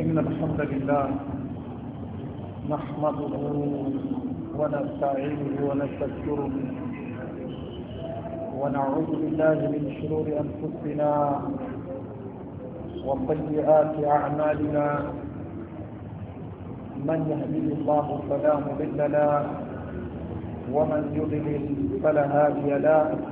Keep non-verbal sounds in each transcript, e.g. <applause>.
إن الحمد لله نحمده ونستعينه ونستذكره ونعوذ بالله من شرور أنفسنا وسيئات أعمالنا من يهديه الله فلا مضل له ومن يضلل فلا هادي له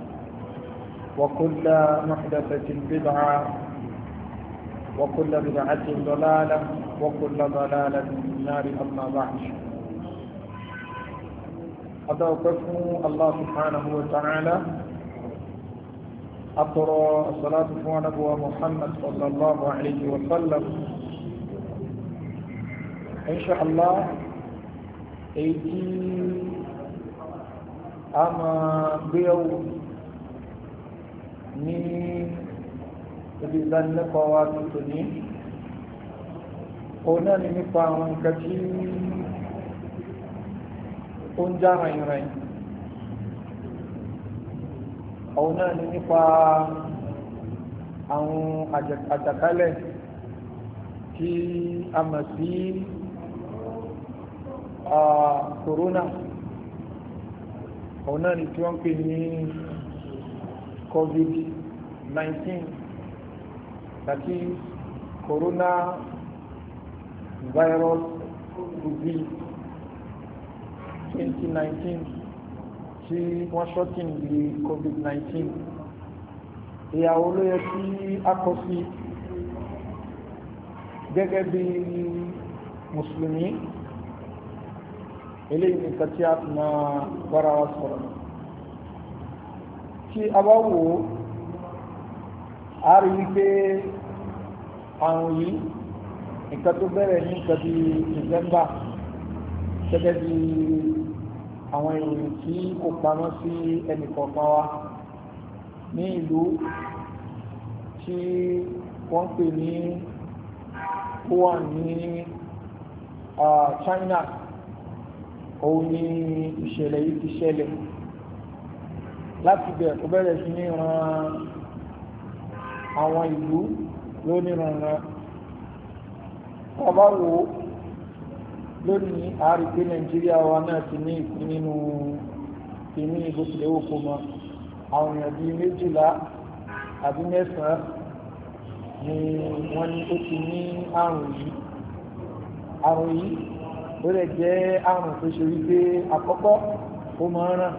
وكل محدثة بدعة وكل بدعة ضلالة وكل ضلالة من النار أما بعد أدعوكم الله سبحانه وتعالى أطر الصلاة نبوة محمد صلى الله عليه وسلم إن شاء الله أيدي أما بيوم ní ibi ìdánilẹ́kọ̀ọ́ wa tuntun ní òun náà ni nípa àwọn nǹkan tí ó ń já ràyìnràyìn òun náà ni nípa àwọn àjàkálẹ̀ tí a mọ̀ sí corona òun náà ni tí wọ́n pè ní COVID-19, that is coronavirus disease 2019 tí wọ́n ṣọ́tìn di COVID-19. Ìyàwó ló yẹ kí a kọ sí gẹ́gẹ́ bí Mùsùlùmí, eléyìí nìkan tí a fi máa bára wa sọ̀rọ̀ tí a bá wò ó a rí wípé àrùn yìí nǹkan tó bẹ̀rẹ̀ ní nǹkan bí December gẹ́gẹ́ bí àwọn ìròyìn tí kò pamọ́ sí ẹnìkọ̀ọ̀kan wa ní ìlú tí wọ́n pè ní ó ní ah, China òun ni ìṣẹ̀lẹ̀ yìí ti ṣẹlẹ̀ láti bẹ̀ kó bẹ̀rẹ̀ sí ní ran àwọn ìlú lóníranran ọba wo lónìí àárí pé nàìjíríà wa náà ti ní ìpín nínú ìní ìbò tìlẹ̀ òkú mọ́ àwọn èèyàn bíi méjìlá àbí mẹ́sàn-án ni wọ́n ní ó ti ní àrùn yìí àrùn yìí ó lè jẹ́ àrùn tó ṣe wípé àkọ́kọ́ ó máa ń ràn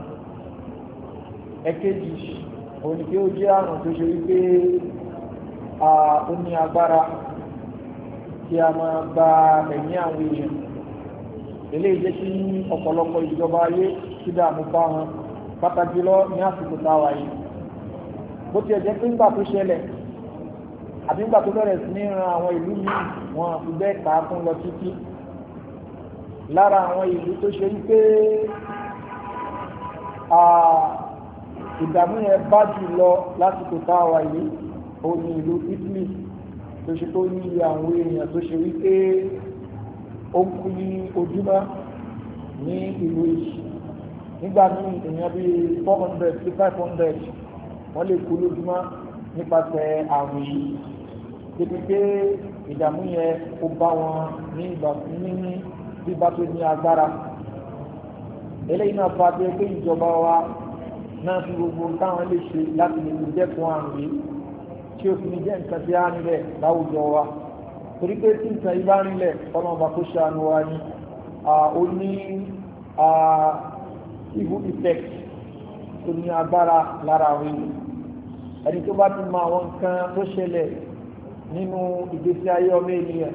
ẹ̀kejì òun ni pé ó jẹ́ àrùn tó ṣe wípé ó ní agbára tí a máa gba ẹ̀mí àwọn èèyàn eléyìí jẹ́ kí ọ̀pọ̀lọpọ̀ ìjọba ayé ti dààmú bá wọn pàtàkì lọ ní àsìkò táwa yìí bó ti ẹ̀jẹ̀ pé ńgbà tó ṣẹlẹ̀ àbí ńgbà tó bẹ̀rẹ̀ sí ní ran àwọn ìlú míì wọn àfi bẹ́ẹ̀ kà á fún lọ títí lára àwọn ìlú tó ṣe wípé ìdààmú yẹn bá jù lọ lásìkò tá a wà yìí òun ní ìlú Italy tó ṣe tó ní iye àwọn èèyàn tó ṣe wípé ó ń kú ní ojúmọ́ ní ìlú yìí nígbà míì èèyàn bíi four hundred sí five hundred wọ́n lè kú lójúmọ́ nípasẹ̀ àrùn yìí débi pé ìdààmú yẹn ó bá wọn ní ìgbà ní bíbá tó ní agbára eléyìí náà fa pé pé ìjọba wa náà fi gbogbo táwọn lè ṣe láti lè fi dẹ́kun àrùn yìí tí ó fi ní jẹ́ nǹkan tí á nílẹ̀ láwùjọ wa torí pé tí nǹkan yìí bá nílẹ̀ ọmọ ọba kó ṣàánú wa ni ó ní ibu effect tó ní agbára lára àwọn èèyàn ẹni tó bá ti mọ àwọn nǹkan tó ṣẹlẹ̀ nínú ìgbésí ayé ọmọ ènìyàn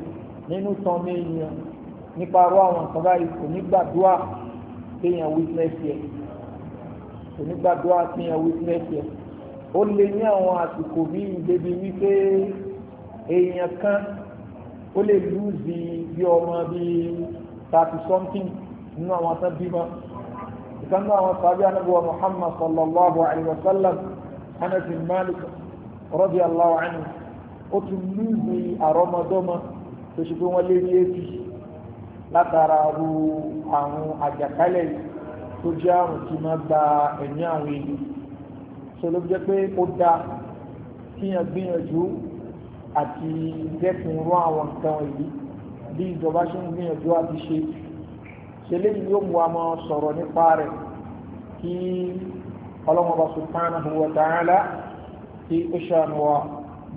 nínú tán ọmọ ènìyàn nípa aró àwọn nǹkan báyìí kò ní gbàdúrà kéèyàn witness yẹn onígbàdúrà àfihàn wítínẹ́sì ẹ̀ ó lè ní àwọn àsìkò bíi ìdèbí wípé èèyàn kan ó lè lùzì bí ọmọ bíi thirty something nínú àwọn tán bímọ ìkànnì àwọn sàbí anábíwá Muhammad sallallahu alayhi wa sallam Anas bin Malik radiyallahu anhu ó tún lùzì àrọmọdọ́mọ tó ṣe pé wọ́n lé ní èsì látara ru àwọn àjàkálẹ̀ yìí tó jẹ́ àrùn tí máa gba ẹ̀mí àwọn èèyàn so ló jẹ́ pé ó dá kíyàn gbìyànjú àti dẹ́kun rú àwọn nǹkan wọ̀nyí bí ìjọba ṣe ń gbìyànjú àti ṣe ṣe léyìn yóò mú wa máa sọ̀rọ̀ nípa rẹ̀ kí ọlọ́mọba subhanahu wa ta'ala kí ó ṣàánú wa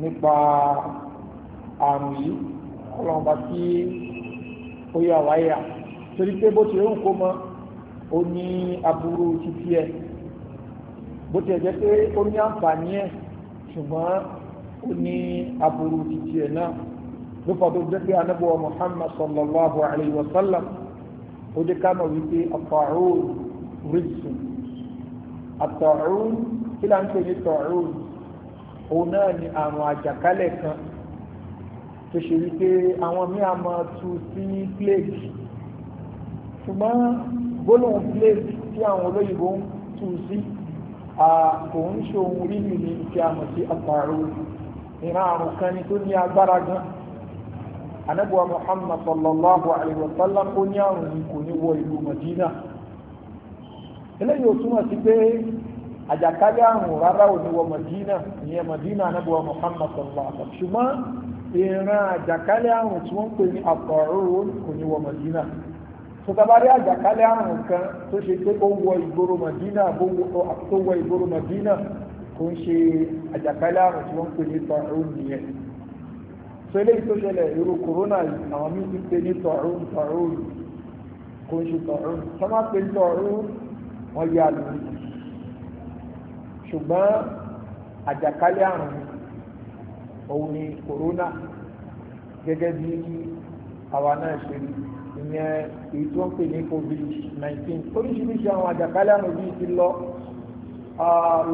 nípa àrùn yìí ọlọ́mọba kí ó yà wáyà torí pé bó ti rún kó mọ́ ó ní aburú títí ẹ̀ bó ti ẹ̀ jẹ́ pé ó ní àǹfààní ẹ̀ ṣùgbọ́n ó ní aburú títí ẹ̀ náà ló fà tó jẹ́ pé anábọ̀wá Muhammad sallallahu alayhi wa sallam ó dé ká mọ̀ wípé àtàrún rìsùn àtàrún kí là ń pè ní tàrún òun náà ni àrùn àjàkálẹ̀ kan tó ṣe wípé àwọn míì a máa tu sí plague ṣùgbọ́n gbólóhùn plate tí àwọn olóyìnbó ń tù sí kò ń ṣe ohun rírì ní ìfi àmọ̀ sí àpàrò ìran àrùn kan ni tó ní agbára gan anabuwa muhammad sallallahu alaihi wa sallam ó ní àrùn yìí kò ní wọ ìlú madina eléyìí ò túmọ̀ sí pé àjàkálẹ̀ àrùn rárá ò ní wọ madina ìyẹn madina anabuwa muhammad sallallahu alaihi wa ṣùgbọ́n ìran àjàkálẹ̀ àrùn tí wọ́n pè ní àpàrò kò ní wọ madina tọ́tabárí àjàkálẹ̀ àrùn kan tó ṣe pé ó wọ ìgboro Madina tó wọ ìgboro Madina kò ń ṣe àjàkálẹ̀ àrùn tí wọ́n ń pè ní tọ̀rún nìyẹn tó eléyìí tó ṣẹlẹ̀ irú kòrónà àwọn míì ti pè ní tọ̀rún tọ̀rún kò ń ṣe tọ̀rún tó má pè tọ̀rún wọ́n yá lù ṣùgbọ́n àjàkálẹ̀ àrùn òun ni kòrónà gẹ́gẹ́ bí àwa náà ṣe rí ìyẹn èyí tó ń pè ní covid-19 oríṣiríṣi àwọn àjàkálẹ̀ àrùn yìí ti lọ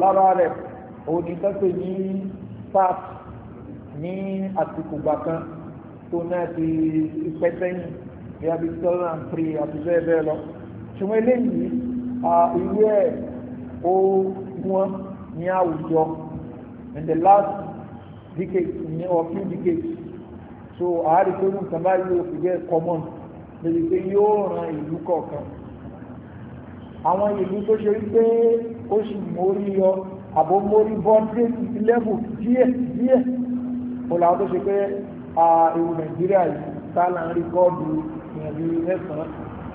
lára rẹ̀ òun ni tó pè ní sars ní àsìkò gbà kan tó náà ti pẹ́ sẹ́yìn bí abi two thousand and three àti bẹ́ẹ̀ bẹ́ẹ̀ lọ ṣùgbọ́n eléyìí ìwé ẹ̀ ó wọ́n ní àwùjọ in the last decade or few decades so àárí tó ní nǹkan báyìí ó fi jẹ́ common lórí pé yóò ran ìlú kọ̀ọ̀kan àwọn ìlú tó ṣe wípé ó sì mórí yọ àbó mórí bọ́ dé lẹ́bù díẹ̀ díẹ̀ ọ̀là tó ṣe pé ewu nàìjíríà yìí tálà ń rí kọ́ọ̀dù èèyàn bíi mẹ́sàn-án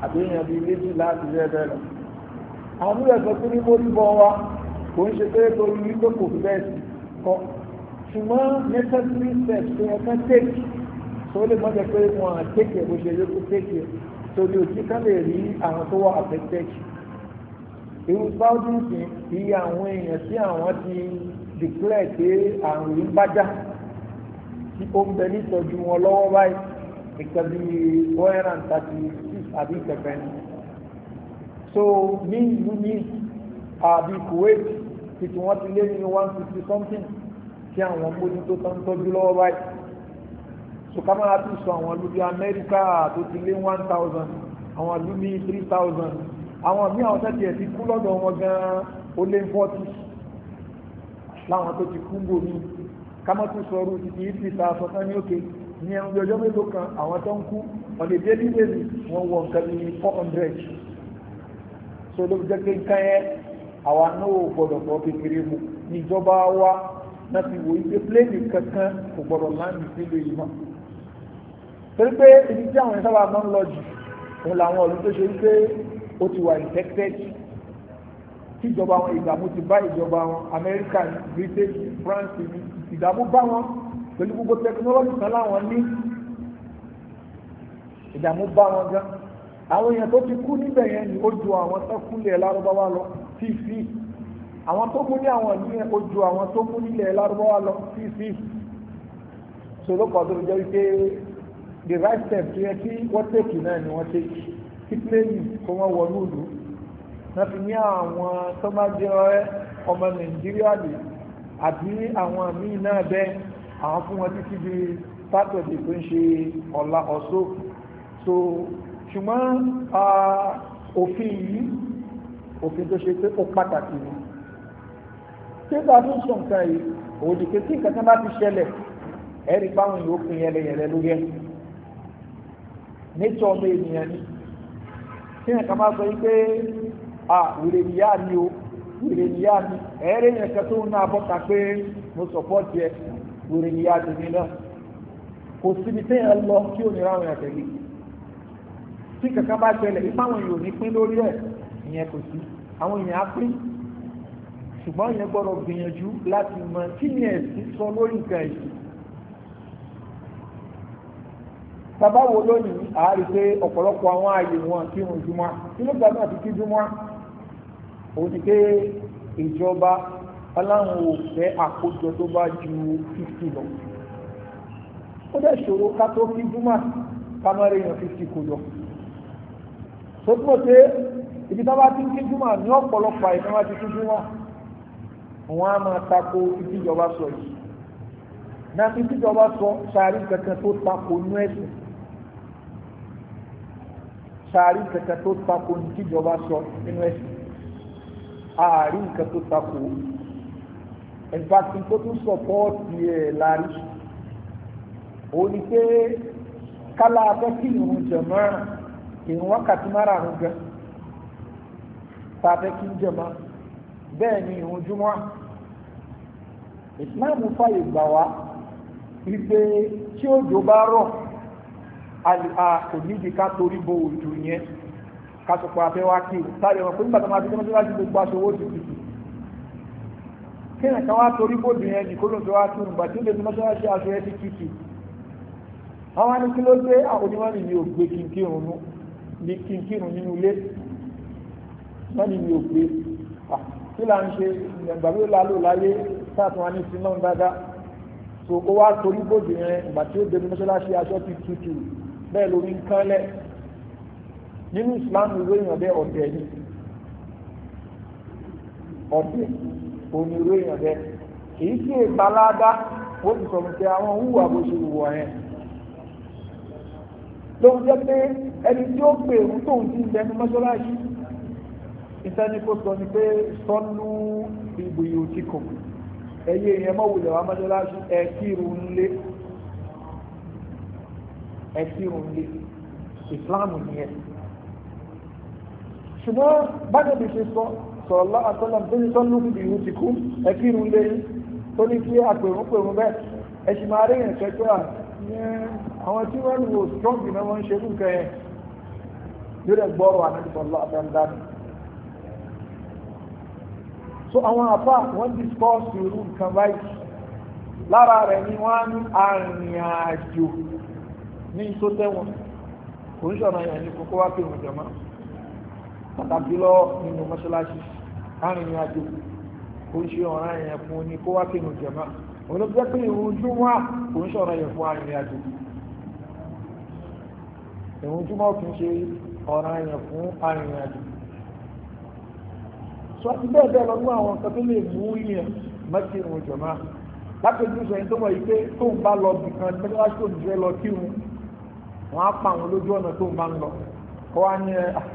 àbí èèyàn bíi méjì láti rẹ̀ bẹ́ẹ̀ lọ àwọn múlẹ̀ sọ pé ní mórí bọ́ wa kò ń ṣe pé torí wípé kò fi bẹ́ẹ̀ sí kọ́ ṣùgbọ́n necessary steps tó yẹ kán tèkì tó lè mọ́ jẹ́ pé wọ́n á tẹ́kì ẹ̀ bó ṣe yẹ kó tẹ́kì ẹ̀ torí òtí ká lè rí àwọn tó wà àfẹ́tẹ́kì irú sáúdì sìn iye àwọn èèyàn tí àwọn ti dìklẹ̀ pé àrùn yìí bá já tí ó ń bẹ nítọ́jú wọn lọ́wọ́ báyìí nǹkan bí one hundred and thirty six àbí kẹfẹ́ ni so ní ìlú ní àbí Kuwait títí wọ́n ti lé ní one fifty something tí àwọn mójútó tó ń tọ́jú lọ́wọ́ báyìí sùkámọ́ra tún sọ àwọn ìlú bí amẹ́ríkà tó ti lé 1000, thousand àwọn ìlú ní three thousand àwọn míì àwọn tẹ́tì ẹ̀ ti kú lọ́dọ̀ wọn gan-an ó lé forty láwọn tó ti kú ń bomi kámọ́ tún sọ ọrú títí ìdí ìta sọ fún ẹni òkè ní ẹni ọjọ́ mélòó kan àwọn tó ń kú ọ̀dẹ̀ délé wèlì wọ́n wọ nǹkan ní four hundred so ló jẹ́ pé nǹkan yẹn àwa náà ò gbọ́dọ̀ fọ́ kékeré mu níjọba wa láti wò ó pléènì kankan kò gbọ́dọ̀ láǹdì sílùú yìí mọ́ torí pé ibi tí àwọn ìsáwà máa ń lọ jù òun làwọn ọ̀lú tó ṣe wípé ó ti wà infected tí ìjọba wọn ìdààmú ti bá ìjọba wọn Amẹ́ríkà Britain France ìdààmú bá wọn pẹ̀lú gbogbo tẹkinọ́lọ́jì kan láwọn ní ìdààmú bá wọn gan àwọn èèyàn tó ti kú níbẹ̀ yẹn ni ó ju àwọn tó kú lẹ̀ lárúbáwá lọ fífi àwọn tó kú ní àwọn ìlú yẹn ó ju àwọn tó kú nílẹ̀ lárúbáwá lọ fífi sọlọ́pàá tó jẹ́ wípé the right step tó yẹ kí wọ́n tèkì náà ni wọ́n tèkì kí pléènì kó wọ́n wọnú ìlú náà fi ní àwọn tó bá jẹ́ ọmọ nàìjíríà lè àbí àwọn míì náà bẹ́ẹ̀ àwọn fún wọn títí di sátọ̀dì tó ń ṣe ọ̀la ọ̀ṣọ́ so ṣùgbọ́n òfin yìí òfin tó ṣe pé ó pàtàkì ni tí bá tún sọ nǹkan yìí òdìkẹ́ tí nǹkan kan bá ti ṣẹlẹ̀ ẹ̀rí báwọn yòókù yẹlẹyẹlẹ ló yẹ nature ọmọ ènìyàn ni tí nǹkan máa sọ wípé à wèrè níyà ni o wèrè níyà ni ẹ̀ẹ́rẹ́ yẹn kan tó ń náà bọ́ta pé mo sọ̀pọ́ọ̀tì ẹ wèrè níyà tèmi náà kò síbi téèyàn lọ kí òmìnira àwọn èèyàn tẹ̀lé tí kankan bá ṣẹlẹ̀ ipá àwọn èèyàn ò ní pín lórí ẹ̀ ìyẹn kò sí àwọn èèyàn á pín ṣùgbọ́n ìyẹn gbọ́dọ̀ gbìyànjú láti mọ kí ni ẹ̀sìn sọ lórí nǹkan ẹ̀sìn bàbá wo lónìí àárí pé ọ̀pọ̀lọpọ̀ àwọn ààyè wọn kí wọn jùmọ̀ kí ló gbàgbọ́ àti kí jùmọ̀ òun ni pé ìjọba aláwọn ò fẹ́ àkójọ tó bá ju fifty lọ ó dẹ̀ ṣòro ká tó kí jùmọ̀ ká má rí èèyàn fifty kó lọ tó túmọ̀ pé ibi tá bá ti ń kí jùmọ̀ ní ọ̀pọ̀lọpọ̀ àyè tá bá ti kí jùmọ̀ wọn á máa tako ìdíjọba sọ yìí náà ìdíjọba sọ sáré kankan tó tako nú ẹ̀sìn sàárì kẹkẹ tó tako ní tíjọba sọ nínú ẹsìn ààrí nǹkan tó tako in fact tó tún sọpọ́ọ̀tì ẹ̀ láàrí ó ní pé kálá abẹ́ kí ìrùn jẹ̀mọ́ ìrùn wákàtí márààrún gan tàbẹ́ kí ń jẹ̀mọ́ bẹ́ẹ̀ ni ìrùn júmọ́ ìsìláàmù fàyè gbà wá wípé tí òjò bá rọ̀ kò níbi ká torí bo òjò yẹn ká sọ pé afẹ́ wá kí o sáré wọn pé nígbà tó máa fi tẹ́lẹ̀ láti gbogbo aṣọ owó ti tutù kéèyàn kan wá torí bòdì yẹn nìkó ló ń tó wá tún ìgbà tí ó lè fi mọ́ṣáláṣí aṣọ ẹ ti tutù àwọn ní kí ló dé àwọn onímọ̀nì ni ò gbé kínkírun nú ní kínkírun nínú ilé mọ́nì ni ò gbé kí là ń ṣe ìgbà ló la lò láyé sáàtún wa ní sinú dáadáa so ó wá torí bòdì yẹn ìgbà tí ó lè fi mọ́ṣáláṣí aṣọ ti tutù bẹ́ẹ̀ lórí ń kánlẹ̀ nínú ìsìláàmù ìwé èèyàn bẹ́ẹ̀ ọ̀tẹ̀ ni ọ̀tẹ̀ òní ìwé èèyàn bẹ́ẹ̀ kìí sí ìpaláda ó ti sọ̀rọ̀ pé àwọn hùwà bó ṣe wùwà yẹn ló ń jẹ́ pé ẹni tí ó pè ń tóun ti ń bẹnu mọ́ṣáláṣí ìsẹ́ni kó sọ ni pé sọ́nù ìgbìyànjú kò ẹ̀yẹ èèyàn mọ́wulẹ̀ wà mọ́ṣáláṣí ẹ̀ kírun lé ẹ̀sìn òǹlé ìsìláàmù nìyẹn ṣùgbọ́n bájọ́ bí ṣe sọ sọ̀rọ̀lá àtọ́lá tó ní sọ́nù níbi ìhun ti kú ẹ̀kí irun lé tó ní kí àpèrún pèrún bẹ́ẹ̀ ẹ̀sìn máa rí ìrìn kẹjọ́ àwọn tí wọ́n wò strong náà wọ́n ń ṣe nǹkan yẹn yóò dẹ̀ gbọ́rọ̀ àti sọ̀rọ̀lá àtọ́lá so àwọn àfà wọ́n discuss irú nǹkan báyìí lára rẹ̀ ni wọ́n á ní arìnrìn àjò ní tó tẹ́wọ̀n kò ń ṣọ̀nà yẹn ní kókó wá pé òun jẹ̀mọ́ pàtàkì lọ nínú mọ́ṣáláṣí láàrin ìrìn àjò kò ń ṣe ọ̀ràn yẹn fún ní kó wá pé òun jẹ̀mọ́ òun ló jẹ́ pé ìrun júmọ́ kò ń ṣọ̀nà yẹn fún arìnrìn àjò ìrun júmọ́ kì í ṣe ọ̀ràn yẹn fún arìnrìn àjò sọ ti bẹ́ẹ̀ bẹ́ẹ̀ lọ́gbọ́n àwọn kan tó lè mú yẹn mọ́tì ìrun jọ̀mọ́ lápẹjù sọ wọ́n á pa àwọn lójú ọ̀nà tó ń bá ń lọ kó wá ní ẹ ah,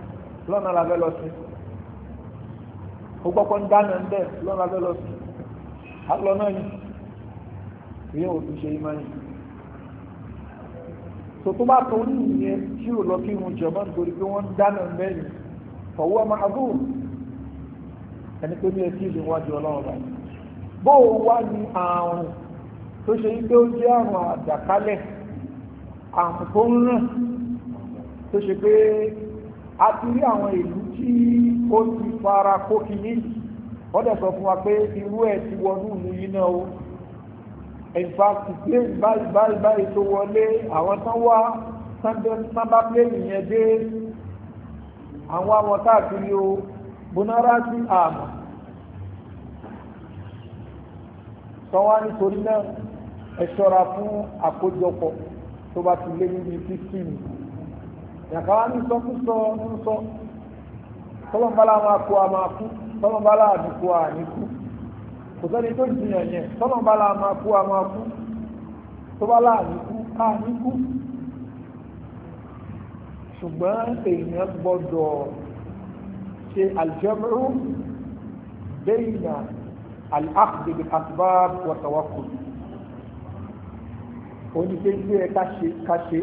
lọ́nà la fẹ́ lọ sí ó gbọ́kọ́ ń dáná ń bẹ̀ lọ́nà la fẹ́ lọ sí á náà ni ìyẹn ò fi ṣe é máa ń yìí tó bá torí ìyẹn tí ò lọ kí wọn jọmọ nítorí pé wọn dáná mẹ́rin ọwọ́ máa bò ẹni tó ní ẹtí ìlú wájú ọlọ́run báyìí bó o wá ní àrùn tó ṣe yí pé ó jẹ́ àrùn àjàkálẹ̀ àpò ń ràn tó ṣe pé a ti rí àwọn ìlú tí ó ti fara kó kìíní wọ́n dẹ̀ sọ fún wa pé irú ẹ̀ ti wọnú ìlú yìí náà o in fact plane báyìí báyìí báyìí tó wọlé àwọn tán wá sábà plane yẹn dé àwọn àwọn káàkiri o bonara sí àmọ́ sọ wá nítorí náà ẹ ṣọ́ra fún àkójọpọ̀ tó bá ti lé níbi fífíìmù yàtọ̀ wá ní sọkúsọ ń sọ tọ́lọ́mbálá máa kú a máa kú tọ́lọ́mbálá àdìkú a àníkú kò sẹ́ni tó jiyàn yẹn tọ́lọ́mbálá máa kú a máa kú tọ́lọ́mbálá àníkú a àníkú ṣùgbọ́n èèyàn gbọ́dọ̀ ṣe aljamru bayna al-akhd bil asbab wa onígbé gbé ẹ káṣe káṣe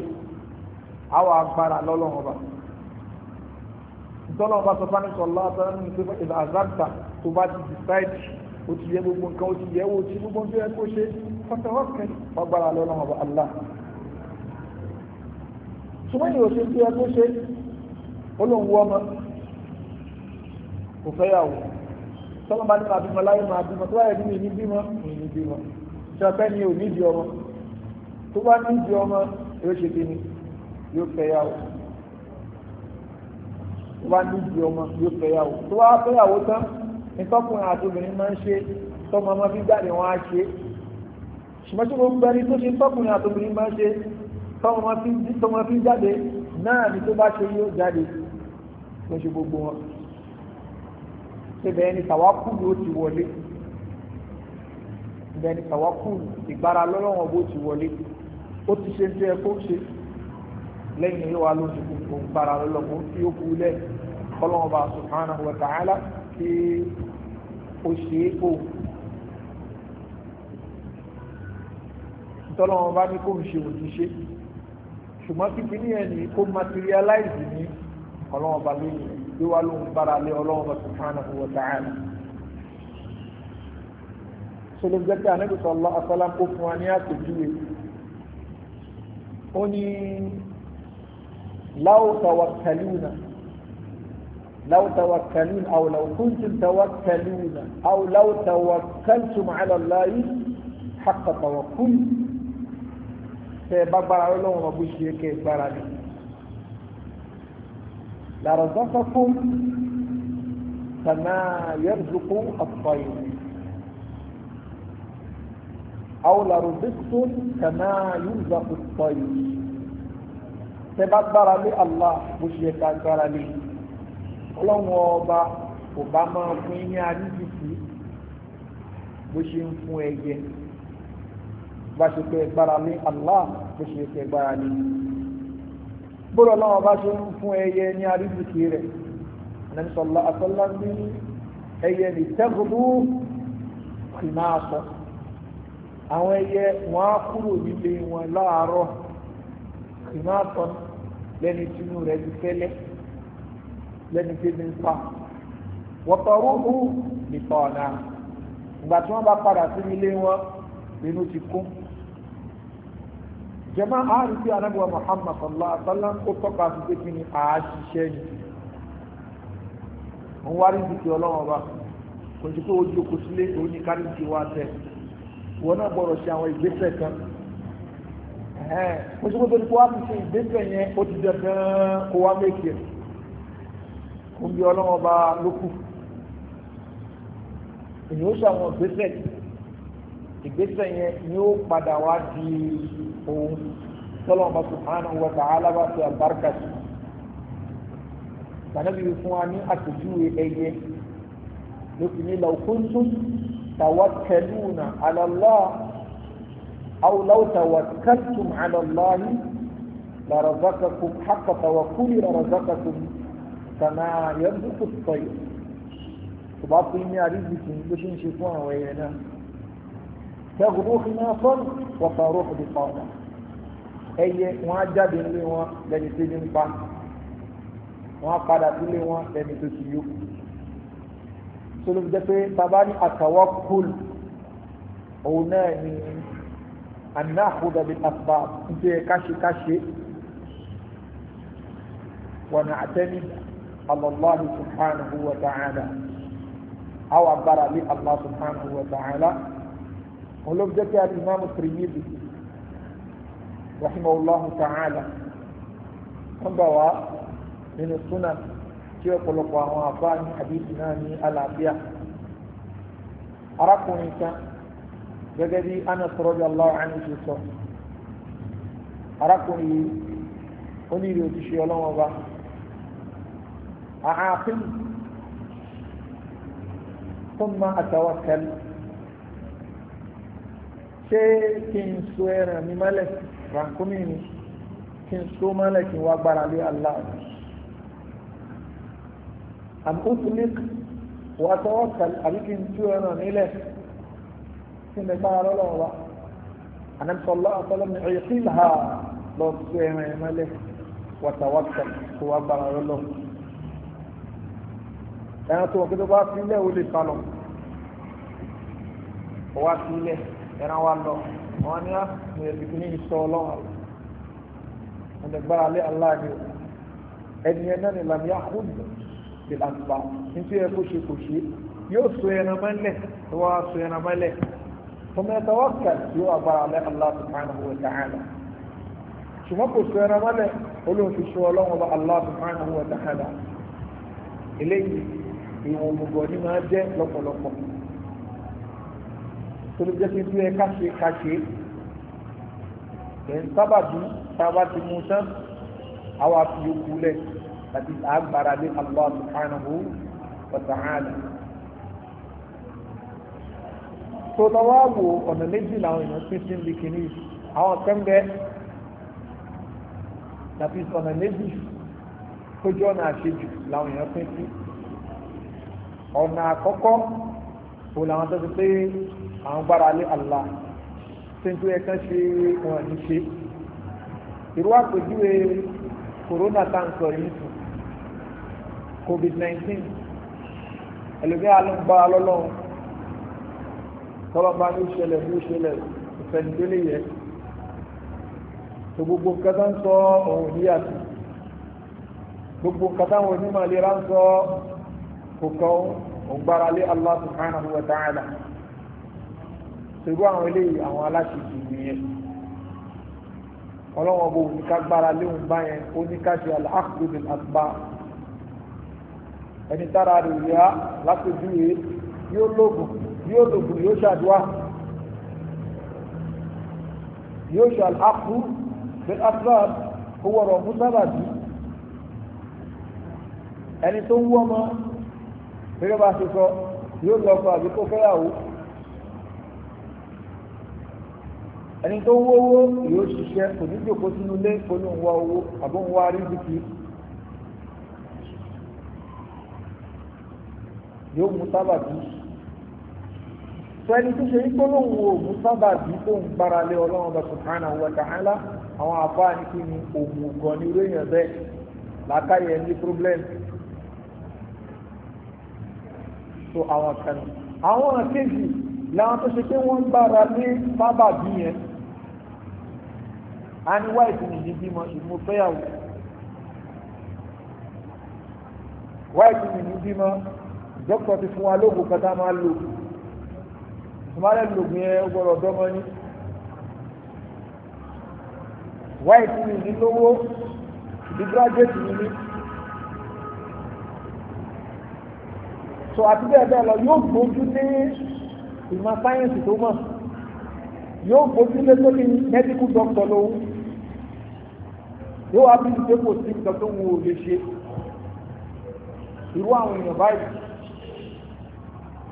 àwọn agbára lọ́lọ́run ọba ìtọ́lọ́ ọba sọ fani sọ lọ́wọ́ sọ́nà ní pé ìlà àzáàtà tó bá ti decide ó ti yẹ gbogbo nǹkan ó ti yẹ wo ti gbogbo nǹkan kó ṣe fọ́tẹ́wọ́kẹ́ ọgbára lọ́lọ́run ọba Allah ṣùgbọ́n ní òṣèlú tí ẹ kó ṣe olóhùn wọ́n mọ́ kò fẹ́ yà wò sọ́nà bá ní màá bímọ láyé màá bímọ tó wáyé ní ìní bímọ ìní bímọ ṣọpẹ́ ní ìdí ọmọ tó bá ní ìdí ọmọ yóò ṣe kíni yóò fẹ́yàwó tó bá ní ìdí ọmọ yóò fẹ́yàwó tó bá fẹ́yàwó tán nítọ́kùnrin àti obìnrin máa ń ṣe tọ́mọ ọmọ fi jáde wọn á ṣe ṣùgbọ́n tí gbogbo ẹni tó ṣe tọ́kùnrin àti obìnrin máa ń ṣe tọ́mọ fi jáde náà ni tó bá ṣe yóò jáde ló ṣe gbogbo wọn ibẹ̀ ni tàwákùlù ó ti wọlé ibẹ̀ ni tàwákùlù ìgbára lọ́lọ́wọ́n bó ti wọlé ó ti ṣe tí ẹ kó ṣe lẹ́yìn yóò wá lóṣù kò ń para rẹ lọ́kọ́ tí ó kú lẹ́ ọlọ́run bá subhanahu wa ta'ala tí ó ṣe é kó tọ́lọ́run bá ní kó ń ṣe òtún ṣe ṣùgbọ́n kíkí ní ẹni kó materialize ní ọlọ́run bá lóyún yóò wá lóhun para lé ọlọ́run bá subhanahu wa ta'ala sọlọ́jọ́ anábìsọ̀ ọlọ́ kó fún wa ní àpèjúwe ó ní láwù tawakkaluna láwù tawakkaluna aw law kuntum tawakkaluna aw law tawakkaltum ala Allahi haqqa tawakkul tẹ bá gbára lọ́wọ́ ọmọ bó ṣe kẹ gbára ni la razaqakum kama yarzuqu at àwọn làrúbíkú kàmá yóò zàkú tọ́ yìí tẹ bá gbára lé Allah bó ṣe ká gbára lé ọlọ́run ọba kò bá máa fún yín ní àríjìkì bó ṣe ń fún ẹyẹ bá ṣe pé gbára Allah bó ṣe ká gbára lé bóra ọlọ́run ọba ṣe ń fún ẹyẹ ní àríjìkì rẹ̀ anamisọ̀lá asọ́lá ní ẹyẹ ní tẹ́gùdú ìmáa àwọn ẹyẹ wọn á kúrò nílé wọn láàárọ̀ kìnnàtàn lẹ́ni tínú rẹ̀ ti fẹ́lẹ́ lẹ́ni tí ń pa wọ́tọ̀rú hù nìkan ọ̀nà ìgbà tí wọ́n bá padà sí ilé wọn inú ti kún jama aari ti anabi muhammad sallallahu alaihi wa sallam tọ́ka sí kí ni àáṣiṣẹ́ ni ń wárí ti ọlọ́wọ́n bá kò sí pé ojú kò sílé òun ní kárí ti wá tẹ̀ wọn náà gbọ́dọ̀ ṣe àwọn ìgbésẹ̀ kan mo ṣe kó tó ní kó wá fi ṣe ìgbésẹ̀ yẹn ó ti dẹ̀ gan-an kó wá méjì ẹ̀ kó bí ọlọ́wọ́n bá lókù èyí ó ṣe àwọn ìgbésẹ̀ ìgbésẹ̀ yẹn ni ó padà wá di ohun tọ́lọ́ ọba subhanahu wa ta'ala bá fi àbárkà sí tànàbí fún wa ní àtẹ̀júwe ẹyẹ lókè ní law kuntum. توكلون على الله أو لو توكلتم على الله لرزقكم حق توكل لرزقكم كما يرزق الطير تبعطي إني أريدكم بشين شفوها ويانا تغدو خناصا وتروح بطانا أي وعجب لي وعجب لي وعجب لي وعجب لي وعجب لي وعجب لي tó ló fi jẹ́ pé bàbá ní àtàwákùl òun náà ni anáhùdà bí àbá nítorí ẹ̀ káṣekáṣe wọn àtẹ́ni alọ́láhi subhanahu wa ta'ala àwọn agbára lé allah subhanahu wa ta'ala òun ló fi jẹ́ pé alimami ta'ala wọ́n gbà wá nínú sunan tí ọ̀pọ̀lọpọ̀ àwọn àbá ní àdìsí náà ní àlàáfíà arákùnrin kan gẹ́gẹ́ bí Anas radiyallahu anhu ṣe sọ arákùnrin yìí ó ní ìrè òṣìṣẹ́ ọlọ́wọ́n bá àápín thumma atawakkal ṣé kí n so ẹran mi mọ́lẹ̀ rànkúmí mi kí n so mọ́lẹ̀ kí n wá gbára lé Allah am utulik wa tawakkal àbí kí n tú ẹran nílẹ̀ kí n lè gbára lọ́lọ́ wa anamsọ̀lá àtọ́lọ́ mi ẹ̀yìn ha lọ sí ẹran ẹ̀ mẹ́lẹ̀ wa tawakkal kó wa gbára lọ́lọ́ ẹran tó wọ́n kí tó bá fi ilẹ̀ ó lè wa fi ilẹ̀ ẹran wa lọ wọn ni a mo yẹ tuntun ní sọ ọlọ́run àlọ́ wọn ṣe àgbà nítorí ẹ kó ṣe kò ṣe yóò so ẹran mọ́lẹ̀ tó wá so ẹran mọ́lẹ̀ ọmọ ẹ̀tọ́ wá kà yóò agbára lẹ́ Allah subhanahu wa ta'ala ṣùgbọ́n kò so ẹran mọ́lẹ̀ olóhùn ti ṣe ọlọ́run ọba Allah subhanahu wa ta'ala eléyìí ìwọ̀n gbogbo ni máa jẹ́ lọ́pọ̀lọpọ̀ torí jẹ́ pé bí ẹ káṣe káṣe ẹ̀ ń sábàbí tá a ti mú tán àwa fi okú lẹ̀ àti àgbára lé Allah subhanahu wa ta'ala. tọ́lá wá wo ọ̀nà méjì làwọn èèyàn pín sí ní kìíní àwọn kan bẹ tàbí ọ̀nà méjì tójú ọ̀nà àṣejù làwọn èèyàn pín sí ọ̀nà àkọ́kọ́ kò làwọn tó ti pé àwọn gbára lé Allah tí n tó ṣe wọn ní ṣe irú àpèjúwe kòrónà tá à ń sọ yìí covid-19 ẹlòmí alógbá lọ́lọ́run tọ́lọ́gbá ní ìṣẹ̀lẹ̀ ní ìṣẹ̀lẹ̀ ìfẹ̀yìntẹ́lẹ̀ yẹ tó gbogbo kẹta ń sọ òun ní àti gbogbo kẹta wọn ní màlera ń sọ kò kàn òun gbára lé Allah subhanahu wa ta'ala ṣèlú àwọn eléyìí àwọn aláṣẹ ìgbìmọ̀ yẹn ọlọ́wọ́n bò ní ká gbára léhùn báyẹn ó ní ká ṣe al-akhdhu ẹni tára rẹ̀ yá lápèjúwe yóò lògùn yóò lògùn yóò ṣàdúrà yóò ṣàlàkù bí asrad owó ọ̀rọ̀ fún sábàbí ẹni tó ń wú ọmọ gẹ́gẹ́ bá ṣe sọ yóò lọ fún àbí fẹ́yàwó ẹni tó ń owó yóò ṣiṣẹ́ kò ní jòkó sínú ilé kó ló ń wá owó àbó wá rí bìkì yóò mú sábàbí sẹ́ni tó ṣe wípé lóun ò mú sábàbí tó ń gbára lé ọlọ́run bá subhanahu wa ta'ala àwọn àbá ní kí ni òògùn gan ni réèyàn bẹ́ẹ̀ làákàyè ní problem so àwọn kan àwọn àkejì làwọn tó ṣe pé wọ́n ń gbára lé sábàbí yẹn a ní wáìtì nìyí bímọ ìmúfẹ́yàwó wáìtì nìyí bímọ dókítà ti fún wa lóògùn kan tá a máa lò tòmálẹ̀ lògùn yẹn ó gbọ́dọ̀ dọ́mọ ní. wáyé tí mi ní lówó ìdí gírájẹ́tì mi ní. so àti bẹ́ẹ̀ bẹ́ẹ̀ lọ yóò gbójú ní ìmọ̀ sáyẹ́ǹsì tó mọ̀ yóò gbójú lé sórí mẹ́díkù dọ́kítọ̀ lówó yóò wá bí ìdíje sí nǹkan tó lè ṣe irú àwọn èèyàn báyìí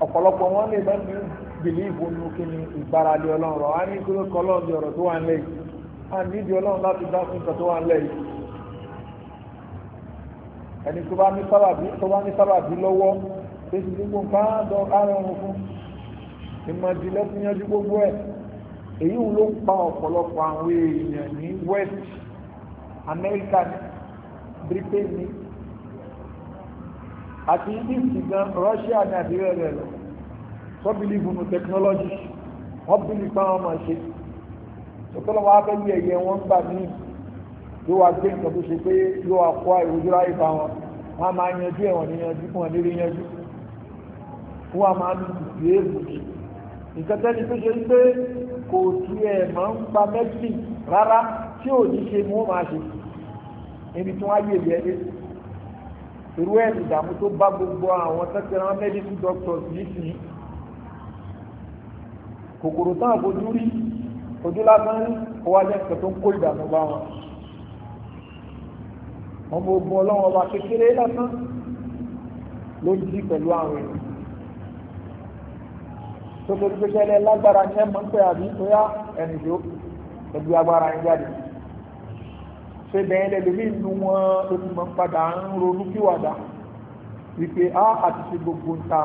ọ̀pọ̀lọpọ̀ wọn lè bá ní bìlíìfù nínú kí ni ìgbáralé ọlọ́run rọ̀ á ní kúrò kọ́ ọlọ́run di ọ̀rọ̀ tó wà nílẹ̀ yìí á nídìí ọlọ́run láti dá fún ìtọ́ tó wà nílẹ̀ yìí ẹni tó bá ní sábàbí tó bá ní sábàbí lọ́wọ́ tó sì ní gbogbo nǹkan dọ̀ árẹ̀rùn fún ìmọ̀ ìdílé fún yanjú gbogbo ẹ̀ èyí ló ń pa ọ̀pọ̀lọpọ̀ àwọn èèyàn ní West America ní Britain ní àti egypt gan russia ní àdírẹ́ rẹ̀ lọ wọ́n bí lífùnù technology wọ́n bí lífùnù àwọn ọmọ ṣe tọ́tọ́lọ́ wọn abẹ́ bí ẹ̀yẹ wọn gbà ní yóò wá gbé nǹkan tó ṣe pé yóò wá kó ìrojú ráyè wọn wọn a máa yanjú ẹ̀wọ̀n ní yanjú fún wọn nílé yanjú wọn a máa dùdú èèbù nǹkan tẹ́ni tó ṣe ń pé kò tí ẹ̀ máa ń pa mẹ́sìn rárá tí ò ní ṣe ni wọ́n máa ṣe níbi tí wọ́n á yè yẹ́ irú ẹ̀ ìdààmú tó bá gbogbo àwọn tẹ́tẹ̀rán medical doctors nísìnyí kòkòrò tán àfojú rí ojú lásán rí ó wá jẹ́ nǹkan tó ń kó ìdààmú bá wọn ọmọ ogun ọlọ́wọ́n ọba kékeré lásán ló jí pẹ̀lú àwọn èèyàn tó tó gbégbé lẹ́ lágbára ní ẹ̀mọ́ ń pẹ́ àbí tó yá ẹnìjó ẹgbẹ́ agbára ń jáde. ṣe bẹ́ẹ̀ lẹ́lómi inú wọn ló d'a padà ń ronú kíwàdà wípé àti ṣe gbogbo ń ta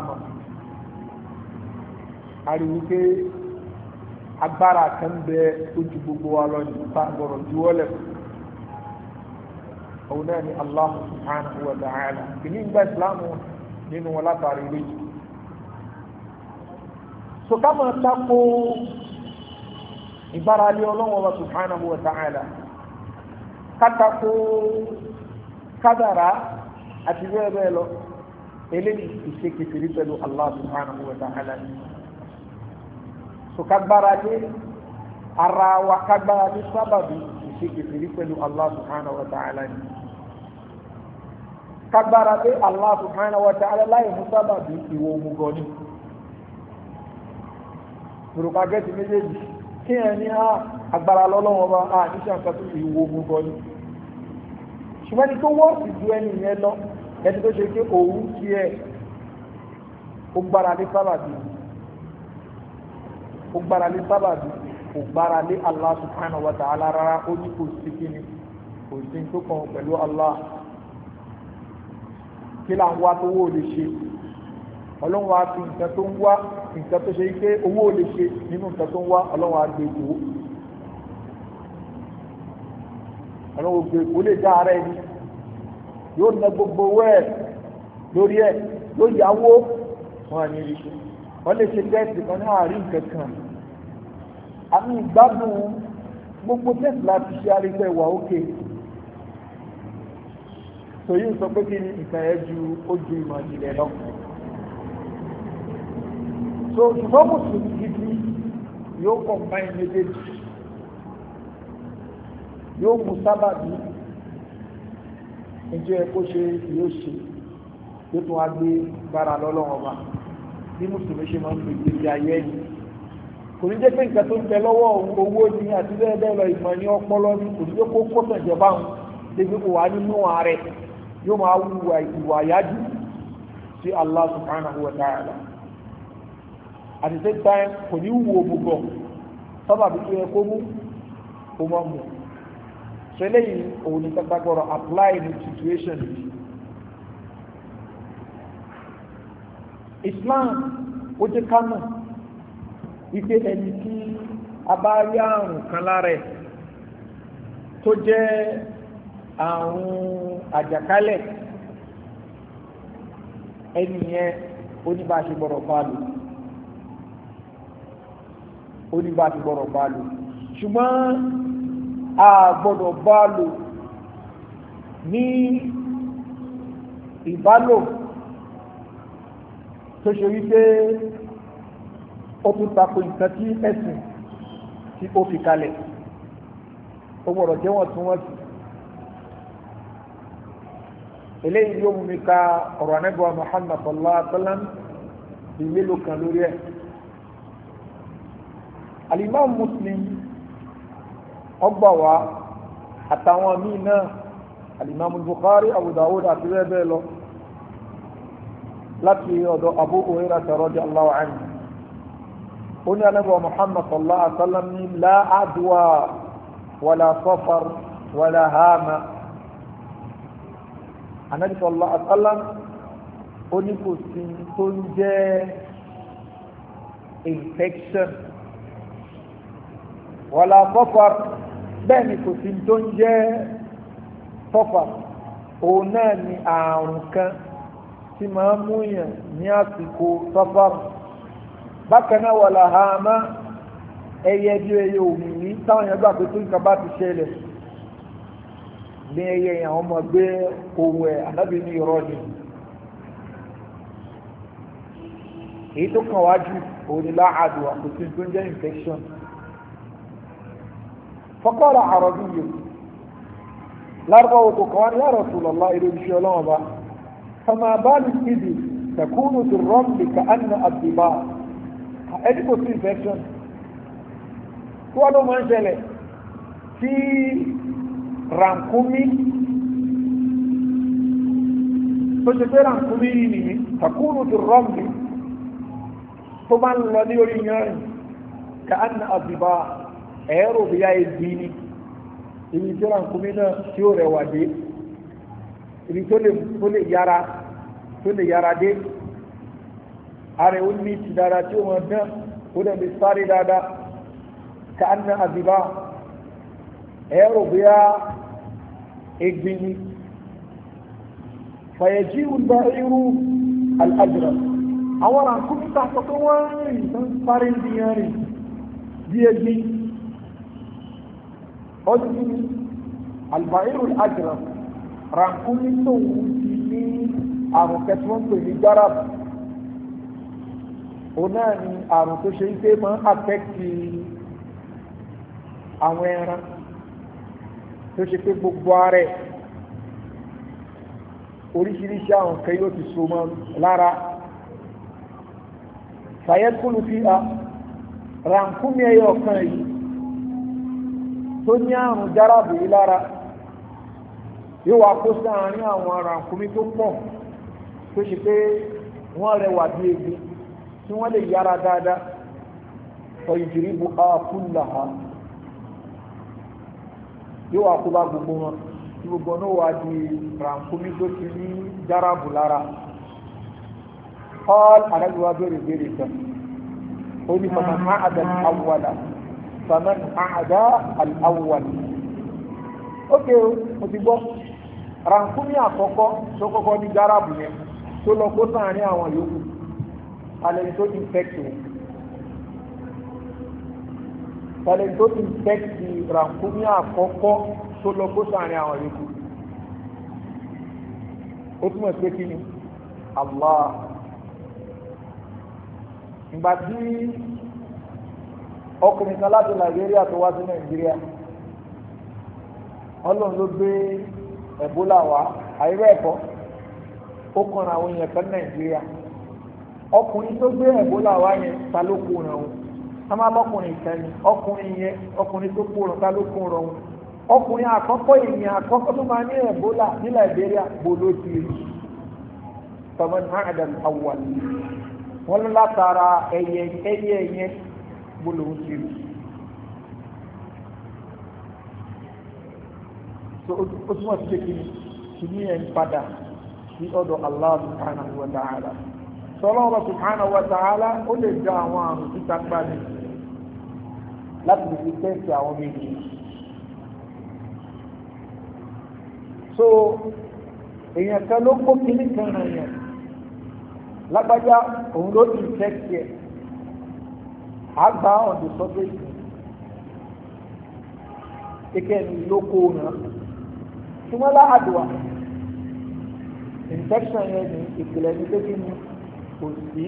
àrí wípé agbára kan bẹ ojú gbogbo wa lọ nípa gbọ̀rọ̀ juwọ́lẹ̀ òun náà ni Allah subhanahu wa ta'ala kìíní gba ìsìlámù nínú wọn látàrí lójú so ká máa tako ìgbára lé ọlọ́wọ́ wa subhanahu wa ta'ala. kátàkó kádàrá àti bẹ́ẹ̀ bẹ́ẹ̀ lọ eléyìí ìṣe kìfìrí pẹ̀lú Allah subhanahu wa ta'ala so kagbára dé ara wa kagbára dé sábàbí ìṣe kìfìrí pẹ̀lú Allah subhanahu wa ta'ala ni kagbára dé Allah subhanahu wa ta'ala láì mú sábàbí ìwọ òmùgọ̀ ni. Bùrùkà gẹ́tì méjèèjì kí ẹ á agbára lọ́lọ́wọ́n bá a níṣẹ́ nǹkan tó fi wo ogun gan ni ṣùgbọ́n ẹni tó wọ́ọ̀sì ju ẹni yẹn lọ ẹni tó ṣe pé òun ti ẹ̀ ó gbára lé sábàbí ó gbára lé sábàbí kò gbára lé Allah subhanahu wa ta'ala rárá ó ní kò sí kíni kò sí tó kàn pẹ̀lú Allah kí là ń wá tó owó lè ṣe ọlọ́run wa fi nǹkan tó ń wá nǹkan tó ṣe pé owó lè ṣe nínú nǹkan tó ń wá ọlọ́run wa gbé ìdòwò. E ọ̀nà ògbè kò lè dá ara ẹni yóò na gbogbo owó ẹ̀ lórí ẹ̀ yóò yáwó wọn ní rí wọn lè ṣe tẹ́sì kan ní àárín kankan àmì ìgbádùn gbogbo tẹ́sì láti ṣe arígbẹ́ wà ókè tòyí sọ pé kí ni nǹkan ẹ ju ojú ìmọ̀ ìjìnlẹ̀ lọ so ṣùgbọ́n gidi yóò kọ̀ báyìí méjèèjì yóò mú sábàbí ǹjẹ́ kó ṣe yóò ṣe tó tún wá gbé bára lọ́lọ́wọ́n bá mùsùlùmí ṣe máa ń fi ìgbésí ayé ẹni kò ní jẹ́ pé nǹkan tó ń bẹ lọ́wọ́ owó ni àti bẹ́ẹ̀ bẹ́ẹ̀ lọ ìmọ̀ ní ọpọlọ ni kò ní jẹ́ kó kó tàn jọba òun débi kò wá nínú ààrẹ yóò máa wu ìwà àyájú sí Allah subhanahu wa ta'ala at the same time kò ní wù òbúgbọ sábàbí tó yẹ kó mú kó má mú so eléyìí òun ní tẹ́tà gbọ́dọ̀ apply ní situation yìí Islam ó jẹ́ kánò wípé ẹni tí a bá rí àrùn kan lára ẹ̀ tó jẹ́ àrùn àjàkálẹ̀ ẹni yẹn oníbàṣe gbọ́dọ̀ bá lò oníbàṣe gbọ́dọ̀ bá a gbọ́dọ̀ bá lò ní ìbálò tó ṣe wípé ó tún tako nǹkan tí ẹ̀sìn tí ó fi kalẹ̀ ó gbọ́dọ̀ jẹ́ wọ́n tún wọ́n sí eléyìí yóò mú mi ka ọ̀rọ̀ anẹ́gbọ́n Muhammad sallallahu alaihi wa sallam kan lórí ẹ̀ alimami Muslim ọgbà wá àtàwọn míì náà alimami Bukhari Abu Dawud àti bẹ́ẹ̀ bẹ́ẹ̀ lọ láti ọ̀dọ̀ Abu Hurairah radiyallahu anhu ó ní anábọ̀ Muhammad sallallahu alaihi wasallam ní la adwa wala safar wala hama anábì sallallahu alaihi wasallam ó ní kò sí tó ń jẹ́ infection wọ́la sọ́fàr bẹ́ẹ̀ ni kò sí tó ń jẹ́ sọ́fàr òun náà ni àrùn kan tí máa ń múyàn ní àsìkò sọ́fàr bákan náà wọ́la hàmá ẹyẹ bí ẹyẹ òmìnir táwọn èèyàn gbà pé tó nǹkan bá ti ṣẹlẹ̀ ní ẹyẹ yẹn àwọn ọmọ gbé owó ẹ̀ àdábì ní irọ́ ni èyí tó kàn wájú òun ni láàdùn àkótí tó ń jẹ́ infection fọ́kọ́rọ̀ àrọ̀bí yìí lárúbáwò kò kọ́ ní àrọ̀ tó lọ́lá eré iṣẹ́ ọlọ́wọ́ bá fọmọ abáàlì ìdì tẹkúrú ti rọ́ọ̀mù ká àná àdìbà ẹni kò sí infection tí wọ́n ló máa ń ṣẹlẹ̀ tí rànkúmí tó ṣe pé rànkúmí yìí nìyí tẹkúrú ti rọ́ọ̀mù tó bá ń lọ ní orí yanrìn ká àná àdìbà ẹ̀rọ bí yá ebi ni ibi tí rànkúmí náà tí ó rẹwà dé ibi tó lè yára tó lè yára dé ààrẹ ó ní ti dáadáa tí ó wọn dán ó dẹ̀ lè sáré dáadáa ká ń àdìbá ẹ̀rọ bí yá ebi ni fàyẹ̀jì ìwúgbà irú àjùrà àwọn rànkúmí tàkọ́ tó wọ́n rìn tó ń sáré ń rìn bí ebi ó ní alùbáyìrù àjẹrà ràǹkúmí tóun ti ní àrùn kẹsàn-án pè ní járàbù òun náà ni àrùn tó ṣe ń pé máa ń àfẹ́kì àwọn ẹran tó ṣe pé gbogbo ààrẹ oríṣiríṣi àwọn nǹkan yóò ti so mọ́ lára fàyẹ́kùlù fi ha ràǹkúmí ẹyọ kan yìí tó ní àrùn járàbù lára yóò wá kó sáàárín àwọn arankumi tó pọ̀ tó ṣe pé wọ́n wà bí ebi tí wọ́n lè yára dáadáa ọ̀yìnjìrì bu àkúlàhà yóò wá kó bá gbogbo wọn tí gbogbo náà wà di ràkúnmí tó ti ní járàbù lára àdájọ́ wa bèrè bèrè ó faman ada al-awwal ókè o mo ti gbọ́ rankumi àkọ́kọ́ tó kọ́kọ́ ní gáràbù yẹn tó lọ kó sáàárín àwọn yòókù alẹ́ tó infẹ́kì alẹ́ tó infẹ́kì rankumi àkọ́kọ́ tó lọ kó sáàárín àwọn yòókù ó túmọ̀ sí kí ni Allah ìgbà tí ọkùnrin kan Nigeria nàìjíríà tó wá sí nàìjíríà ọlọ́run ló gbé ẹ̀bólà wá àìrẹ́ ẹ̀kọ́ ó kọ̀ra àwọn èèyàn nàìjíríà ọkùnrin tó gbé ẹ̀bólà wá yẹn ta ló kó ràn wọn sábà lọkùnrin ọkùnrin yẹn ọkùnrin tó kó ràn ta ló kó ràn ọkùnrin àkọ́kọ́ àkọ́kọ́ tó máa ní ẹ̀bólà ní nàìjíríà ti rí gbólóhùn sí so ó túmọ̀ sí pé kí ni ẹ̀ ń padà sí ọ̀dọ̀ Allah subhanahu wa ta'ala sọlọ́ọ̀bà subhanahu wa ta'ala ó lè dá àwọn àrùn títa gbani láti lè fi tẹ́sí àwọn méjì so èèyàn kan ló kó kíní kan ràn yàn lágbájá òun ló ti tẹ́sí ẹ̀ àgbà on the surface kékeré ní lóko náà ṣùgbọ́n láàdùà infection yẹn ní ìpìlẹ̀ ní pé kí ni kò sí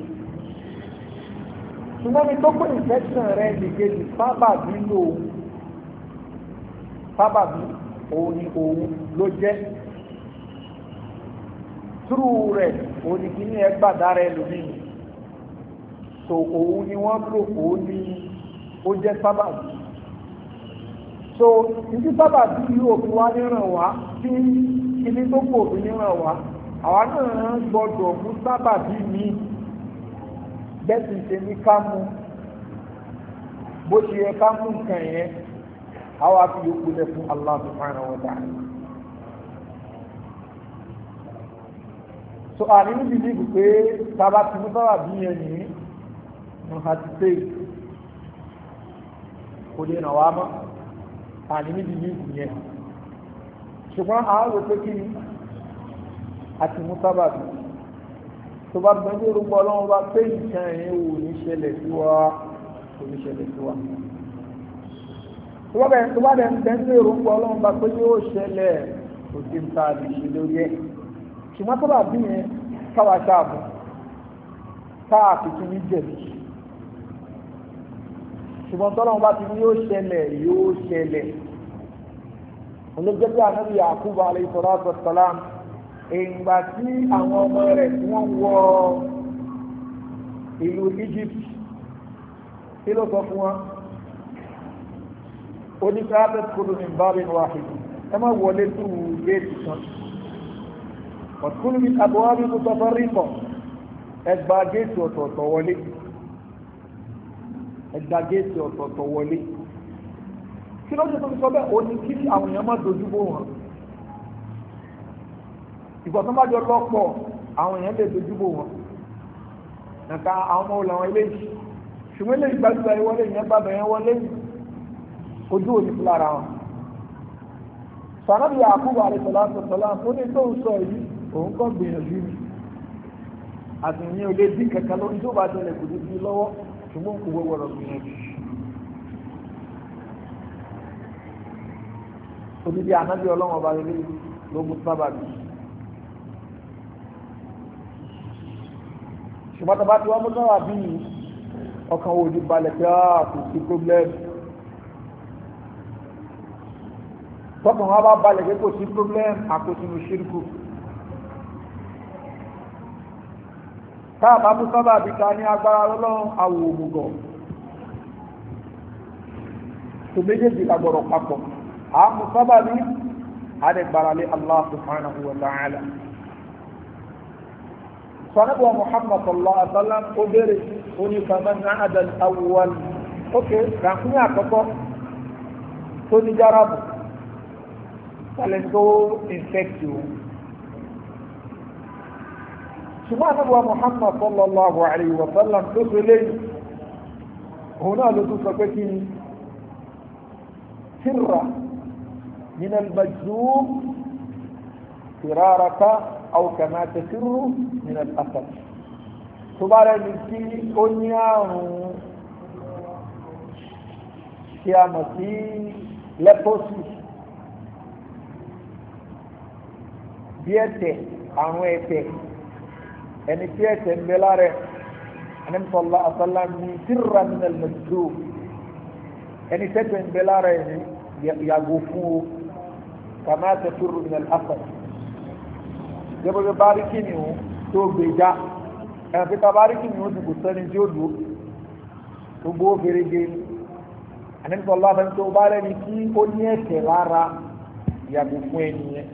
ṣùgbọ́n ní tó pé infection rẹ nìkejì sábàbí lòun sábàbí òun ni òun ló jẹ́ túrú rẹ̀ òun ni kí ni ẹ gbàdá rẹ lómìnira so òun ni wọ́n lò òun ni ó jẹ́ sábàbí so ibi sábàbí yóò fi wá níràn wá tí ibi tó kò fi níràn wá àwa náà gbọdọ̀ mú sábàbí mi bẹ́sì ṣe ní ká mú bó ṣe yẹ ká mú nǹkan yẹn àwa fi yòókù lẹ fún Allah subhanahu wa ta'ala so àní níbi níbi pé sábà tí mo sábàbí yẹn nìyí mun hati sai kò lè ràn wá mọ́ àní níbi yìí ṣùgbọ́n a rò pé kí ni àti mú sábàbí tó bá gbẹ́jú orúkọ ọlọ́run bá pé nǹkan ẹ̀yìn ò ní ṣẹlẹ̀ sí wa kò ní ṣẹlẹ̀ sí wa tó bá dẹ̀ ń gbẹ́jú orúkọ ọlọ́run bá pé yóò ṣẹlẹ̀ kò sí nǹkan àdìsí lórí ẹ̀ ṣùgbọ́n sábàbí yẹn káwa ṣáàbù táà fi kí ní jẹ̀bi ṣùgbọ́n tọ́lọ́run bá ti ní yóò ṣẹlẹ̀ yóò ṣẹlẹ̀ olùjẹ́bí anábì Yakubu alayhi salatu wa salam ìgbà tí àwọn ọmọ rẹ̀ tí wọ́n wọ ìlú Egypt kí ló sọ fún wọn oníkàtà kúrò ní bábí wáhì ẹ má wọlé tó wù géètì kan ọ̀túnlùmí àbúwárí mú sọ fún rí pọ̀ ẹgbàá géètì ọ̀tọ̀ọ̀tọ̀ wọlé ẹgbà géètì ọ̀tọ̀ọ̀tọ̀ wọlé kí ló ṣe tó fi sọ bẹ́ẹ̀ òní kí àwọn èèyàn má dojú bò wọn ìgbà tó bá jọ lọ́pọ̀ àwọn èèyàn lè dojú bò wọn nǹkan àwọn ọmọ làwọn eléyìí ṣùgbọ́n eléyìí gbàgbà yẹn wọlé ìyẹn gbàgbà yẹn wọlé ojú òní fúlà ara wọn sànàbí àkúbà àlẹ́sọ̀lá sọ̀tọ̀lá tó ní tó ń sọ yìí òun kàn gbìyànjú mi àtìyìn ò dín kankan lórí tó bá jẹlẹ̀ ṣùgbọ́n kò gbogbo ọ̀rọ̀ gbìyànjú onídìí anábì ọlọ́run ọba lórí ló mú sábàbí ṣùgbọ́n tó bá ti wọ́n mú sábàbí yìí ọkàn wo ni balẹ̀ pé áà ah, kò sí pírọ́blẹ́mù tọkàn wọn bá balẹ̀ pé kò sí pírọ́blẹ́mù àkóso ìṣirikù. táàbá mú sábà bí ká ní agbára lọ́lọ́run àwò òmùgọ̀ tó méjèèjì lágbọ̀rọ̀ papọ̀ a mú sábà bí adẹ̀gbàralé Allah subhanahu wa ta'ala sanabuwa Muhammad sallallahu alaihi wa sallam ó béèrè ó ní fama ní adal awwal ok ràkúnyà àkọ́kọ́ tó ní járàbù tàlẹ́ tó infect you ṣùgbọ́n àtàbíwá Muhammad sallallahu alayhi wa sallam tó ṣe léyìn òun náà ló tún sọ pé kí ni sirra min al-majzum firaraka aw kama tasirru tó bá rẹ̀ ní kí ó ní àrùn tí a mọ̀ sí lẹ́pọ́sì bí ẹ̀tẹ̀ àrùn ẹ̀tẹ̀ ẹni tí ẹ̀ṣẹ̀ ń bẹ lára ẹni sọlá àtàlà ní sírra ní ẹlẹmẹtìrò ẹni tẹ́tẹ̀ ń bẹ lára ẹni yàgò fún o kàmá tẹ̀tùrù ní ẹlẹ́fẹ̀ gẹ́gẹ́ bárí kí ni o tó gbé já ẹ̀rọ pípa bárí kí ni o ti sẹ́ni tí ó dùn gbogbo fèrègé ẹni sọlá àtàlà tó bá rẹ̀ kí ó ní ẹ̀ṣẹ̀ lára yàgò fún ẹni yẹn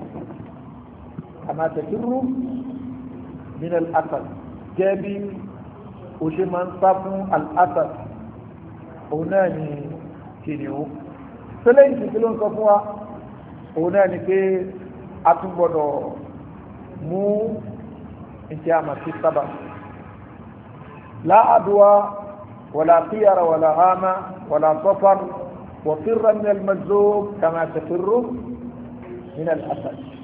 kàmá tẹ̀tùrù. من الاسد جابي وجمان صابو الاسد وناني كينيو سلين كيلون كفوا وناني كي اتمبودو مو انتياما في سبا لا ادوى ولا خير ولا هامة ولا صفر وفر من المجذوب كما تفر من الاسد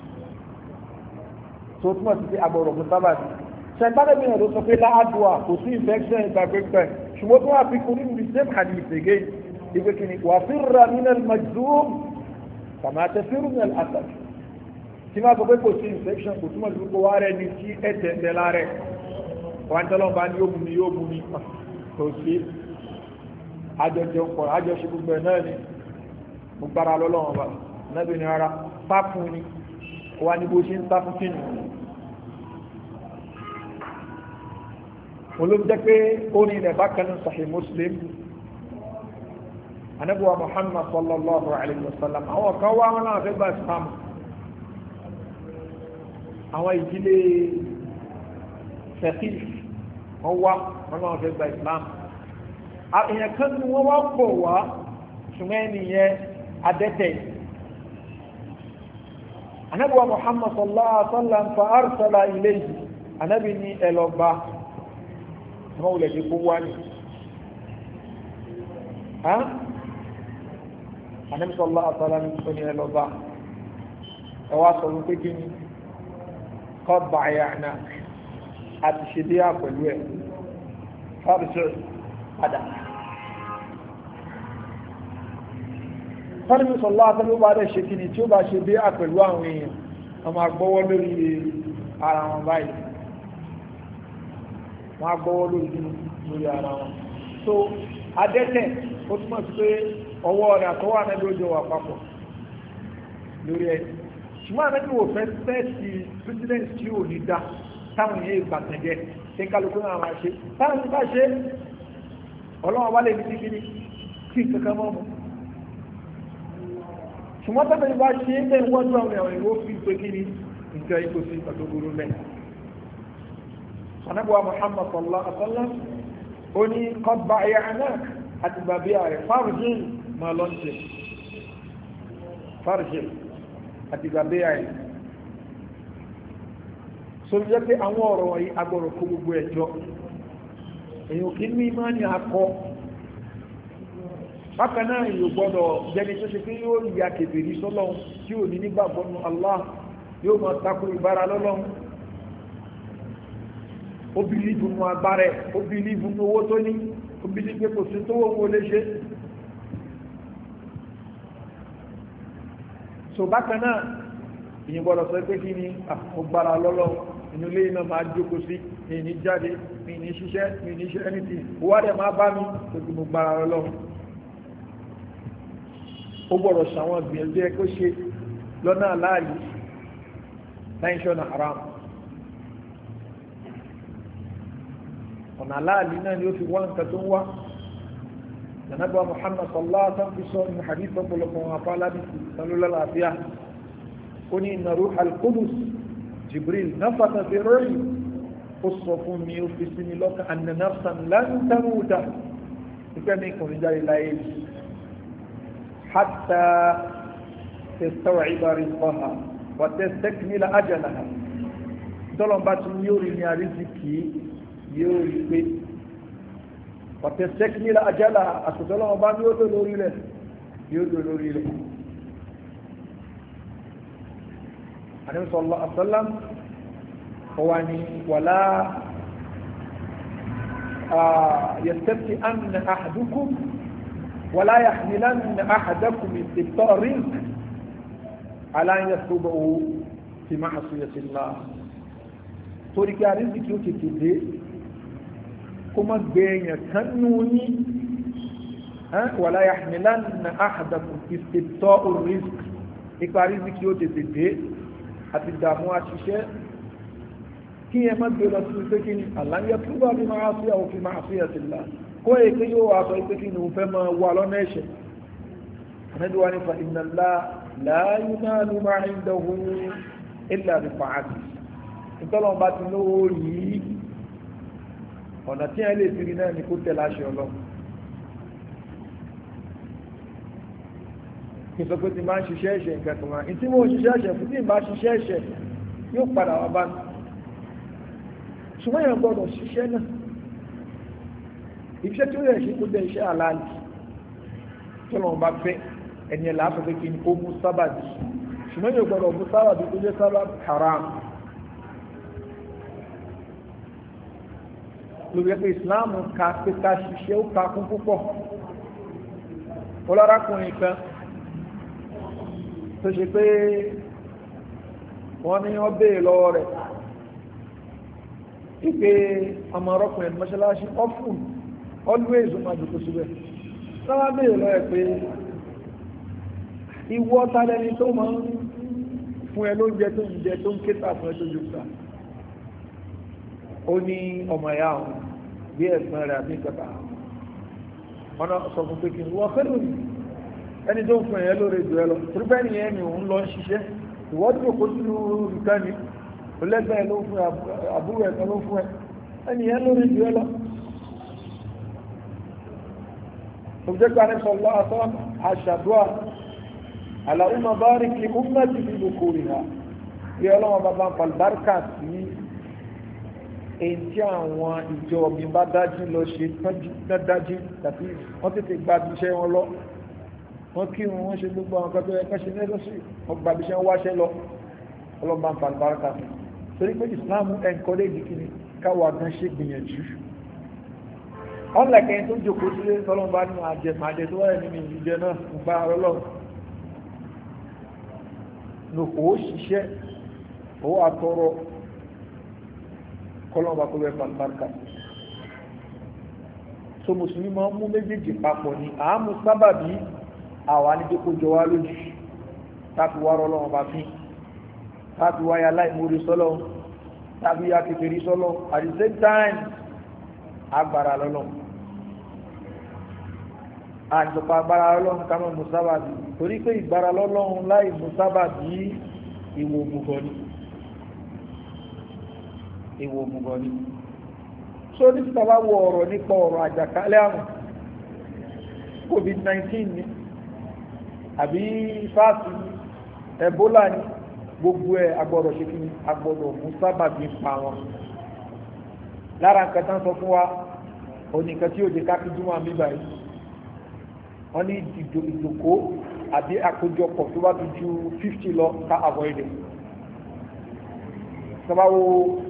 tó túmọ̀ sí pé agbọ̀rọ̀ mú sábà ní. sẹ̀ńtàlẹ̀ mi ló sọ pé láàdùà kò sí infection ìgbàgbẹ́gbẹ́ ṣùgbọ́n tó wà fi kú nínú the same hadith again ìgbé kìíní wà fi ra minal majzum kàmá tẹ fi rúnà àtàk tí máa sọ pé kò sí infection kò túmọ̀ sí pé kò wá rẹ ní tí ẹ tẹ̀lé láàrẹ̀ wọn tẹ́lọ̀ bá ní yóò mú ni yóò mú ni kò sí àjọjọ pọ̀ àjọṣe gbogbo ẹ̀ náà ni mo gbára lọ́lọ́wọ́n bá nábìnrin ara sáfún ni wà ní bó ṣe ń sáfún kí ni olóńjẹ́ pé ó ní ilẹ̀ bákanú sahih muslim anabuwa muhammad sallallahu alayhi wa sallam àwọn kan wá wọn náà fẹ́ gba islam àwọn ìdílé fẹ́kì wọ́n wá wọn náà fẹ́ gba islam èèyàn kan ní wọ́n wá pọ̀ wá ṣùgbọ́n ẹnìyẹn adẹ́tẹ̀ anabuwa muhammad sallallahu alayhi wa sallam fa arsala ilayhi anabi ní ẹlọba wọ́n wulẹ̀ ṣe kó wá ní. anamisọ́lá àtàlà ní sọ ní ẹlọ́ba ẹ wá sọ wípé kí ni kọ́ bàyà náà àti ṣe déyà pẹ̀lú ẹ̀ fábísọ̀ padà. sọ́nàmì sọ̀lá àtàlà bá dẹ̀ ṣe kí ni tí ó bá ṣe déyà pẹ̀lú àwọn èèyàn wọ́n máa lórí ara wọn báyìí wọn á gbọ́wọ́ lórí nínú lórí ara wọn so adẹ́tẹ̀ ó túmọ̀ sí pé ọwọ́ rẹ̀ àtọwọ́ anábì ó jọ wà papọ̀ lórí ẹ̀ ṣùgbọ́n anábì wò fẹ́ sẹ́ẹ̀sì president tí ò ní dá táwọn èèyàn ìgbàtẹ̀jẹ́ ṣe kálukú náà máa ṣe táwọn ti bá ṣe ọlọ́wọ́ wá lè ní kíkiri kí kankan mọ́ mu ṣùgbọ́n táwọn ti bá ṣe é bẹ́ẹ̀ wọ́n tó àwọn èèyàn ìwọ́ fi pé kí ni nǹkan ikú sí ìpàdógóró anábọ̀wá muhammad sallallahu alaihi wa sallam ó ní kọ́ba ẹ̀yà náà àti bàbí ààrẹ fárijìn máa lọ ṣe fárijìn àti bàbí ààrẹ sórí jẹ́ pé àwọn ọ̀rọ̀ wọ̀nyí agbọ̀rọ̀ kó gbogbo ẹ̀jọ́ èyàn kì í ní máa ní akọ bákan náà èyàn gbọ́dọ̀ jẹni tó ṣe pé yóò ya kèbèrè sọ́lọ́hún tí ò ní nígbàgbọ́nu Allah yóò máa takò ìbára lọ́lọ́hún ó bìlíìfù nù agbára ẹ̀ ó bìlíìfù nù owó tó ní ó bìlíìfù pé kò sí tó wọ́n wọlé ṣe. so bákan náà ìyẹn gbọ́dọ̀ sọ pé kí ni àgbára lọ́lọ́ inú ilé iná máa jókòó sí mi ní jáde mi ní ṣiṣẹ́ mi ní ṣe anything owó àdẹ̀ máa bá mi tó kí mo gbára lọ́lọ́ ó gbọ́dọ̀ ṣàwọn gbìyànjú ẹ kó ṣe lọ́nà aláàlú láìṣọ́nà haram ọ̀nà aláàlì náà ni ó fi wá nǹkan tó ń wá janabu muhammad sallallahu alaihi wasallam fi sọ ní hadith ọ̀pọ̀lọpọ̀ wọn afọ alábìsí sallallahu alaihi ó ní inna ruhal qudus jibril nafata fi ruhi ó sọ fún mi ó fi sí mi lọ́kàn anna nafsan ìfẹ́ mi kò jáde láyé yìí hatta testawiba rizqaha wa tastakmila ajalaha tọ́lọ́mbà tún yóò rí ní àrísìkì yóò rí pé ọ̀tẹ̀ sẹ́kìlá ajálà àtọ̀tọ̀lọ́wọ́ bá ní ó lò lórí rẹ̀ yóò lò lórí rẹ̀ àdínsọ̀lọ́ àtọ́lám ọwà ni wàlá yẹ̀sẹ̀tì àmì àdúkù wàlá yàhìnlá àmì àdúkù mi ti tọ́ rí aláyẹ̀ tó ti máa sọ yẹ̀sìn torí kí àrísìkì ó tètè dé kó mọ́ gbé èèyàn kan nú yín wàlá yahmilanna ahadakum ìṣètò rizq ipa rizq yóò tètè dé àti dààmú àṣìṣe kí ẹ má gbé lọ sí pé kí ni àlàyé túbọ̀ bí máa fi àwọn fi máa fi ẹ̀sìn là kó èyí pé yóò wà sọ pé kí ni òun fẹ́ máa wà lọ́nà ẹ̀ṣẹ̀ àmẹ́bí ní fa inna Allah la yunalu ma indahu illa bi fa'ati ìtọ́lọ́mọba ti lówó yìí ọ̀nà tí ẹ lè fi rí náà ni kó tẹ̀lé àṣẹ ọlọ́run kí n sọ pé tí n bá ń ṣiṣẹ́ ẹ̀ṣẹ̀ nǹkan tó máa ń tí mo ń ṣiṣẹ́ ẹ̀ṣẹ̀ fún tí n bá ṣiṣẹ́ ẹ̀ṣẹ̀ yóò padà wá bá mi ṣùgbọ́n èèyàn gbọ́dọ̀ ṣiṣẹ́ náà iṣẹ́ tí ó yẹ ṣe kó jẹ́ iṣẹ́ aláàlì tí wọ́n bá fẹ́ ẹni ẹ̀ láàfẹ́ pé kí n kó mú sábàbí ṣùgbọ́n èèyàn gbọ́dọ̀ mú sábàbí tó jẹ́ sábàbí haram ló yẹ pé islam ka pé ká ṣiṣẹ́ ó ka kún púpọ̀ ọlọ́rákùnrin kan tó ṣe pé wọ́n ní wọ́n béè lọ́wọ́ rẹ̀ ìpè ọmọ ọrọ́kùnrin mọ́ṣáláṣí ọ́fùn always ó máa jòkó síbẹ̀ sábà béè lọ́wọ́ ẹ̀ pé ìwọ ta lẹni tó máa ń fún ẹ lóúnjẹ tó ń jẹ tó ń kéta fún ẹ tó jù sáà ó ní ọmọ ẹ̀yà ọ̀hún bí ẹ̀gbọ́n rẹ̀ àbí ìjọba ọ̀nà sọ fún pé kí wọ́n fẹ́ lónìí ẹni tó ń fún ẹ̀yẹ lóore jù ẹ lọ tìrúbẹ́ nìyẹn ni òun lọ ń ṣiṣẹ́ ìwọ́dún òkú sínú nǹkan ni olẹ́gbẹ̀ẹ́ ló fún àbúrò ẹ̀kan ló fún ẹ ẹni yẹn lóore jù ẹ lọ. òjẹ́gbà ní sọ̀lá àtọ́ àṣàdúà àlàúmọ̀ bá rí kí ó mẹ́tì nínú kórìíra bí ọlọ́wọ́ bàbá ń sí èyí tí àwọn ìjọ mi bá dájú lọ ṣe tán dájú tàbí wọ́n tètè gba iṣẹ́ wọn lọ wọ́n kí wọn wọ́n ṣe gbogbo àwọn kan tó yẹ kán ṣe nẹ́lọ́sì wọ́n gba iṣẹ́ wọn wáṣẹ́ lọ ọlọ́mọ àǹfààní báraka torí pé Islam encourage kìíní káwa gan ṣe gbìyànjú unlike ẹni tó jòkó sílé tọ́lọ́mọba nínú àjẹmàjẹ tó wáyé nínú ìjẹ náà ń kọ́lọ́n bá kó bẹ́ẹ̀ fa àlùbáríkà so mùsùlùmí máa ń mú méjèèjì papọ̀ ni àámu sábàbí àwa ní kókó jọ wá lójú táàbí wá rọlọ́wọ́n bá fi táàbí wáyà láìmórí sọ́lọ́ táàbí yá kékeré sọ́lọ́ at the same time agbára lọ́lọ́ àjọpọ̀ agbára lọ́lọ́run ká mọ̀ mùsábàbí torí pé ìgbára lọ́lọ́run láì mùsábàbí ìwò ògùnkọ̀ ni ewu òmùgọ̀ ni so ní ti tàbá wọ ọ̀rọ̀ nípa ọ̀rọ̀ àjàkálẹ̀ àrùn covid-19 ni àbí fásitì ni ebola ni gbogbo ẹ agbọ́dọ̀ ṣe kí ni agbọ́dọ̀ mú sábàbí pa wọn lára nǹkan tán sọ fún wa oníkan tí òde ká kíjú wọn bí báyìí wọn ní ìdòkó àbí àkójọpọ̀ tó bá ti ju fifty lọ ká avoid it tọ́báwo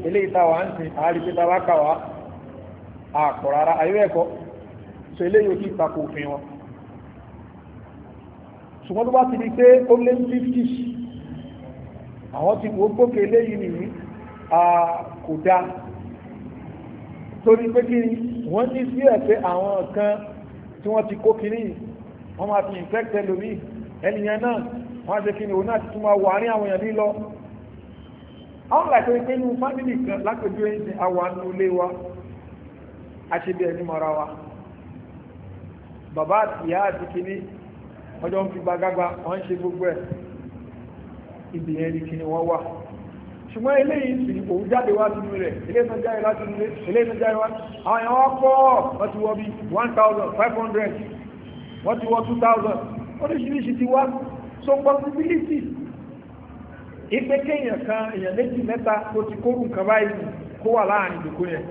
ilé ìtawà ń sìn àárípé tàbá kàwá àpọ̀ rárá ayé ẹ̀kọ́ so ilé yóò kí ìtakò òfin wọn ṣùgbọ́n tó bá ti di pé ó lé ní fifty àwọn ti wò gbókè eléyìí nìyí kò dáa torí pé kí wọ́n ní sí ẹ̀ àwọn kan tí wọ́n ti kó kiri wọ́n máa fi ìfẹ́kẹ́ lómi ẹnìyẹn náà wọ́n á ṣe kí ni òun náà ti tún máa wọ àárín àwọn èèyàn lílọ àwọn ìgbàgbé pé inú fámìlì kan lápẹjú ẹ̀yìn àwa nínú wa àṣebí ẹni mọ́ra wa bàbá àti ìyá àti kìíní ọjọ́ ń fi gbagagbá wọ́n ń ṣe gbogbo ẹ̀ ìbìyàn ní kìíní wọ́n wà ṣùgbọ́n eléyìí sì òun jáde wá nínú rẹ̀ eléyìí náà jáde láti nínú ti ipe kéèyàn kan èèyàn méjì mẹ́ta tó ti kórù nǹkan báyìí kó wà láàrin ìdòkó yẹn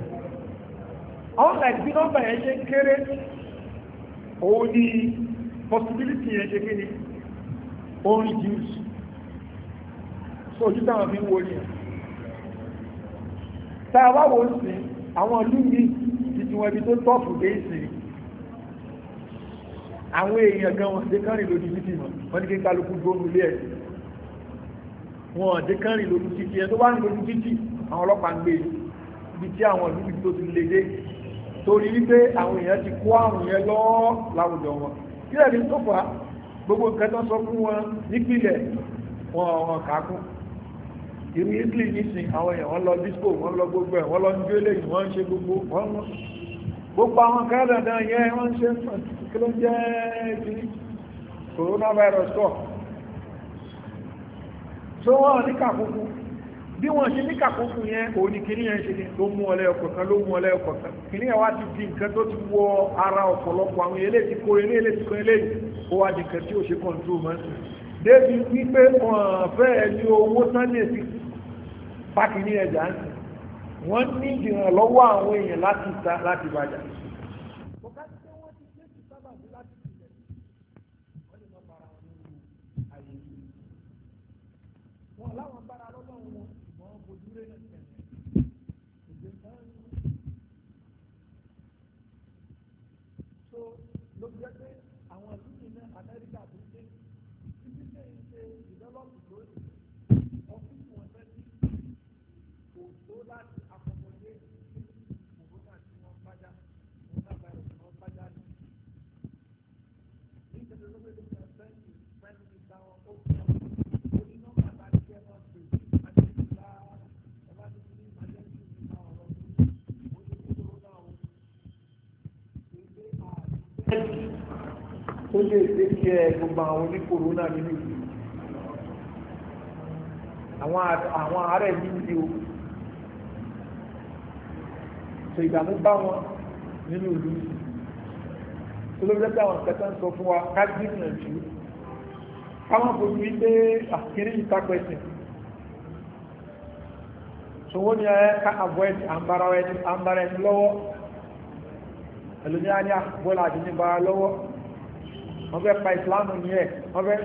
àwọn láti bí nọ́mbà yẹn ṣe kéré òun ni possibility yẹn ṣe kí ni ó ń reduce so ojú táwọn fi ń wo ni tá a wá wo sí àwọn ìlú mi ti ti wọn ibi tó tọ́pù dé sí àwọn èèyàn gan wọn ṣe kán lójú títì wọn wọn ní kí kálukú gbóhùn ilé ẹ̀sìn wọn ọ̀dẹ́ kan rìn lójú títì ẹ tó bá rìn lójú títì àwọn ọlọ́pàá ń gbé e ibi tí àwọn ìlú tó ti lè dé torí wípé àwọn èèyàn ti kó àrùn yẹn lọ láwùjọ wọn kí ẹ̀rí tó fà á gbogbo nǹkan tó sọ fún wọn nípìnlẹ̀ wọn ọ̀hún kàákùn irú italy nísìn àwọn èèyàn wọn lọ disco wọn lọ gbogbo ẹ wọn lọ ń gbélé wọn ń ṣe gbogbo wọn ń gbogbo àwọn kẹrẹdàdà yẹn wọn ń ṣe kí ló ń jẹ kiri coronavirus kọ tó wọ́n níkà funfun bí wọ́n ṣe níkà funfun yẹn òun ni kìnìún yẹn ṣe ni ló mú ọlẹ́ ọkọ̀ kan ló mú ọlẹ́ ọkọ̀ kan kìnìún yẹn wá ti di nǹkan tó ti wọ ara ọ̀pọ̀lọpọ̀ àwọn eléyìí ti kó eléyìí eléyìí ti kó eléyìí ó wá di nǹkan tí ó ṣe kọ̀ǹtú mọ́ débi wípé wọ́n fẹ́ẹ̀ ní owó tán lè fi pákìnì ẹ̀jà ń sìn wọ́n ní ìdìrànlọ́wọ́ àwọn èèyàn láti ta láti bàjá tó lè ṣe kí ẹ gbogbo àwọn oní kòrónà nínú ìlú àwọn ààrẹ o so ìdààmú bá wọn nínú ìlú tó ló lẹ́gbẹ̀ẹ́ àwọn kẹta ń sọ fún wa kájí ìrìnàjò káwọn fojú wípé àkírí ìtakọ̀ ẹ̀sìn so wọ́n ẹ ká wọ́n fẹ́ pa ìsìláàmù ní ẹ̀ wọ́n fẹ́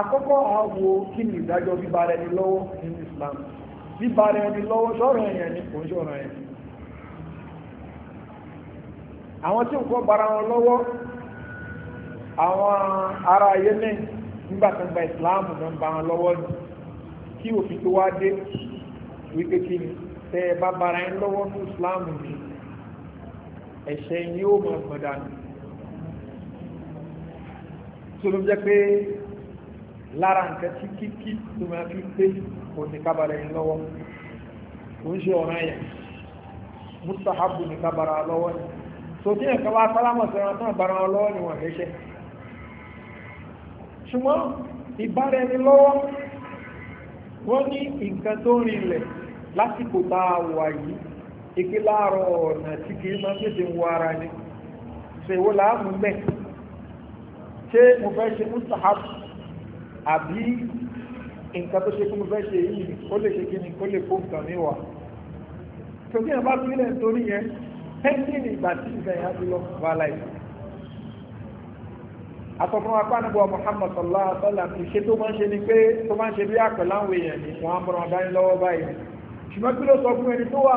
àkọ́kọ́ àwọ̀ kí ni ìdájọ́ bíbá rẹ̀ ní lọ́wọ́ nínú ìsìláàmù bíbá rẹ̀ ní lọ́wọ́ sọ́rọ̀ ẹ̀yàn ní kò ń sọ̀rọ̀ ẹ̀yàn àwọn tí nǹkan bara wọn lọ́wọ́ àwọn ará Yemen nígbà tó ń gba ìsìláàmù ló ń ba wọn lọ́wọ́ ni kí òfin tó wá dé wípé kí ni tẹ́ ẹ bá bara yín lọ́wọ́ ní ẹ̀ṣẹ̀ ni ó mọ̀ pọ̀dánù tó ló jẹ́ pé lára nǹkan tí kíkí tó máa fi pé òní kábàrẹ̀ yìí lọ́wọ́ kò ń ṣe ọ̀ràn yẹn mustahabu ní kábàrà lọ́wọ́ ni tó tí ẹ̀kọ́ wá sálámọ̀ sẹ́ran náà bára lọ́wọ́ ìpí láàárọ̀ ọ̀nà tí kì í máa ń tètè wọ ara ni ṣèwọ́ láàmú mẹ́ ṣé mo fẹ́ ṣe mú sahab àbí nǹkan tó ṣe kí mo fẹ́ ṣe yìí ó lè ṣe kí ni ó lè kó nǹkan mi wà torí ẹ̀ bá sílẹ̀ nítorí yẹn pẹ́ńtìnì ìgbà tí ìgbà yẹn á ti lọ bá láìpẹ́ àtọ̀fún apá níbo Muhammad sallallahu alaihi wa ìṣe tó máa ń ṣe ni pé tó máa ń ṣe bí àpẹ̀láwọ̀ èèyàn ni wọ́n á mọ̀ràn dání lọ́wọ́ báyìí ṣùgbọ́n kí ló sọ fún ẹni tó wà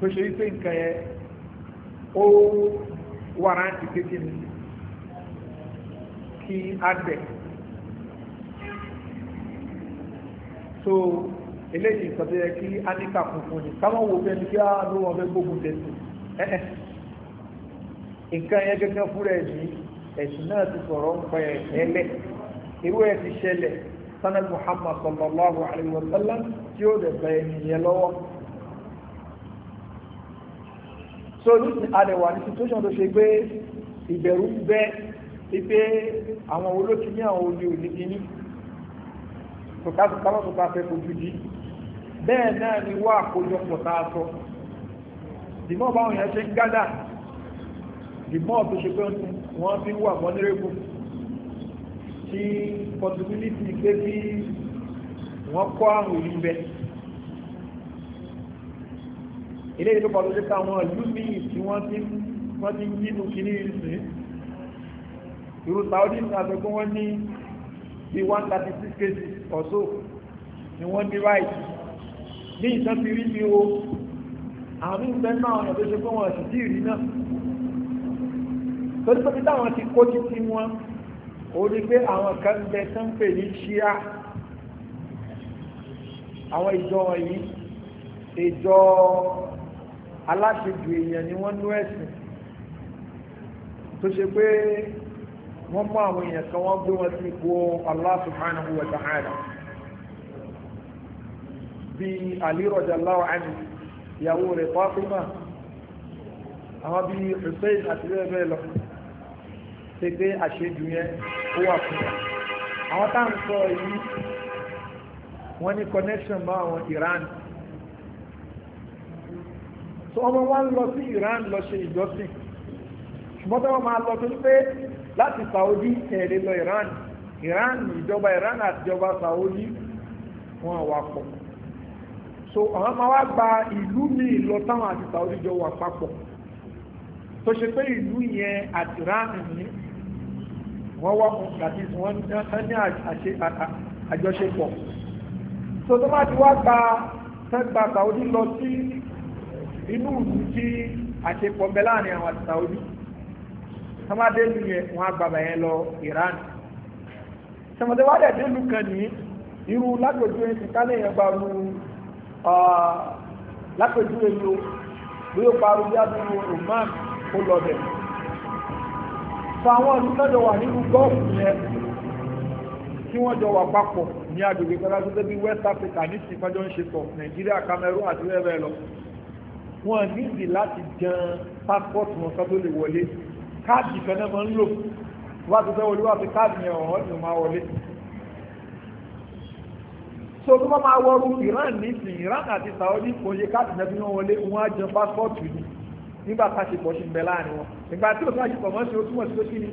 tó ṣe wípé nǹkan yẹn ó wàrántì kékeré kí á bẹ̀. so eléyìí nǹkan tó yẹ kí á ní kà funfun ni káwọn wo bẹ́ẹ̀ ni kí á ló wọn fẹ́ gbógun tẹ̀sán ẹ̀ẹ́ nǹkan yẹn gẹ́gẹ́ fúnra ẹ̀ ní ẹ̀sìn náà ti sọ̀rọ̀ ń pẹ́ ẹ̀ẹ́lẹ̀ irú ẹ̀ ti ṣẹlẹ̀ sanad muhammad sallallahu alayhi wa sallam tí ó dẹ̀ bẹ̀ ẹ̀yìn yẹn lọ́wọ́. so nísìn adẹ̀wà ní situation tó ṣe pé ìbẹ̀rù ń bẹ pé àwọn olókìní àwọn olè òní kíní tòkátòkátò tó fẹ́ fojú di bẹ́ẹ̀ náà ni wá àkójọpọ̀ tá a sọ dìmọ́ báwọn yẹn ṣe ń gádà dìmọ́ tó ṣe pé wọ́n fi wà mọ́nírẹ́gùn tí possibility pé kí wọ́n kọ́ àrùn yìí bẹ́ẹ̀ ilé ìlú pàdó jẹ́ káwọn ìlú ní ìsí wọ́n ti ń nínú kí ní ìsí irú Saudi ní àtọ́gbọ́n wọ́n ní bí 136 cases or so ni wọ́n ní right ní ìtàn ti rí ní o àwọn ìgbẹ́ náà ọ̀nà tó ṣe pé wọ́n sì dí ìrí náà tó ti pẹ́ táwọn ti kó títí wọn ó ní pé àwọn kan bẹ tó àwọn ìjọ wọ̀nyí ìjọ aláṣejù èèyàn ni wọ́n nú ẹ̀sìn tó ṣe pé wọ́n mú àwọn èèyàn kan wọ́n gbé wọn sí ipò Allah subhanahu wa ta'ala bí Ali radiyallahu anhu ìyàwó rẹ̀ Fatima àwọn bí Hussein àti bẹ́ẹ̀ bẹ́ẹ̀ lọ ṣe pé àṣejù yẹn ó wà fún wa àwọn táwọn sọ yìí wọ́n ní connection bá àwọn Iran tó ọmọ wa ń lọ sí Iran lọ ṣe ìjọsìn ṣùgbọ́n tó wọ́n máa lọ tó ní pé láti Saudi tẹ̀lé lọ Iran Iran ìjọba Iran àti ìjọba Saudi wọn wà pọ̀ so àwọn máa wá gba ìlú ní ìlọ táwọn àti Saudi jọ wà papọ̀ tó ṣe pé ìlú yẹn àti Iran ní wọ́n wá mú gàdí wọ́n ní àjọṣepọ̀ so tó máa ti wá gba tẹ́gbà Saudi lọ sí inú ìlú tí àṣepọ̀ bẹ láàrin àwọn àti Saudi sọmọdé wọn àgbàbà yẹn lọ Iran sọmọdé wà dẹ̀ lu kan ní irú lágbèjú yẹn ti kálẹ̀ yẹn gba ru lágbèjú yẹn lo bí ó paru bí adúlù Roman kó lọ bẹ̀ sọ àwọn ìlú náà jọ wà nínú gọ́ọ̀fù yẹn ní agbègbè pẹ̀lú àti West Africa ní ìsìnkú ọjọ́ ń ṣe pọ̀ Nàìjíríà Cameroon àti bẹ́ẹ̀ bẹ́ẹ̀ lọ wọn nídìí láti jan passport wọn kan tó lè wọlé káàdì kan náà máa ń lò wá ti fẹ́ wọlé wá fi káàdì yẹn ọ̀hún ni máa wọlé so tó bá máa wọrú Iran nísìnyí Iran àti Saudi kò yẹ káàdì náà fi wọn wọlé wọn á jan passport ni nígbà káṣepọ̀ ṣì ń bẹ láàrin wọn ìgbà tí òṣèlú àṣepọ̀ mọ́ ṣe ó túmọ̀ sí pé kí ni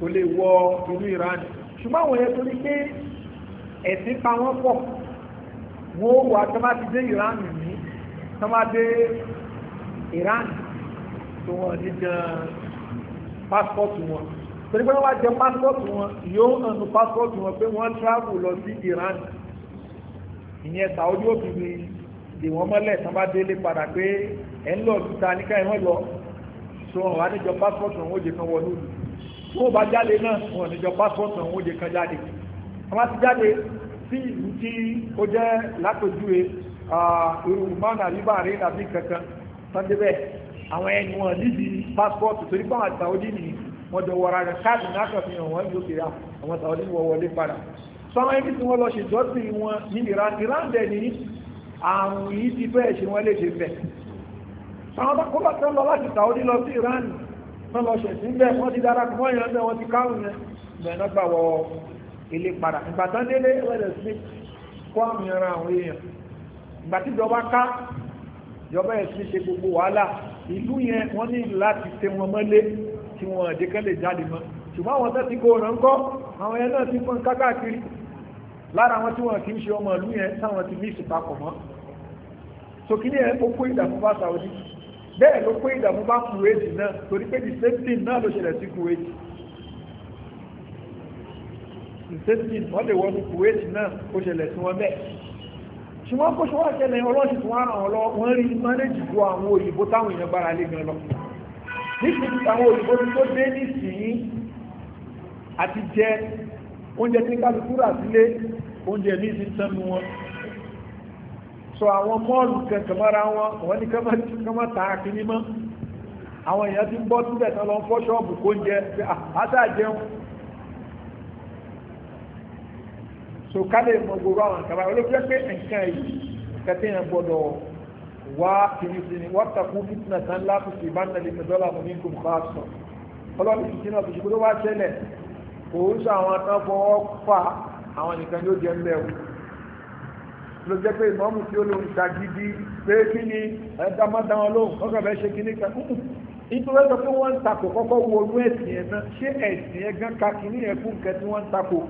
kò lè wọ inú Iran ṣùgbọ́n àwọn yẹn torí pé ẹ̀sìn tọ́mádé Iran tó wọ́n ní jẹ pásítọ̀tù wọn torí pé wọ́n wá jẹ pásítọ̀tù wọn yóò hàn ní pásítọ̀tù wọn pé wọ́n travel lọ sí Iran ìyẹn Saudi obìnrin dè wọ́n mọ́lẹ̀ tọ́mádé lé padà pé ẹ̀ ń lọ síta níkà ẹ̀wọ̀n lọ tó wọn wá níjọ pásítọ̀tù wọn ó jẹ kan wọlé òdu tó wọn bá jáde náà wọn níjọ pásítọ̀tù wọn ó jẹ kan jáde wọn bá ti jáde sí ìlú tí ó jẹ́ látòjúwe Ah, irú mọ́nà àríbà rẹ̀ àbí kankan sọ́ndébẹ̀ àwọn ẹni wọn níbi passport torí pé àwọn àtàwọ́dí ni wọ́n jọ wọra rẹ̀ káàdì náà fi hàn wọ́n ló kéré àwọn àtàwọ́dí wọ wọlé padà sọ́wọ́n ẹni tí wọ́n lọ ṣe jọ́sìn wọn ní ìran ìran dẹ̀ ní àrùn yìí ti bẹ́ẹ̀ ṣe wọ́n lè ṣe bẹ̀ àwọn akọ́bà tó lọ láti Saudi lọ sí Iran wọ́n lọ ṣẹ̀ sí bẹ́ẹ̀ wọ́n ti dára kí wọ́n yàn bẹ́ẹ̀ wọ́n ti kárùn yẹn mẹ́ẹ̀ẹ́dọ́gbà wọ ilé padà ìgbà tán délé wẹ́lẹ̀ sí àmì ara àwọn èèyàn ìgbà tí ìjọba ká ìjọba ẹ̀sìn ṣe gbogbo wàhálà ìlú yẹn wọ́n ní láti tẹ wọn mọ́lé tí wọ́n àdékẹ́ lè jáde mọ́ ṣùgbọ́n àwọn tó ti kó ọ̀nà ńkọ́ àwọn yẹn náà ti pọ́n kákàkiri lára wọn tí wọ́n kì í ṣe ọmọ ìlú yẹn táwọn ti ní ìsìpapọ̀ mọ́ sókínì ẹ̀ ó kó ìdààmú bá Saudi bẹ́ẹ̀ ló pé ìdààmú bá kúrèjì náà torí pé the same thing náà ló ṣẹlẹ̀ sí kúrèjì the same thing wọ́n lè wọ́n kúrèjì náà ó ṣẹlẹ̀ ṣùgbọ́n kó ṣe wá ṣẹlẹ̀ ọlọ́ṣì tó wá ràn ọ́ lọ wọ́n rí mánéjì ju àwọn òyìnbó táwọn èèyàn gbára lé gan lọ nítorí àwọn òyìnbó tó dé nísìnyí àti jẹ oúnjẹ tí kálukú rà sílé oúnjẹ ní ti sẹ́nu wọn sọ àwọn mọ́ọ̀lù kẹkẹ̀mọ́ra wọn wọ́n ní kọ́mọ́ ta kìíní mọ́ àwọn èèyàn ti bọ́ síbẹ̀ tán lọ fọ́ ṣọ́ọ̀bù kó ń ah, àtàjẹun so ká lè mọ gbogbo àwọn nǹkan báyìí olóògbé pé nǹkan yìí kẹtẹ́ gbọdọ̀ wá kìíní ni wọ́n takú fitna tán láti fi bá nàlẹ́ mi dọ́là mi ní kò bá sọ ọlọ́run ti tìǹbù ṣùgbọ́n tó bá ṣẹlẹ̀ kò ń sọ àwọn tán fọwọ́ fà àwọn nìkan yóò jẹ́ ńlẹ̀ o ló jẹ́ pé ìmọ̀mù tí ó lò ń ta gidi pé kí ni ẹ̀dá má dá wọn lóhùn wọ́n kàn fẹ́ nítorí ẹ̀sọ́ pé wọ́n ń takò kọ́kọ́ wọnú ẹ̀sìn yẹn náà ṣé ẹ̀sìn yẹn gan ka kíní yẹn wọ́n ń takò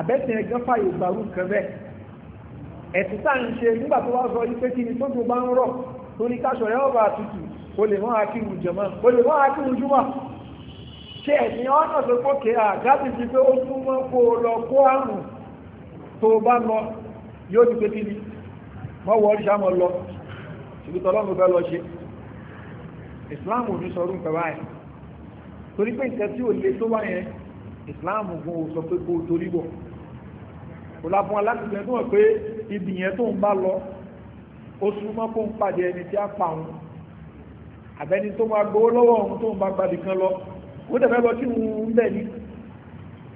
àbẹ́sìn ẹ̀gán fàyè gbàrú nǹkan bẹ́ẹ̀ ẹ̀sìn tá à ń ṣe nígbà tó wá sọ yí pé kí ni tó tó bá ń rọ̀ torí káṣọ rẹ̀ ọba àtútù o lè wọ́n akíwù jẹ̀mọ́ o lè wọ́n akíwù júmọ́ ṣe ẹ̀sìn ọ̀nà tó kókè àgábì ti pé ó súnmọ́ kó o lọ kó àrùn tó o bá lọ yóò ti pé kí ni mọ́ wọ ọdún sámọ́ lọ ṣùgbọ́n tọ́lọ́mù fẹ́ lọ ṣe ìsìláàmù ò le tó islam gun ò sọ pé kó torí bọ̀ kò láfún alátìlẹ́ tó wọ̀ pé ibi yẹn tó ń bá lọ ó súnmọ́ kó ń pàdé ẹni tí a pa òun àbẹ́ni tó máa gbowó lọ́wọ́ òun tó ń bá gbadì kan lọ ó dẹ̀ fẹ́ lọ tí òun ń bẹ̀ ni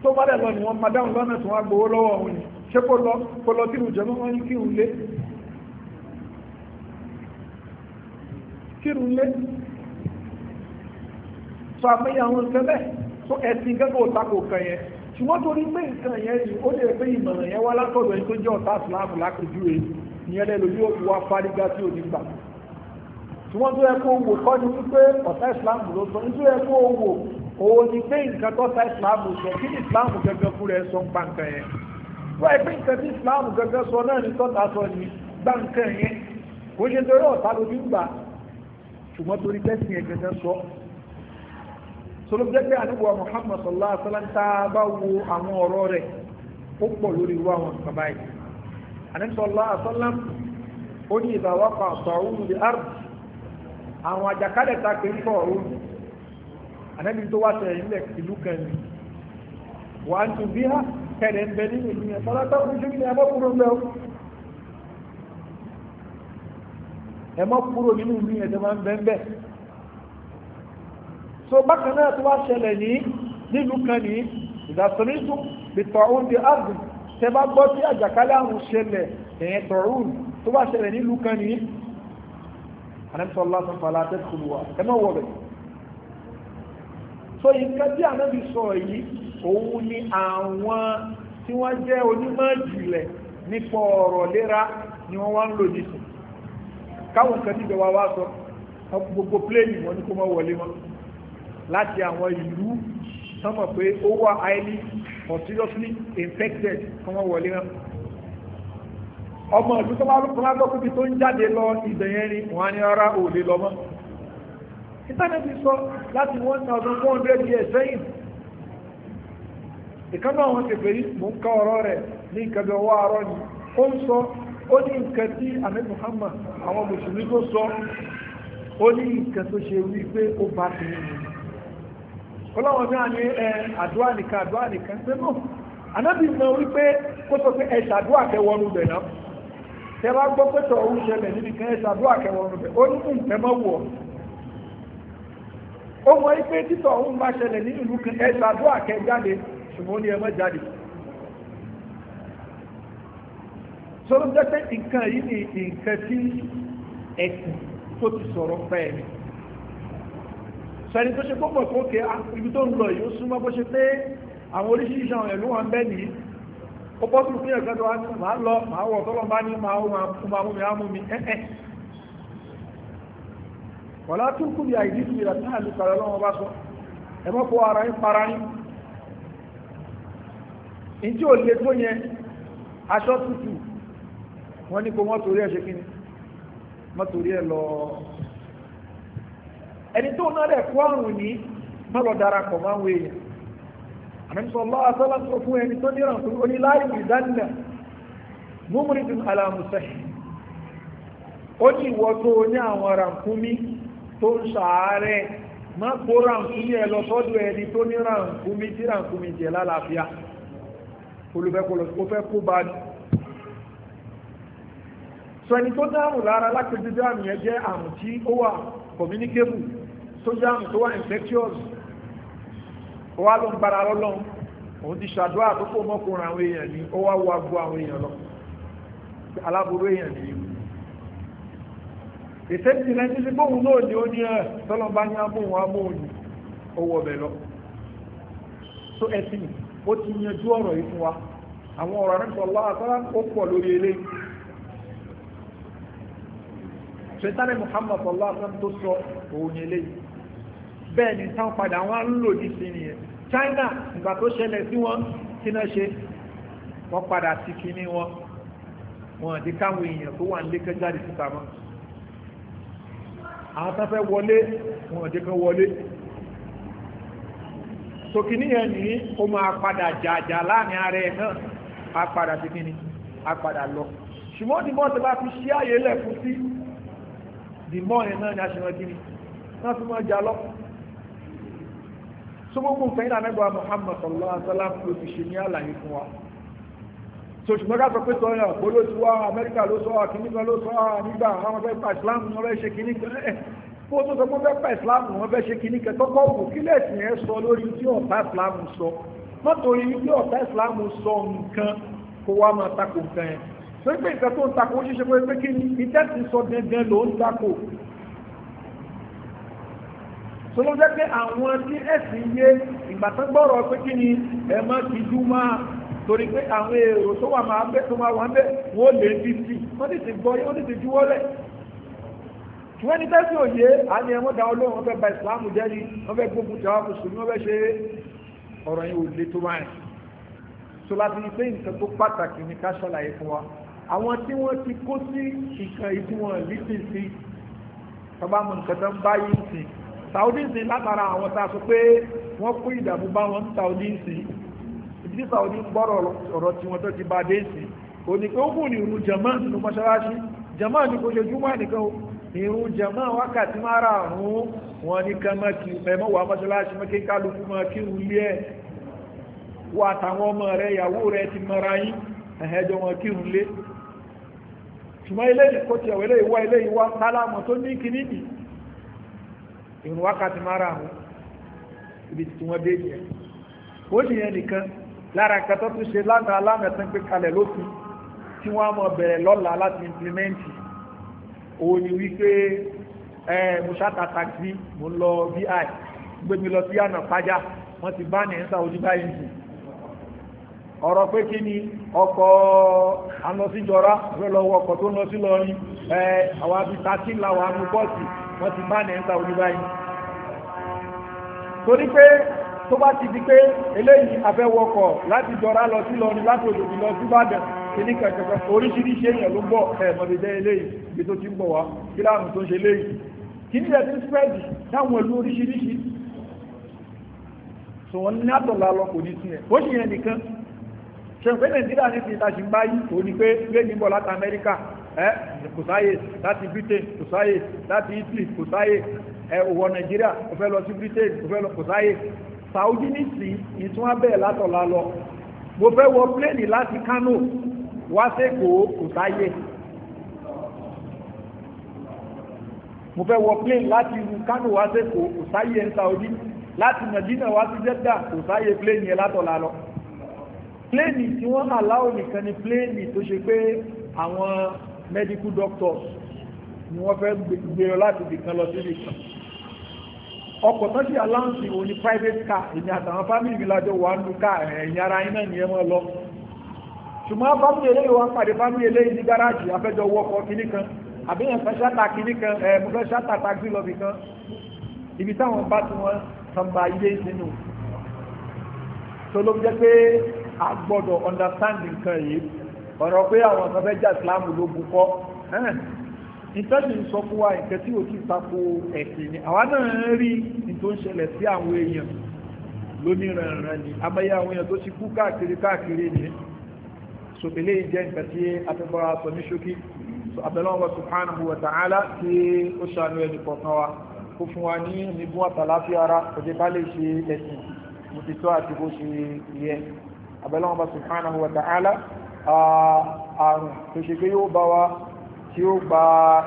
tó bá dẹ̀ lọ ni wọ́n máa dáhùn lọ́nà tí wọ́n á gbowó lọ́wọ́ òun ni ṣé kó lọ kó lọ tí ìrùjọ́ náà ń kírun lé kírun lé sọ àpéyàwó ń fẹ́ bẹ́ẹ̀. so ẹ̀sìn gẹ́gẹ́ òtakò kan yẹn ṣùgbọ́n torí pé nǹkan yẹn ni ó lè pé ìmọ̀ràn yẹn wá látọ̀dọ̀ ẹni tó jẹ́ ọ̀tá ìsìláàmù lápèjúwe ìyẹn lẹ́nu yóò wá fárígá tí ò ní gbà ṣùgbọ́n tó yẹ kó wò kọ́ ni wípé ọ̀tá ni pé nǹkan ìsìláàmù sọ kí ni ìsìláàmù fún sọ yẹn wọ́n ẹ pé nǹkan sọ náà ni tọ́ta sọ ni nǹkan yẹn kò ṣe torí sọlọ jẹ́ pé àdúgbò Muhammad sallallahu alaihi wasallam tá a bá wo àwọn ọ̀rọ̀ rẹ̀ ó pọ̀ lórí irú àwọn nǹkan báyìí àdúgbò sallallahu alaihi wasallam ó ní ìdáwọ́pá àtọ̀hún ní ard àwọn àjàkálẹ̀ ta pé ń bọ̀ ọ̀hún ànábi tó wá sẹ̀yìn nílẹ̀ ìlú kan ni wà á tún bí á kẹ̀lẹ̀ ń bẹ nínú ìlú yẹn tọ́lá tó fún jùlọ ẹmọ́ kúrò ń bẹ ó ẹmọ́ kúrò nínú ìlú yẹn tó máa ń bẹ ń bẹ́ẹ̀ so bákan náà tó wá ṣẹlẹ̀ ní nílùú kan ní ìdásọ́nìtù bìtọ̀rún di azùn tẹ bá gbọ́ tí àjàkálẹ̀ àrùn ṣẹlẹ̀ ẹ̀yẹn tọ̀rún tó wá ṣẹlẹ̀ nílùú kan ní anẹ́sọ̀lá sọ̀fàlà tẹ́kùlùwà ẹmọ́ wọ̀bẹ̀ so nǹkan tí ànábì sọ yìí òun ni àwọn tí wọ́n jẹ́ onímọ̀ ìjìnlẹ̀ nípa ọ̀rọ̀ lera ni wọ́n wá ń lò nísìn káwọn nǹkan tí ìjọba wá sọ gbogbo pléènì wọn ni kó mọ́ wọlé wọn láti àwọn ìlú sọ́mọ̀ pé ó wà highly or seriously infected kí wọ́n wọlé náà ọmọ ìlú tó bá lọ́kùnrin lọ́kùnrin tó ń jáde lọ ìbẹ̀yẹn ni wọ́n á ní ara ò lè lọ́mọ́ ìtànẹ́bí sọ láti 1400 years sẹ́yìn ìkánná àwọn kèfèrí mú ká ọ̀rọ̀ rẹ̀ ní ìkàbí ọwọ́ àárọ̀ ni ó ń sọ ó ní nǹkan tí àmì Muhammad àwọn mùsùlùmí tó sọ ó ní nǹkan tó ṣe wí pé ó bá ti nínú ọlọ́wọ́n náà ní ẹ àdúrà nìkan àdúrà nìkan ṣe náà anábì mọ wípé kó sọ pé ẹ ṣàdúrà kẹwọnú bẹ̀ náà tẹ bá gbọ́ pé tọ̀ ń ṣẹlẹ̀ níbi kan ẹ ṣàdúrà kẹwọnú bẹ̀ ó ní kùn tẹ́ mọ́ wọ̀ ó mọ wípé títọ̀ ń bá ṣẹlẹ̀ ní ìlú kan ẹ ṣàdúrà kẹ jáde ṣùgbọ́n ní ẹ mọ́ jáde sọ́dọ̀ jẹ́ pé nǹkan yìí ni nǹkan tí ẹ̀sìn tó ti sọ̀rọ̀ pẹ́ẹ́ni sẹni tó ṣe pọ́pọ̀ tó kẹ ibi tó ń lọ yìí ó súnmọ́ bó ṣe pé àwọn oríṣiríṣi àwọn ẹ̀lú wọn bẹ́ nìyí ó bọ́ sùn fún ẹ̀gbẹ́ tó wá ní màá lọ màá wọ̀ tọ́lọ́ bá ní màá ó máa mú mi á mú mi ẹ́ẹ́ wọ̀lá tún tútù wọ́n ní kó mọ́tòrí ẹ̀ ṣe kí ni mọ́tòrí ẹ̀ lọ́ọ́ ẹni tó náà rẹ̀ kó àrùn ní mọ́lọ̀ darapọ̀ máa ń wé èèyàn àmì lọ́wọ́ fún ẹni tó níran tó ní láì ìdánilà alamusẹ́ ó ní ìwọ tó ní àwọn ràǹkúmí tó ń ṣàárẹ̀ má kó ẹ lọ sọ́dọ̀ ẹni tó ní ràǹkúmí tí ràǹkúmí jẹ lálàáfíà kó bá tó jáàmù tó wà infectious ó wá ló ń gbára lọ́lọ́run òun ti ṣàdúrà tó kó mọ́kùnrin àwọn èèyàn ní ó wá wo agbo àwọn èèyàn lọ aláboró èèyàn ní ìtẹ́sí lẹ́ni tí bóun náà ní ó ní ẹ̀ eh, tọ́lọ́ bá ní amóhun amóhun ó wọ ọbẹ̀ lọ so ẹ̀sìn ó ti yanjú ọ̀rọ̀ yìí fún wa àwọn ọ̀rọ̀ àrẹ́sọ̀ lọ́wọ́ ó pọ̀ lórí eléyìí ṣètàlẹ̀ Muhammad sallallahu alaihi tó sọ òun eléyìí bẹ́ẹ̀ ni tán padà wọ́n ń lò ní sí nìyẹn China ìgbà tó ṣẹlẹ̀ sí wọn kí náà ṣe wọ́n padà sí kíní wọn wọn àti káwọn èèyàn tó wà nílé kẹjáde síta mọ́ àwọn tán fẹ́ wọlé wọn àti kan wọlé sókíní yẹn ní ó máa padà jàjà láàrin ara ẹ̀ náà á padà sí kíní á padà lọ ṣùgbọ́n ní bọ́ọ̀tì bá fi ṣí àyè lẹ̀ fún sí dìmọ́ ẹ̀ náà ni a ṣe wọn kíní wọ́n fi máa jà lọ́pọ̀ so gbogbo nǹkan yìí Muhammad sallallahu alaihi wasallam ló ti ṣe ní àlàyé fún wa so ṣùgbọ́n ká sọ pé sọ yàn bó ló ti wá Amẹ́ríkà ló sọ àkíní kan ló sọ nígbà àwọn fẹ́ pa Islam ni wọ́n fẹ́ ṣe kíní kan ẹ̀ kó tó sọ pé fẹ́ pa Islam ni wọ́n fẹ́ ṣe kíní kan kọ́kọ́ wò kí lẹ́sìn ẹ̀ sọ lórí tí ọ̀tá Islam sọ mọ́tòrí tí ọ̀tá Islam sọ nǹkan kó wá máa takò nǹkan yẹn pé tó ló jẹ́ pé àwọn tí ẹ̀sìn yé ìgbà tó gbọ́rọ̀ pé kí ni ẹ má ti jú máa torí pé àwọn èrò tó wà máa bẹ́ tó máa wà bẹ́ wọ́n lè fi sí wọ́n ti ti gbọ́ yé wọ́n ti ti juwọ́ lẹ̀ ṣùgbọ́n ní tẹ́sí òye àní ẹ̀wọ́n da ọlọ́run wọ́n fẹ́ ba ìsìláàmù jẹ́ ni wọ́n fẹ́ gbógun tàwa mùsùlùmí wọ́n fẹ́ ṣe ọ̀rọ̀ yẹn ò le tó máa rìn so láti ní pé nǹkan tó pàtàkì ní ká ṣàlàyé fún wa àwọn tí wọ́n ti kó sí nǹkan ìdíwọ̀n lítìsí tọ́ba mọ̀ nǹkan tó ń báyìí sìn saudisi látara àwọn tá a sọ pé wọ́n kó ìdààmú bá wọn saudisi ìdí saudi gbọ́rọ̀ ọ̀rọ̀ tí wọ́n tó ti bá dé sí kò ní pé ó kù ní irun jama nínú mọ́ṣáláṣí jama ní kò ṣojúmọ́ nìkan irun jama wákàtí mara àrùn wọn ní ká má kí ẹ̀mọ́ wà mọ́ṣáláṣí mọ́kí kálukú má kí ń lé ẹ̀ wọ àtàwọn ọmọ rẹ̀ ìyàwó rẹ̀ ti mara yín ẹ̀hẹ́jọ wọn kí ń lé ṣùgbọ́n ilé ìkọ́tì ẹ̀wẹ̀lẹ́ ìwá ilé ìwá tálámọ̀ tó ní kíníkì ìrun wákàtí mara àwọn ibi tí wọ́n dé yẹn ó ní yẹn nìkan lára nǹkan tó tún ṣe lánàá lánàá tó ń pè kalẹ̀ lópin tí wọ́n á mọ̀ bẹ̀rẹ̀ lọ́la láti implimenti òun ni wípé ẹ mo ṣáta taxi mo lọ bi gbé mi lọ sí àná pàjá wọ́n ti bá ní ẹ̀ńsà ojú báyìí ọ̀rọ̀ pé kí ni ọkọ̀ anọ́síjọra lọ́wọ́ ọkọ̀ tó lọ sí lọ ní àwọn abita tí làwọn amú bọ́ọ̀sì wọ́n ti bá nẹ́ńsà oníbáyìí torí pé tó bá ti di pé eléyìí afẹ́wọkọ̀ láti jọra lọ sí lọrin láti òdòdó lọ sí Ìbàdàn kìíní kankan oríṣiríṣi èèyàn ló ń bọ̀ ẹ̀mọ̀dẹ̀dẹ̀ eléyìí ibi tó ti ń bọ̀ wá kí láàrùn tó ń ṣe léyìí kìíní ẹ̀ tí ń spreadi táwọn ìlú oríṣiríṣi so wọ́n ní àtọ̀lá lọ kò ní sí ẹ̀ ó sì yẹn nìkan ṣe pé Nàìjíríà ní ti ta ṣì ẹ́ eh, kò sáyè láti britain kò sáyè láti italy kò sáyè ẹ òwò kò fẹ́ lọ sí britain kò fẹ́ lọ kò sáyè saudi nìsí ìtún abẹ́ látọ̀lá lọ mo fẹ́ wọ pléènì láti kano wá sẹ́kọ̀ọ́ kò sáyè mo fẹ́ wọ plane láti irú wá sí kò sáyé ń Saudi láti Nàìjíríà wá sí Jẹ́dà kò sáyé plane yẹn látọ̀lá lọ. plane tí wọ́n aláwọ̀ nìkan ni plane tó ṣe pé àwọn medical doctors ni wọ́n fẹ́ gbèrò láti bìkan lọ sí ìkan ọkọ̀ tán sí aláǹsì òní private car èmi àtàwọn family mi lájọ wà nù ká ẹ̀yìn ara iná ni ẹ mọ́ lọ ṣùgbọ́n family eléyìí wọ́n pàdé family eléyìí ní gáràjì afẹ́jọ wọkọ̀ kìíní kan àbíyàn fẹ́ ṣáta kìíní kan ẹ̀ mo fẹ́ ṣáta taxi lọ bìkan ibi táwọn bá tí wọ́n tàbà ilé ìsinú tó ló jẹ́ pé a gbọ́dọ̀ understand nǹkan yìí ọ̀rọ̀ pé àwọn kan fẹ́ jà ìsìláàmù lógun kọ́ ìtọ́jú ń sọ fún wa nǹkan tí ò ti tako ẹ̀sìn ni àwa náà ń rí tó ń ṣẹlẹ̀ sí àwọn èèyàn lóníranran ni amáyé àwọn èèyàn tó ti kú káàkiri káàkiri ni so eléyìí jẹ́ nǹkan tí afẹ́fọ́ra sọ ní ṣókí so abẹ́lọ́wọ́ subhanahu wa ta'ala tí ó ṣàánú àrùn tó ṣe pé yóò bá wa tí ó gba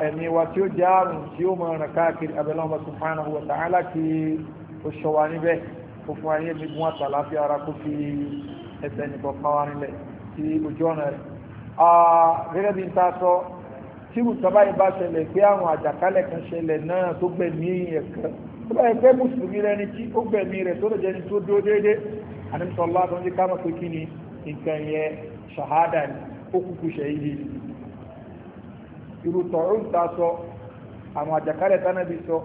ẹ̀mí wa tí ó jẹ́ àrùn tí ó máa ràn káàkiri abẹ́lẹ́wọ̀n bá subhanahu wa ta'ala kí ó ṣọ wa níbẹ̀ kó fún ayé mi gún àtàlá fi ara kó fi ẹsẹ̀ nìkan pa wa nílẹ̀ sí ojú ọ̀nà rẹ̀. gẹ́gẹ́ bí n ta sọ tí mùsùlùmá yìí bá ṣẹlẹ̀ pé àwọn àjàkálẹ̀ kan ṣẹlẹ̀ náà tó gbẹ̀mí ẹ̀kan tó bá yẹ mùsùlùmí rẹ ni tí ó gbẹ̀mí rẹ̀ tó lè jẹ́ni tó dúró déédéé ànímsọ̀lá tó ń jẹ́ ká pé kí ni nǹkan yẹn ṣàhádà ní òkùnkù ṣẹ̀yìdì irú tọ̀rún ta sọ àwọn àjàkálẹ̀ tánàbí sọ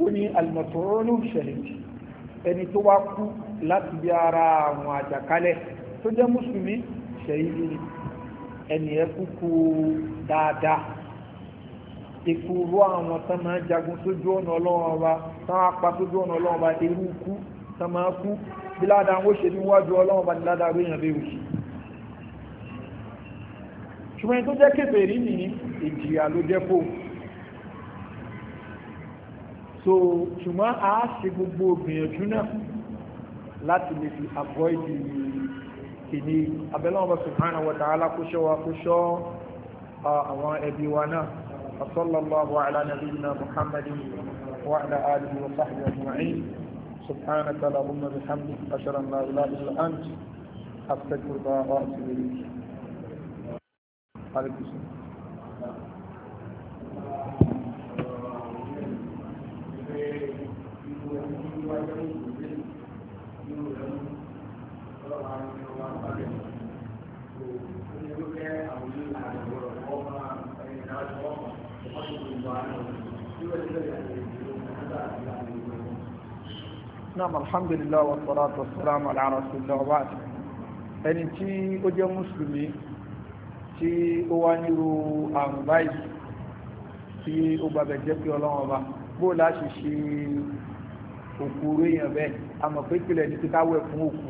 ó ní alìmọ̀tọ̀rún ṣẹ̀yìdì ẹni tó wá kú láti bí ara àwọn àjàkálẹ̀ tó jẹ́ mùsùlùmí ṣẹ̀yìdì ẹni ẹ kúkú dáadáa ikú rú àwọn tán máa jagun sójú ọ̀nà ọlọ́run ọba tán á pa sójú ọ̀nà ọlọ́run ọba irú kú tán kú bí ládàá ó ṣe níwájú ọlọ́run ọba ní ládàá èèyàn lè rí ṣùgbọ́n ẹni tó jẹ́ kèfèrí ní ìjìyà ló jẹ́ fò so ṣùgbọ́n a ṣe gbogbo gbìyànjú náà láti lè fi avoid kìíní abẹ́lẹ́wọ̀n bá subhanahu wa ta'ala kó ṣọ́ wa kó ṣọ́ àwọn ẹbí wa náà وصلى الله على نبينا محمد وعلى آله وصحبه أجمعين سبحانك اللهم بحمدك أشهد أن لا إله إلا أنت أستغفرك وأتوب إليك Alekusu. Naam alhamdulillah wa salatu wa salam ala rasulillah wa baati. Ẹni tí ó jẹ́ Mùsùlùmí tí ó wá nírú àrùn báyìí tí ó gbàgbẹ́ jẹ́ pé ọlọ́run ọba bó láti ṣe òkú oró èèyàn bẹ́ẹ̀ àmọ́ pé ìpìlẹ̀ ní kíká wẹ̀ fún òkú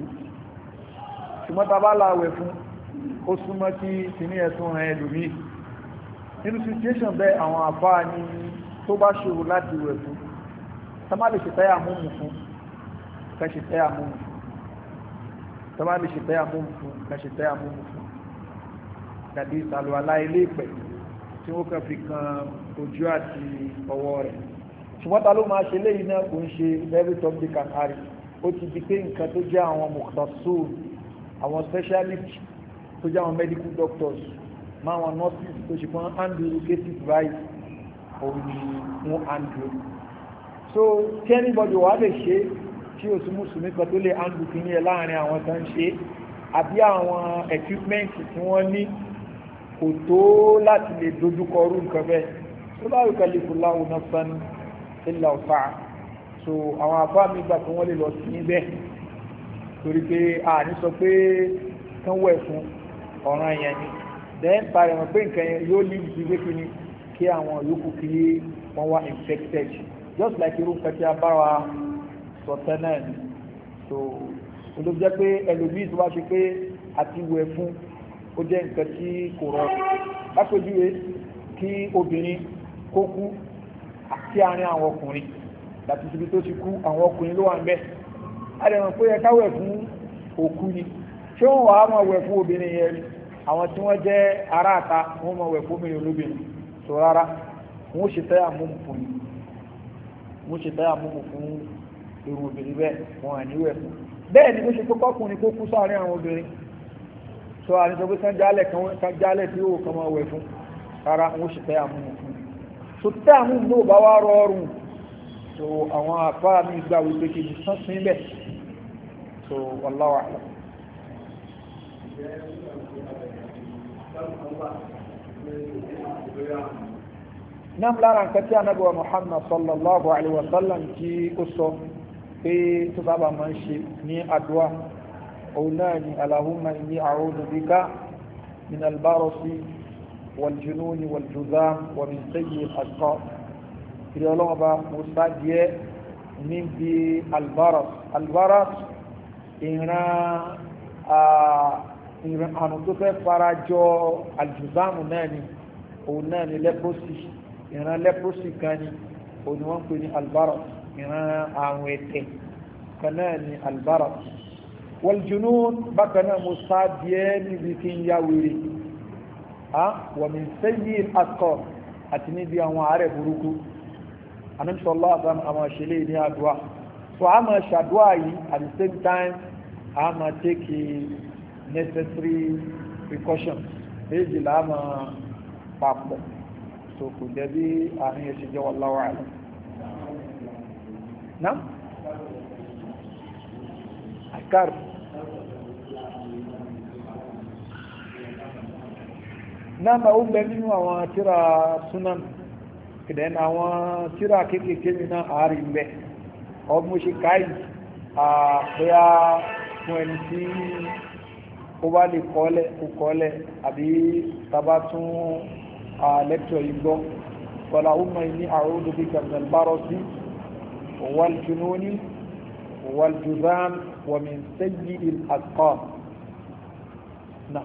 ṣùgbọ́n ta bá la wẹ̀ fún ó súnmọ́ kí kìíní ẹ̀sùn rẹ̀ ẹlòmíì nínú situation bẹ́ẹ̀ àwọn àbá ni tó bá ṣòro láti wẹ̀ fún tá má lè ṣètẹ́ àmúmu fún ká ṣètẹ́ àmúmu fún tá má lè ṣètẹ́ àmúmu fún ká ṣètẹ́ àmúmu fún tàbí ìsàlùwàlá ilé ìpẹ̀ tí wọ́n kàn fi kan ojú àti ọwọ́ rẹ̀ ṣùgbọ́n ta ló máa ṣe léyìí náà kò ń ṣe every top day can ó ti di pé nǹkan tó jẹ́ àwọn muktasul àwọn specialist tó jẹ́ àwọn medical doctors máa wọn nurses tó ṣe fún andrew cases right òun ni wọ́n andrew so tí anybody wà lè ṣe tí o tún mùsùlùmí kan tó lè andrew kìíní ẹ̀ láàrin àwọn tó ń ṣe àbí àwọn equipment tí wọ́n ní kò tó láti lè dojúkọ nǹkan bẹ́ẹ̀ tó bá yóò kẹ́lẹ́ fún náà sán ilà ọ̀fà so àwọn àbá mi gbà pé wọ́n lè lọ sí ibẹ̀ torí pé àní sọ pé kán wẹ̀ fún ọ̀ràn yẹn ni then parí wọn pé nǹkan yẹn yóò ní ìdílé kí ni kí àwọn yòókù kí wọ́n wá infected just like irú nǹkan tí a bá wa sọ tẹ́lẹ̀ ni so olùjẹ́ pé ẹlòmíì tó bá ṣe pé àti wẹ̀ fún ó jẹ́ nǹkan tí kò rọ lápèjúwe kí obìnrin kó kú àti àárín àwọn ọkùnrin láti ibi tó ti kú àwọn ọkùnrin ló wà ń bẹ̀ àdẹ̀mọ̀ pé ẹ káwẹ̀ fún òkú ni ṣé wọn wàá máa wẹ̀ fún obìnrin yẹn àwọn tí wọ́n jẹ́ aráàta wọ́n máa wẹ̀ fún obìnrin olóbìnrin sọ rárá wọ́n ṣe tẹ́ àmúmù fún ni wọ́n ṣe tẹ́ àmúmù fún irun obìnrin bẹ́ẹ̀ wọn àníwẹ̀ fún bẹ́ẹ̀ ni wọ́n ṣe kókọ́kùnrin kó kú sáàárín àwọn obìnrin so a ní sọ pé sán jálẹ̀ kan jálẹ̀ tí ó kàn máa wẹ̀ fún rárá wọn sì tẹ́ àmú fún so tẹ́ àmú ní ò bá wá rọrùn so àwọn àpá mi gbà wípé kí ni sán sí bẹ́ẹ̀ so wallahu nam lára nǹkan tí anábọ̀ muhammad sallallahu alayhi wa sallam kí ó sọ pé tó sábà máa ń ṣe ní àdúrà òun náà ni aláhùnmá ní àrùn bíká min albárọsí wàljúnúni wàljúzám wà min sẹ́yìn àkọ́ ìrẹ́ ọlọ́mọba musa díẹ̀ níbi albárọs albárọs ìran àrùn tó fẹ́ farajọ aljúzám náà ni òun náà ni lẹ́pọ́sì ìran lẹ́pọ́sì kan ni òun ni wọ́n ń pè ní albárọs ìran àrùn ẹ̀tẹ̀ kan náà ni albárọs wọ̀lùjùnún bákanáà mo sá díẹ̀ níbi kí n yá wèrè wọ́n mi sẹ́yìn akọ àti níbi àwọn ààrẹ burúkú anamsọ́lá àtàm so a máa ṣàdúrà at the same time a take necessary precautions méjì là á máa papọ̀ so kò jẹ́ bí àárín ẹ̀ṣẹ̀ jẹ́ wọ́n láwọ́ àlọ́ náà. náà ó bẹ nínú àwọn tíra sunan kìdẹ̀ ní àwọn tíra kéékèèké mi náà àárín bẹ ọmọ ṣe káyì àpẹyà fún ẹni tí ó bá lè kọ́lẹ̀ kó kọ́lẹ̀ àbí tàbá tún lẹ́kítọ̀ yìí gbọ́ wọ́la ó mọ̀ ní àwọn olùdókè kàmìnàlì bárọ̀ sí wàlùjúnúní wàlùjúzán wàmí sẹ́yìn ìlàkọ́ náà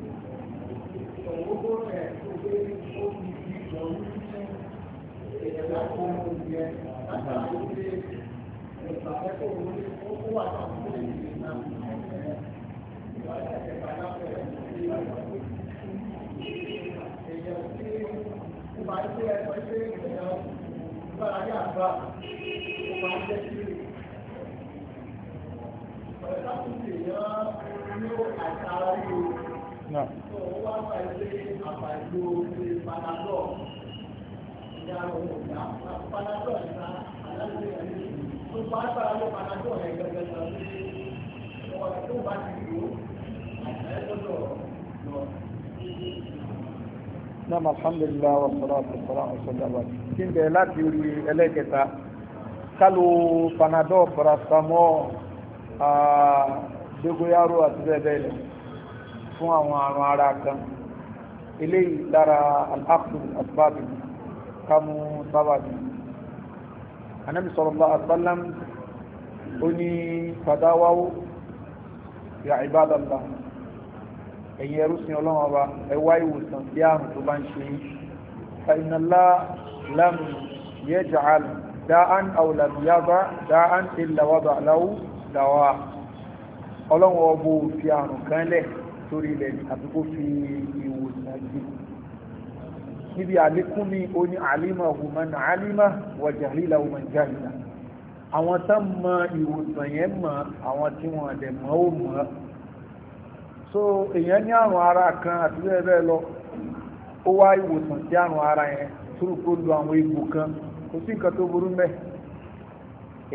No. Nam alhamdulillah wa salatu wa salamu sallallahu Kí n bẹ̀ láti rí ẹlẹ́kẹta, kálù panadol paracetamol dógóyárò àti bẹ́ẹ̀ bẹ́ẹ̀ lọ fún àwọn àrùn ara kan. Eléyìí lára al-aqd ká mú sábàbí anábì sallallahu alaihi wasallam ó ní fadawawo ya ibadallah ẹ̀yin ẹrú sin ọlọ́run ọba ẹ wá ìwòsàn bí àrùn tó bá ń ṣe yín fa inna Allah lam yaj'al dáán aw lam yadha dáán illa wada lahu dawa ọlọ́run ọba fi àrùn kan lẹ̀ sórí ilẹ̀ fi ìwòsàn gbé níbi àlékún mi ó ní àlímà man àlímà wa jahila man jahila àwọn tán mọ ìwòsàn yẹn mọ àwọn tí wọn dẹ̀ mọ́ ó mọ́ so èèyàn ní àrùn ara kan àti bẹ́ẹ̀ bẹ́ẹ̀ lọ ó wá ìwòsàn sí àrùn ara yẹn túrùkú lu àwọn egbò kan kò sí nǹkan tó burú mẹ́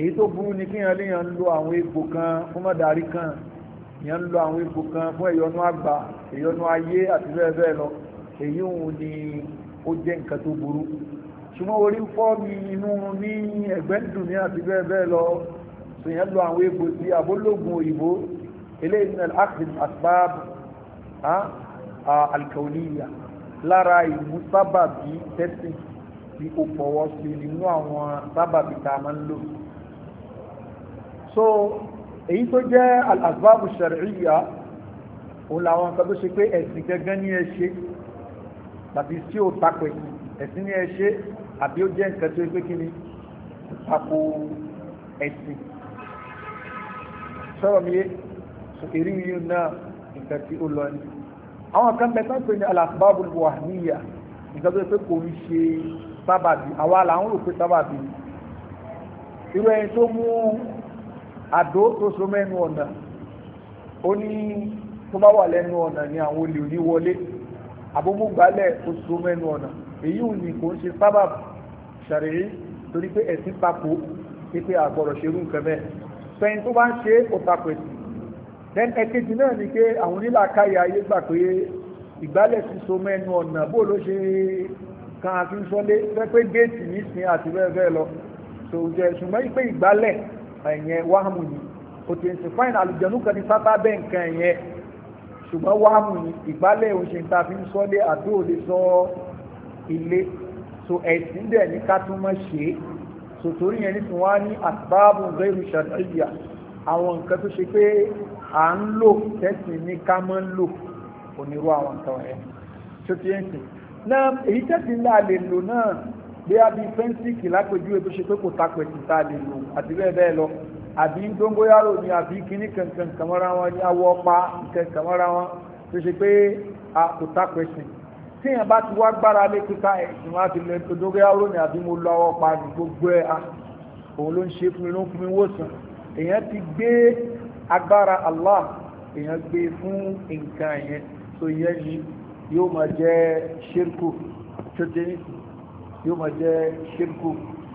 èyí tó burú ni kí yẹn léèyàn lo àwọn egbò kan fún mọ́dàrí kan yẹn lo àwọn egbò kan fún ẹ̀yọnú àgbà ẹ̀yọnú ayé àti bẹ́ẹ̀ bẹ́ẹ̀ lọ èyí òun ni ó jẹ́ nǹkan tó burú ṣùgbọ́n orí ń fọ́ mi inú ní ẹ̀gbẹ́ dùn ní àti bẹ́ẹ̀ bẹ́ẹ̀ lọ sèyàn lo àwọn egbò sí abólógún òyìnbó eléyìí ní al-akhdim asbab alkauniya lára ìmú sábàbí tẹ́sí tí ó fọwọ́ sí nínú àwọn sábàbí tá a máa ń lò so èyí tó jẹ́ al-asbab shar'iyya òun làwọn kan tó ṣe pé ẹ̀sìn gẹ́gẹ́ ní ẹ ṣe tàbí tí ó tako ẹ̀sìn ní ẹ ṣe àbí ó jẹ́ nǹkan tó pé kí ni tako ẹ̀sìn sọ̀rọ̀ mi yé sòkèrí yìí náà nǹkan tí ó lọ ni àwọn kan bẹ tán pé ní al-asbab al nǹkan tó pé kò ń ṣe sábàbí àwa làwọn rò pé sábàbí irú ẹni tó mú àdó tó so mẹ́nu ọ̀nà ó ní tó bá wà lẹ́nu ọ̀nà ni àwọn olè ò àbómúgbálẹ̀ oṣù mẹ́nu ọ̀nà èyí ò ní kò ń ṣe sábà ṣàrèrí torí pé ẹ̀sìn tako pípé àgbọ̀rọ̀ ṣerú nǹkan bẹ́ẹ̀ sẹ́yìn tó bá ń ṣe kò tako ẹ̀sìn then ẹ̀kejì náà ni pé àwọn onílà káyà ayé gbà pé ìgbálẹ̀ ti so mẹ́nu ọ̀nà bó ló ṣe kan àfi ń fẹ́ pé géètì nísìn àti bẹ́ẹ̀ bẹ́ẹ̀ lọ so jẹ́ ṣùgbọ́n pé ìgbálẹ̀ ẹ̀yẹn wàhámù ni kò tẹ̀ fáìn àlùjẹ̀nù kan ní sábà bẹ́ẹ̀ nǹkan ẹ̀yẹn ṣùgbọ́n wá mú ní ìgbálẹ̀ òṣè ta fi ń sọ lé àdó òde sọ ilé so ẹ̀sìn dẹ̀ ní ká tún mọ́ ṣe é so torí yẹn nítorí wá ní àtibáàbù gẹ́rù ṣàdúrà àwọn nǹkan tó ṣe pé à ń lò tẹ́sìn ní ká mọ́ ń lò onírú àwọn nǹkan ẹ̀ tó ti ń sìn náà èyí tẹ́sìn náà lè lò náà bí a bí fẹ́ńsìkì lápèjúwe tó ṣe pé kò takò ẹ̀sìn tá lè lò àti bẹ́ẹ̀ bẹ́ẹ̀ lọ àbí gbóngbó yàrá ni àbí kíní kankan kàmọ́ra wọn ní awọ pa nǹkan kàmọ́ra wọn tó ṣe pé a kò tá pẹ̀sìn tí èèyàn bá ti wá gbára lé kíkà ẹ̀sìn wọn àti lẹ́nu gbóngbó yàrá ni àbí mo lọ awọ pa ní gbogbo ẹ̀ a òun ló ń ṣe fún mi ló ń fún mi wòsàn èèyàn ti gbé agbára Allah èèyàn gbé fún nǹkan yẹn tó yẹ ni yóò máa jẹ́ ṣírkù tó yóò máa jẹ́ ṣírkù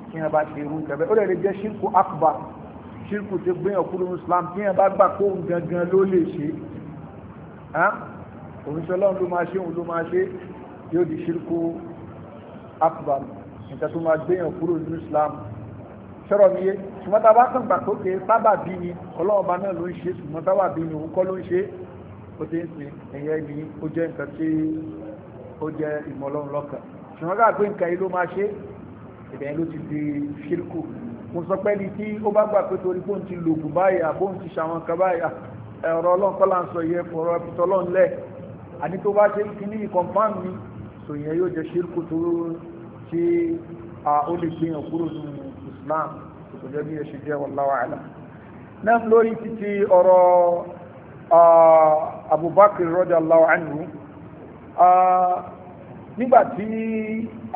tí wọ́n bá ti rú nǹkan ó lè jẹ́ ṣírkù akbar ṣírkù tó gbéyàn kúrò ní islam tí yẹn bá gbà kó òun gangan ló lè ṣe òmìṣọ́lọ́run ló máa ṣe òun ló máa ṣe yóò di ṣírkù akbar nǹkan tó máa gbéyàn kúrò ní islam sọ̀rọ̀ mi yé ṣùgbọ́n tá a bá kàn gbà tó ké sábà bí ni ọlọ́run bá náà ló ń ṣe ṣùgbọ́n sábà bí ni òun kọ́ ló ń ṣe ó ti ń sin ẹ̀yẹ ni ó jẹ́ nǹkan tí ó jẹ́ ìmọ̀ lọ́kàn ṣùgbọ́n mo sọ pé ní tí ó bá gbà pé torí bóun ti lògùn báyìí àbóun ti ṣàwọn kan báyìí ẹ̀rọ ọlọ́run kọ́lá ń sọ yẹ ọ̀rọ̀ ẹ̀pùtọ́ ọlọ́run lẹ̀ àní tó bá ṣe kí ní ìkọ̀ǹpáàmù ni sò yẹn yóò jẹ ṣírkù tó ṣe ó lè gbé yàn kúrò ní Islam kò jẹ́ bí ẹ ṣe jẹ́ wallahu a'lam. náà lórí títí ọ̀rọ̀ Abubakar radiyallahu anhu nígbà tí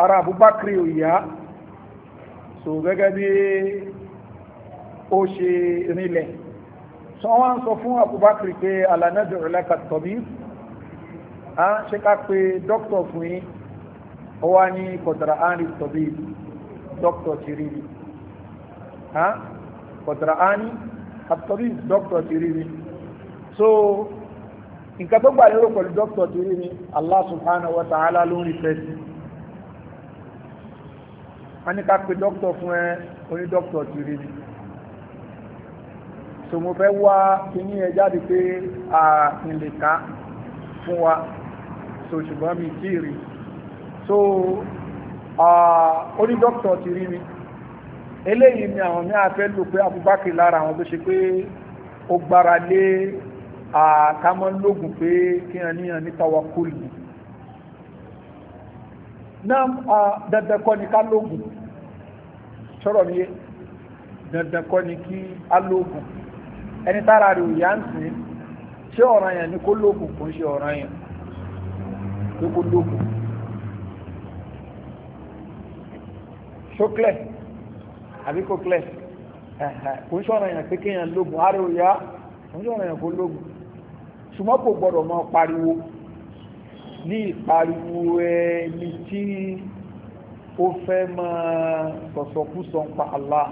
ara Abubakar ò yá so gẹ́gẹ́ bí ó ṣe rinlẹ̀ so wọ́n ń sọ fún Abubakar pé alanajo rẹ̀lẹ́ka tọ́bí a ń ṣe ká pé dókítà fún yín ó wá ní kọ̀dàrà ánì tọ́bí dókítà ti rí mi kọ̀dàrà ánì tọ́bí dókítà ti rí mi so nǹkan tó gbà lérò pẹ̀lú dókítà ti rí mi Allah subhanahu wa ta'ala ló sí i ani ní ká pe dókítà fún ẹ oní dókítà ti rí ni so mo fẹ́ wá kíní ẹ jáde pé à ń lè ká fún wa so ṣùgbọ́n mi kì í rí so oní dókítà ti rí mi eléyìí ni àwọn mìíràn fẹ́ lò pé Abubakar lára àwọn tó ṣe pé ó gbára lé àkámọ́ lóògùn pé kí wọ́n níyàn ní tawakul yìí náà dandan kọ́ ni ká lóògùn sọ̀rọ̀ ni dandan kọ́ ni kí á lóògùn ẹni tára rẹ̀ òyà ń sìn ṣé ọ̀ràn yẹn ni kó lóògùn kò ń ṣe ọ̀ràn yẹn ló kó lóògùn ṣókẹ́lẹ̀ àbí kò kílẹ̀ kò ń ṣọ̀ràn yẹn pé kéèyàn lóògùn á òyà kò ń ṣọ̀ràn yẹn kó lóògùn ṣùgbọ́n kò gbọ́dọ̀ máa pariwo ní ìpariwo ẹni tí ó fẹ́ máa sọ̀sọ̀kúsọ ń pa Allah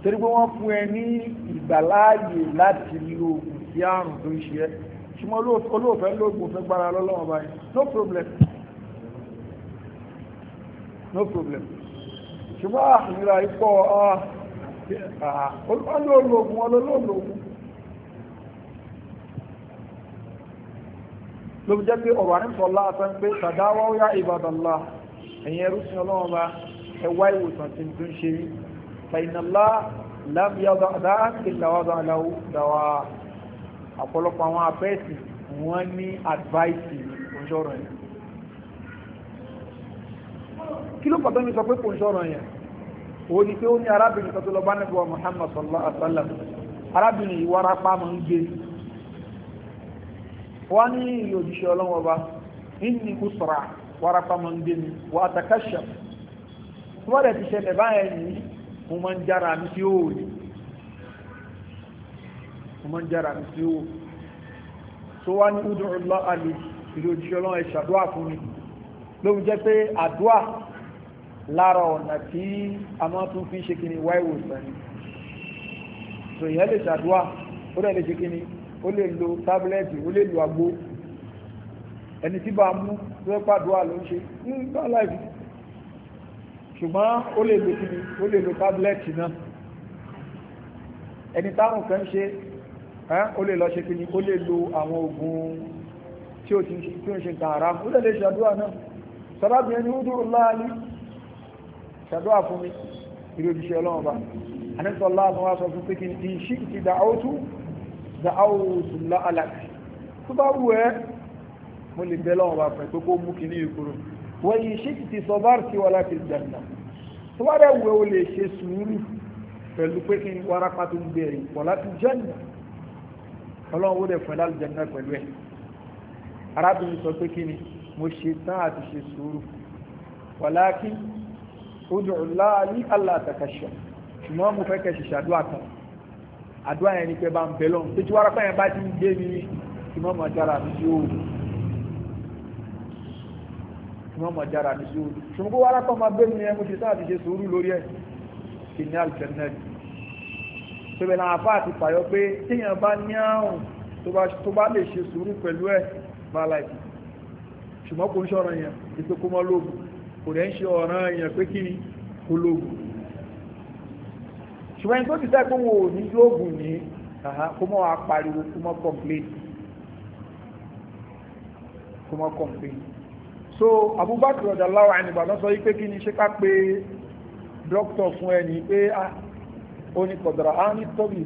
torí pé wọ́n fún ẹ ní ìgbàláàyè láti lo oògùn sí àrùn tó ń ṣe ẹ́ ṣùgbọ́n olóòfẹ́ lóògùn fẹ́ gbára lọ́lọ́wọ́ báyìí no problem no problem ṣùgbọ́n ah, ìnira ipò ah, ah, olóògùn olóògùn ló fi jẹ́ pé ọ̀rọ̀ àníṣọ́ láàtọ́ ń pé sàdáwọ́ yá ìbádàlá ẹ̀yìn ẹrú sí ọlọ́run bá ẹwà ìwòsàn tí tó ń ṣe rí fàìnàlá lábíyàdá àdáhàkìláwádà aláwò dáwà ọ̀pọ̀lọpọ̀ àwọn abẹ́ẹ̀sì wọ́n ní àdváìsì òǹṣọ́rọ̀ yẹn kí ló pàtó mi sọ pé òǹṣọ́rọ̀ wá ní ìlú òjíṣẹ́ ọlọ́wọ́ ọba inni usra warapa máa ń gbé mi takasha tí wọ́n rẹ̀ ti ṣẹlẹ̀ báyẹn ní mo máa ń jára mi sí òòlì mo máa ń jára mi sí òòlì tó wá ní ud'u tí ó dẹ̀ ni ó lè lo tábìlẹ́tì ó lè lo àgbo ẹni tí bá mú tó ẹ pàdúrà ló ń ṣe ń hmm, bá láìpẹ́ ṣùgbọ́n ó lè lo kíni ó lè lo tábìlẹ́tì náà ẹni táwọn kan ṣe ó lè lọ ṣe kíni ó lè lo àwọn oògùn tí ó ti ń ṣe nǹkan ara ó lè lè ṣàdúrà náà sọ́dábìnrin ni ó dúró láàyè ṣàdúrà fún mi ìròyìn ìṣẹ́ ọlọ́run bá anẹ́sọ̀lá àwọn aṣọ fún pé kí n ṣí ìdá ọ́tún dàáwùsùlá alàkì tó bá wù ẹ́ mo lè bẹ́ lọ́wọ́ bá fẹ́ pé kó mú kìíní ìkúrò wọ́n yìí ṣe ti sọ bá ti wà láti jẹ̀nà tó bá dẹ̀ wù ẹ́ o lè ṣe sùúrù pẹ̀lú pé kí warapa tó ń bẹ̀rẹ̀ wà láti jẹ̀nà ọlọ́run ó dẹ̀ fẹ́ láti jẹ̀nà pẹ̀lú ẹ̀ arábìnrin sọ pé kí ni mo ṣe tán àti ṣe sùúrù wà láàkí ó dùn láàlí aláàtàkàṣọ ṣùgbọ́n mo fẹ́ kẹ́ ṣe kan àdúrà yẹn ni pé bá ń bẹ lọ́n tó tí wàrà pẹ́yẹn bá ti ń gbé mi tí wọ́n mọ̀ jára mi sí òòlù tí wọ́n mọ̀ jára mi sí òòlù ṣùgbọ́n kó wàrà pọ̀ máa gbé mi yẹn mo ti sáà ti ṣe sùúrù lórí ẹ̀ kì ní alìtẹ̀nẹ́ẹ̀dì tòbẹ̀ làwọn afá àti pàyọ pé téèyàn bá ní àrùn tó bá lè ṣe sùúrù pẹ̀lú ẹ̀ bá láìpẹ́ ṣùgbọ́n kò ń ṣọ̀ràn yẹn ìpè lóògùn kò rẹ̀ ń ṣe ọ̀ràn yẹn pé kí ni kó lóògùn ṣùgbọ́n ẹni tó ti sẹ́kọ̀ wò ní yóògùn ní kó mọ́ wàá pariwo kó mọ́ complain kó mọ́ complain so Abubakar radallahu anhu Ìbàdàn sọ wípé kí ni ṣe ká pé dókítà fún ẹni pé ah, ó ní kọ̀dọ̀rọ̀ á ní tóbi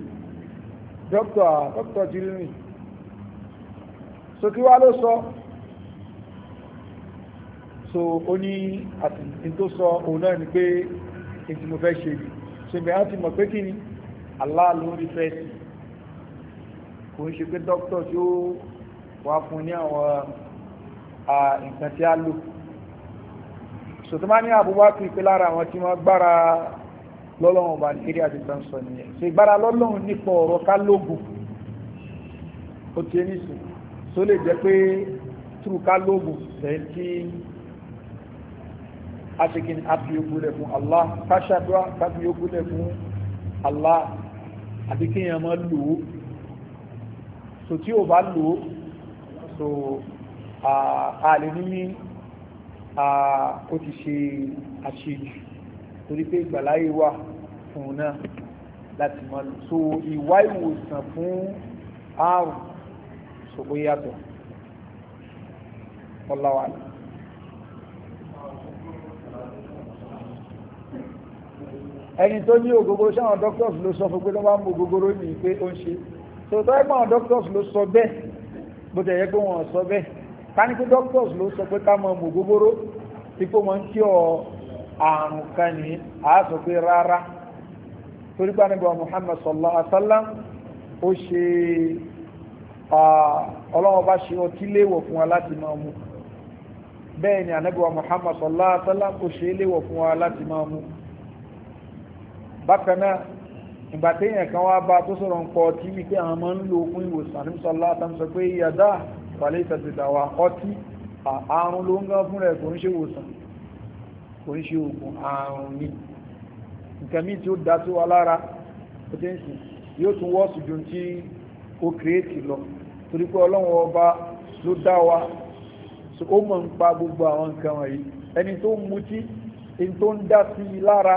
dókítà dókítà ti rí rìn so kí wá ló sọ so ó ní àtìntó sọ òun náà ni pé ètò mo fẹ́ ṣe yìí ṣèbẹ̀ á ti mọ̀ pé kí ni Allah ló rí fẹ́ sí kò ń ṣe pé dókítà tí ó wá fún ní àwọn nǹkan tí a lò sọtọ́mọ́ ní Abubakar ìpè lára àwọn tí wọ́n gbára lọ́lọ́run bá nírí àti sọ́nsọ́ nìyẹn ṣe gbára lọ́lọ́run nípa ọ̀rọ̀ ká lóògùn ó ti ní sùn tó lè jẹ́ pé túrú ká lóògùn lẹ́yìn tí àtìkín àfi ogun rẹ̀ fún Allah káṣàdúrà káfi ogun rẹ̀ fún Allah àti kí èèyàn máa lò ó so tí ò bá lò ó so a lè ní ní ti ṣe àṣejù torí pé ìgbàláyé wà fún náà láti máa lò so ìwá ìwòsàn fún àrùn so ó yàtọ̀ ọláwàlá. ẹni tó ní ògógóró ṣé àwọn doctors ló sọ fún pé tó bá ń mú ògógóró ní pé ó ń ṣe tó tọ́ ẹgbẹ́ àwọn doctors ló sọ bẹ́ẹ̀ bó tẹ̀ yẹ pé wọ́n sọ bẹ́ẹ̀ ká ní pé doctors ló sọ pé ká mọ mú ògógóró tí kò mọ ń kí ọ àrùn kan ní àásọ pé rárá torí pé àníbọ̀ Muhammad sallallahu alaihi wasallam ó ṣe ọlọ́wọ́ bá ṣe ọtí léèwọ̀ fún wa láti máa mú bẹ́ẹ̀ ni àníbọ̀ Muhammad sallallahu alaihi wasallam ó ṣe léèwọ̀ fún wa láti máa mú bákan náà ìgbà téèyàn kan wá bá tó sọ̀rọ̀ ń pọ̀ ọtí wípé àwọn máa ń lo fún ìwòsàn àti sọlá àtàm sọ pé yàdá ìpàlẹ̀ ìtàtìtà wa ọtí àrùn ló ń gán fún rẹ̀ kò ń ṣe ìwòsàn kò ń ṣe oògùn àrùn ni nǹkan míì tí ó dá sí wa lára ó ti ń sìn yóò tún wọ́ọ̀sì ju ti ó kìrètì lọ torí pé ọlọ́run ọba ló dá wa ó mọ̀ ń pa gbogbo àwọn nǹkan wọ̀nyí ẹni tó ń mutí ẹni tó ń dá sí lára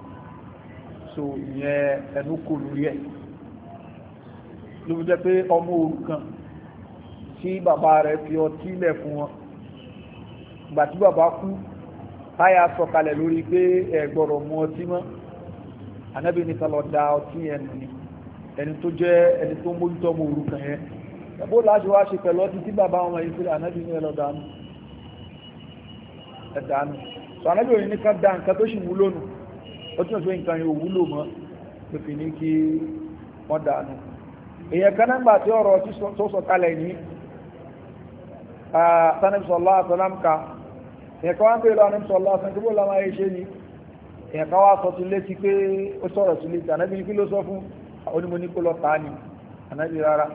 so ìyẹn ẹnu kò lórí ẹ̀ ló fi jẹ́ pé ọmọ òrukàn tí bàbá rẹ̀ fi ọtí lẹ̀ fún wọn ìgbà tí bàbá kú táyà sọ̀kalẹ̀ lórí pé ẹ gbọ́dọ̀ mu ọtí mọ́ anábì níta lọ da ọtí yẹn nù ni ẹni tó jẹ́ ẹni tó ń ọmọ òrukàn yẹn ẹ̀bó láti wá ṣe pẹ̀lú ọtí tí bàbá wọn yìí sílẹ̀ anábì ní ẹlọ́dàánù ẹ̀dàánù so anábì òyìn nìkan da nǹkan tó sì wúlò nù ó tún fi nǹkan yóò wúlò mọ́ ló fi ní kí wọ́n dànù èèyàn kan náà gbà tí ọ̀rọ̀ tó sọ kalẹ̀ ní sanibisọ̀lá àtọ́lámka èèyàn kan wá ń pè lọ anibisọ̀lá àtọ́lámka bó lọ́mọ ayé ṣe ni èèyàn kan wá sọ tún létí pé ó sọ̀rọ̀ tún létí ànábi ní kí ló sọ fún onímọ̀ ní kó lọ tà á ní ànábi rárá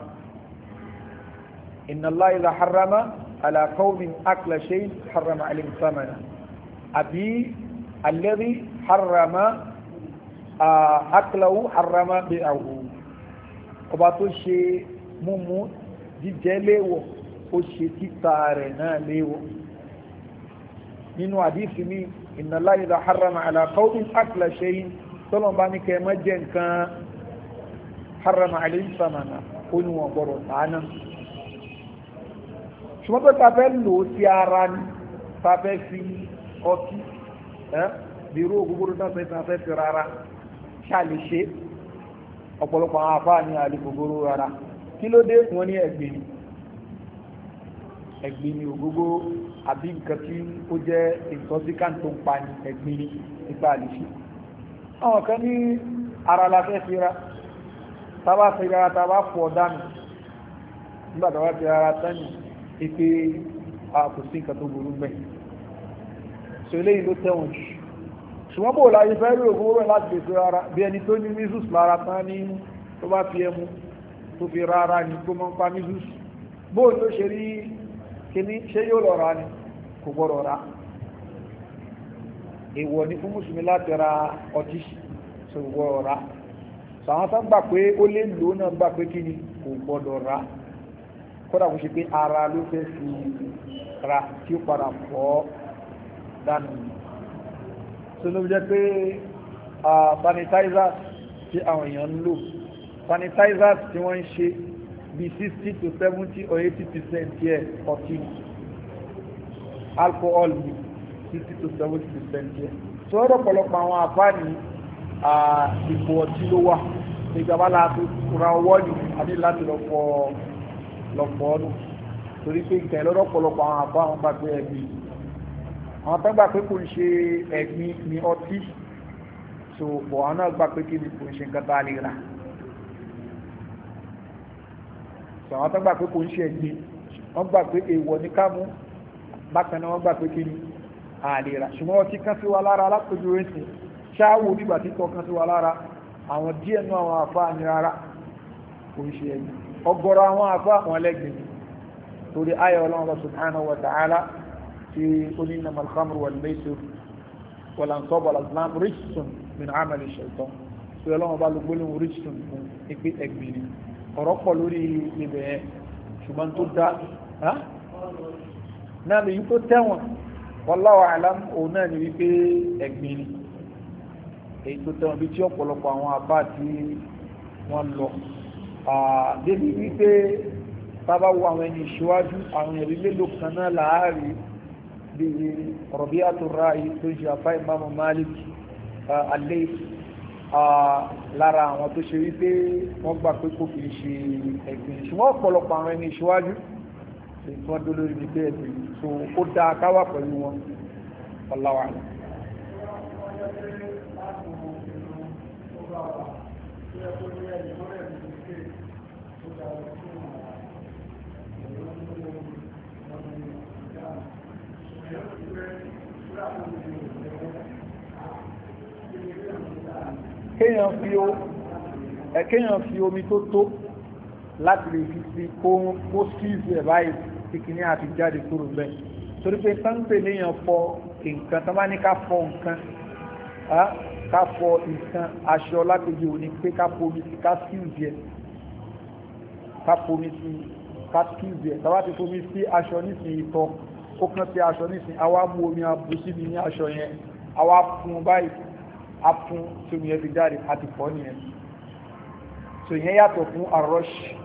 ìnàlá ìlà harama àlàkọ́ min harama alimsamana àbí alẹ́rí harama akílẹ̀wò harama bí àwò ọba tó ṣe múmu jíjẹ léèwọ̀ ó ṣe títà rẹ̀ náà léèwọ̀ nínú àdísì mi ìnàláyìlá harama àlàkọ́wé akílẹ̀ ṣe yìí tọ́lọ́mbá ní kẹ́ mọ́ jẹ́ nǹkan harama àlẹ́yìnsámanà ó ní wọn gbọ́dọ̀ tààna ṣùgbọ́n pé ta fẹ́ lò ó sí ara ni ta fẹ́ fi ọtí ẹ́. Eh? bírú ògúgbúrú tọ́sẹ̀ tọ́sẹ̀ ti rárá ṣàlè ṣe ọ̀pọ̀lọpọ̀ àwọn afá ní àlùgbogbo rárá kí ló dé wọn ní ẹ̀gbìn ni ẹ̀gbìn ni ògógó àbí nǹkan tí ó jẹ́ intoxicant tó ń pa ni ẹ̀gbìn ni nípa àlè ṣe àwọn kan ní ara la fẹ́ fi ra tábà fi rárá tábà fọ̀ dànù nígbà tábà fi rárá tán ni a kò sí nǹkan tó burú bẹ́ẹ̀ so eléyìí ló tẹ̀wọ̀n jù ṣùgbọ́n bò láyé fẹ́ rí òfin rẹ̀ láti lè fi rárá bí ẹni tó ní mizus lára tán ní tó bá fi ẹmu tó fi rárá ni tó máa ń pa mizus bó ló ṣe rí kíní ṣé yóò lọ ra ni kò gbọ́dọ̀ ra èèwọ̀ ni fún mùsùlùmí láti ra ọtí ṣe kò gbọ́dọ̀ ra sàwọn tán gbà pé ó lè lò náà gbà pé kíni kò gbọ́dọ̀ ra kódà kò ṣe pé ara ló fẹ́ fi ra tí ó padà fọ́ dànù yìí tó ló jẹ́ pé sanitizers tí àwọn èèyàn ń lò sanitizers tí wọ́n ń ṣe bí 60 to 70 or 80 percent yẹ ọtí alcohol ni 60 to 70 percent yẹ tó ọ̀pọ̀lọpọ̀ àwọn àfáàní ipò ọtí ló wà ìjọba láti ra ọwọ́ ni àbí láti lọ fọ lọ́pọ̀ ọdún torí pé ìtẹ̀lọ́dọ̀pọ̀lọpọ̀ àwọn àfáàní bá gbé ẹgbẹ́ yìí àwọn tó gbà pé kò ń ṣe ẹ̀gbin ni ọtí so bọ̀ àwọn náà gbà pé kí ni kò ń ṣe nǹkan tá lè rà so àwọn tó gbà pé kò ń ṣe ẹ̀gbin wọ́n gbà pé èèwọ̀ ní ká mú bákan náà wọ́n gbà pé kí ni a lè rà ṣùgbọ́n ọtí kan sí wa lára alákòjú ẹ̀sìn ṣáàwó nígbà títọ́ kan sí wa lára àwọn díẹ̀ nú àwọn àfáà ní rárá kò ń ṣe ẹ̀gbin ọgọ́rọ̀ àwọn àfáà wọn lẹ́gbẹ̀ẹ́ torí ayọ̀ ọlọ́run subhanahu wa ta'ala tí ó ní nàmà alhamdu wà lẹ́sẹ̀ wà láǹtọ́ bọ̀ làzlam richson min amali shaitan tí ọlọ́run bá ló gbólóhùn richson fún ipe ẹgbìn ni ọ̀rọ̀ pọ̀ lórí ibẹ̀ yẹn ṣùgbọ́n tó dá náà lèyí tó tẹ̀wọ̀n wallahu alam òun náà ni wípé ẹgbìn ni èyí tó tẹ̀wọ̀n bí tí ọ̀pọ̀lọpọ̀ àwọn àbá tí wọ́n lọ débi wípé tábà wo àwọn ẹni ìṣíwájú àwọn ẹ̀rí mélòó kan náà láàárín bíi Rabi'atu Ra'i tó jẹ́ afá ìmáàmù Malik alẹ́ lára àwọn tó ṣe wípé wọ́n gbà pé kò kì í ṣe ẹ̀gbìn ṣùgbọ́n ọ̀pọ̀lọpọ̀ àwọn ẹni ìṣíwájú èyí tí wọ́n dó lórí ní pé ẹ̀gbìn so ó dáa káwà pẹ̀lú wọn ọ̀làwà. Thank you. kéèyàn fi omi tó tó láti lè fi sí kóhun kó skills ẹ̀ báyìí tí kìíní àti jáde kúrò bẹ́ẹ̀ torí pé sáńpẹ̀ léèyàn fọ nǹkan tó bá ní ká fọ nǹkan ká fọ nǹkan aṣọ lápèjì òní pé ká fomi sí ká skills ẹ̀ ká fomi sí ká skills ẹ̀ tó bá ti fomi sí aṣọ nísìnyí tọ́ ó kàn sí aṣọ nísìn àwa mú omi abu síbi ní aṣọ yẹn àwa fún báyìí a fún tí omi yẹn fi jáde àti fọ́ nìyẹn so ìyẹn yàtọ̀ fún arọ́ṣì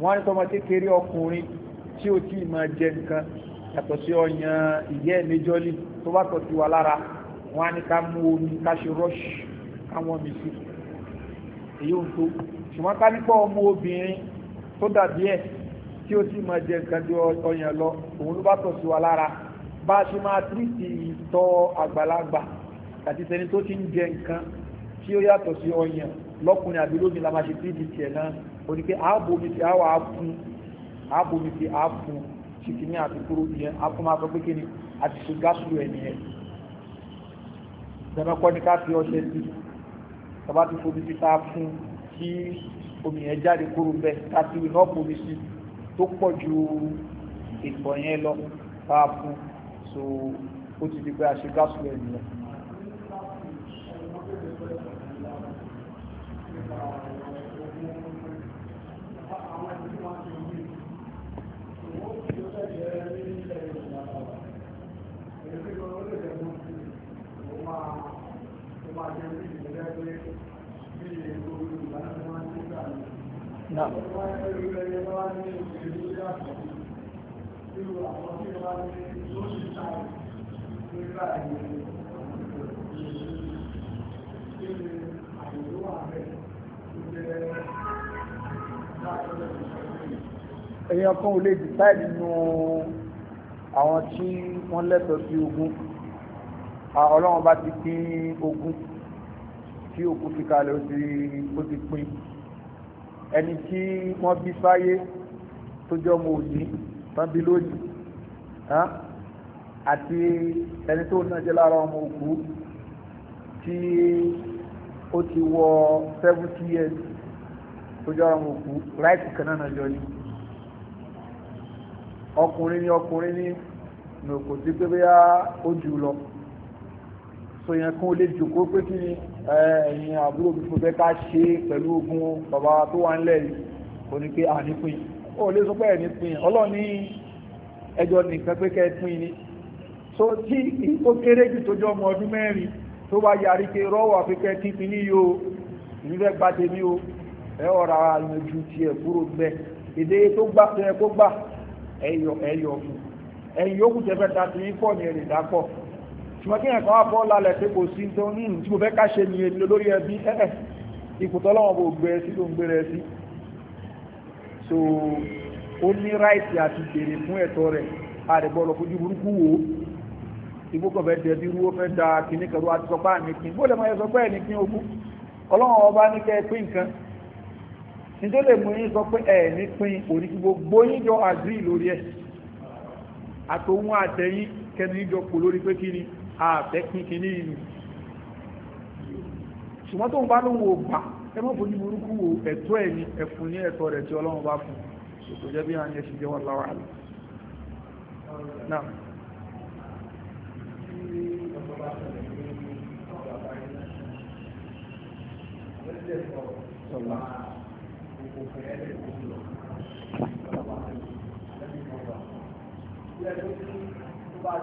wọ́n ní tọmọ kékeré ọkùnrin tí ó tí máa jẹ nǹkan yàtọ̀ sí ọyàn ìyẹ́ méjọ́lì tó bá tọ̀ sí wa lára wọ́n ní ká mú omi ká ṣe rọ́ṣì káwọn mi sí èyí ò tó ṣùgbọ́n ká nípa ọmọ obìnrin tó dàbí ẹ̀ tí ó sì máa jẹ nǹkan ju ọyàn lọ òun ló bá tọ̀ sí wa lára bá a ṣe máa tírìtì ìtọ̀ àgbàlagbà àti tẹni tó ti ń jẹ nǹkan tí ó yàtọ̀ sí ọyàn lọ́kùnrin àbí lóbìn la máa ṣe tírìtì tiẹ̀ náà ó ní pé ààbò mi ti àwọ̀ àfún ààbò mi ti àfún ṣìkìní àti kúrò yẹn àfún máa sọ pé kí ni àti ṣe gáàsù ẹ̀ nìyẹn ìdáná kọ́ ni ká fi ọṣẹ sí tàbá ti fomi sí ta fún kí omi yẹn jáde kúrò bẹ́ẹ̀ ká ti iná fomi sí i tó pọ̀ ju ìtọ̀ yẹn lọ báa fún so ó ti di pé a ṣe gáàsù rẹ̀ nìyẹn. Thank you náà èèyàn kan ò lè dìtáìdì nínú àwọn tí wọ́n lẹ́tọ̀ọ́ sí ogún ọlọ́run bá ti pín ogún tí òkú fi kalẹ̀ ó ti pín ẹni tí wọ́n bí sáyé tó jọ mọ òní tán bí lónìí àti ẹni tó náà jẹ́ lára ọmọ òkú tí ó ti wọ seventy years tó jọ ọmọ òkú láìpù kan náà jọ ni ọkùnrin ni ọkùnrin ni ní òkú tí pé bí ó jù lọ so yẹn kún ó lè jòkó pé kí ni ẹ̀yìn àbúrò bí fún ká ṣe pẹ̀lú ogun bàbá tó wà ń lẹ́yìn kò ní pé ànípin ó lè sọ pé ẹ̀ nípin ọlọ́ni ẹjọ́ nìkan pé kẹ́ pin ni so tí ó kéré jù tó jọ ọmọ ọdún mẹ́rin tó bá yarí pé rọ́wọ́ pé kẹ́ kí pin ní yóò níbẹ̀ gba tèmi o ẹ ọ̀rọ̀ àyànjú tiẹ̀ kúrò gbẹ èdè tó gbà tó yẹ kó gbà ẹ̀yọ̀ ẹ̀yọ̀ fún ẹ̀yìn yókù tẹ́fẹ́ ṣùgbọ́n kí ẹ̀kọ́ wá bọ́ lálẹ̀ pé kò sí tó ní tí mo fẹ́ ká ṣe ní èlò lórí ẹbí ẹ̀ẹ̀ ipò tọ́lọ́wọ́n bò gbé sí tó ń gbé rẹ sí so ó ní ráìtì àti béèrè fún ẹ̀tọ́ rẹ̀ àrẹ̀bọ̀lọ̀ fojú burúkú wò ó ibú kan fẹ́ dẹbi irú ó fẹ́ da kìnní kan àti sọ pé àmì kí bó lè mọ ẹsọ pé ẹni kí ogún ọlọ́wọ́n ọba ní kẹ́ ẹ pín nǹkan nítorí lè mú yín sọ pé ẹ ní pín òní kí gbogbo yín jọ àdírí lórí ẹ àtòun àtẹ̀yìn kẹ́ni jọ kò lórí pé kí ni àfẹ́pín kìíní ìlú ṣùgbọ́n tó ń bá lóhun ò gbà ẹ mọ́ fojú burúkú wo ẹ̀tọ́ ẹ̀ ní ẹ̀fún ní ẹ̀tọ́ rẹ̀ tí ọlọ́run bá fún kò jẹ́ bí àwọn ẹ̀ṣin jẹ́ wọn láwà rẹ̀ Thank you bá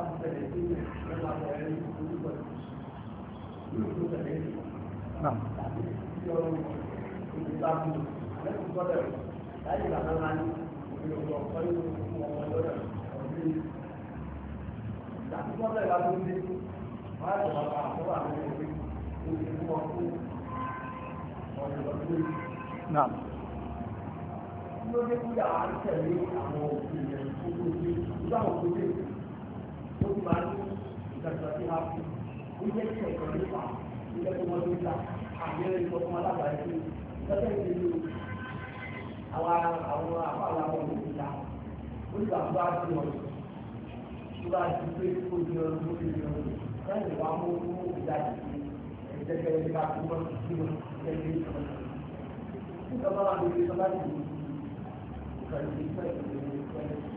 ti ó ti máa ní ìgbàgbọ́ sí wa fún un jẹ́ kí ẹ̀kọ́ nípa ilé tó wọ́n níta àmì ẹ̀rọ ìfọ́ fún alábàá sí lọ́sẹ̀ tí ó àwọn àwọn àpáwọn àwọn òmìnira ó ti gbàgbọ́ àti ọ̀rọ̀ tó bá ti pé kó di ọdún tó di ọdún láti wá mú mú ìdájọ́ ìjẹ́kẹ̀rẹ́ nípa tó wọ́n ti kí wọn jẹ́kẹ̀rẹ́ ìjọba. Nígbà bá wà lórí ìjọba ti ìkànnì ìfẹ́ ìgbẹ̀rẹ̀ ìfẹ́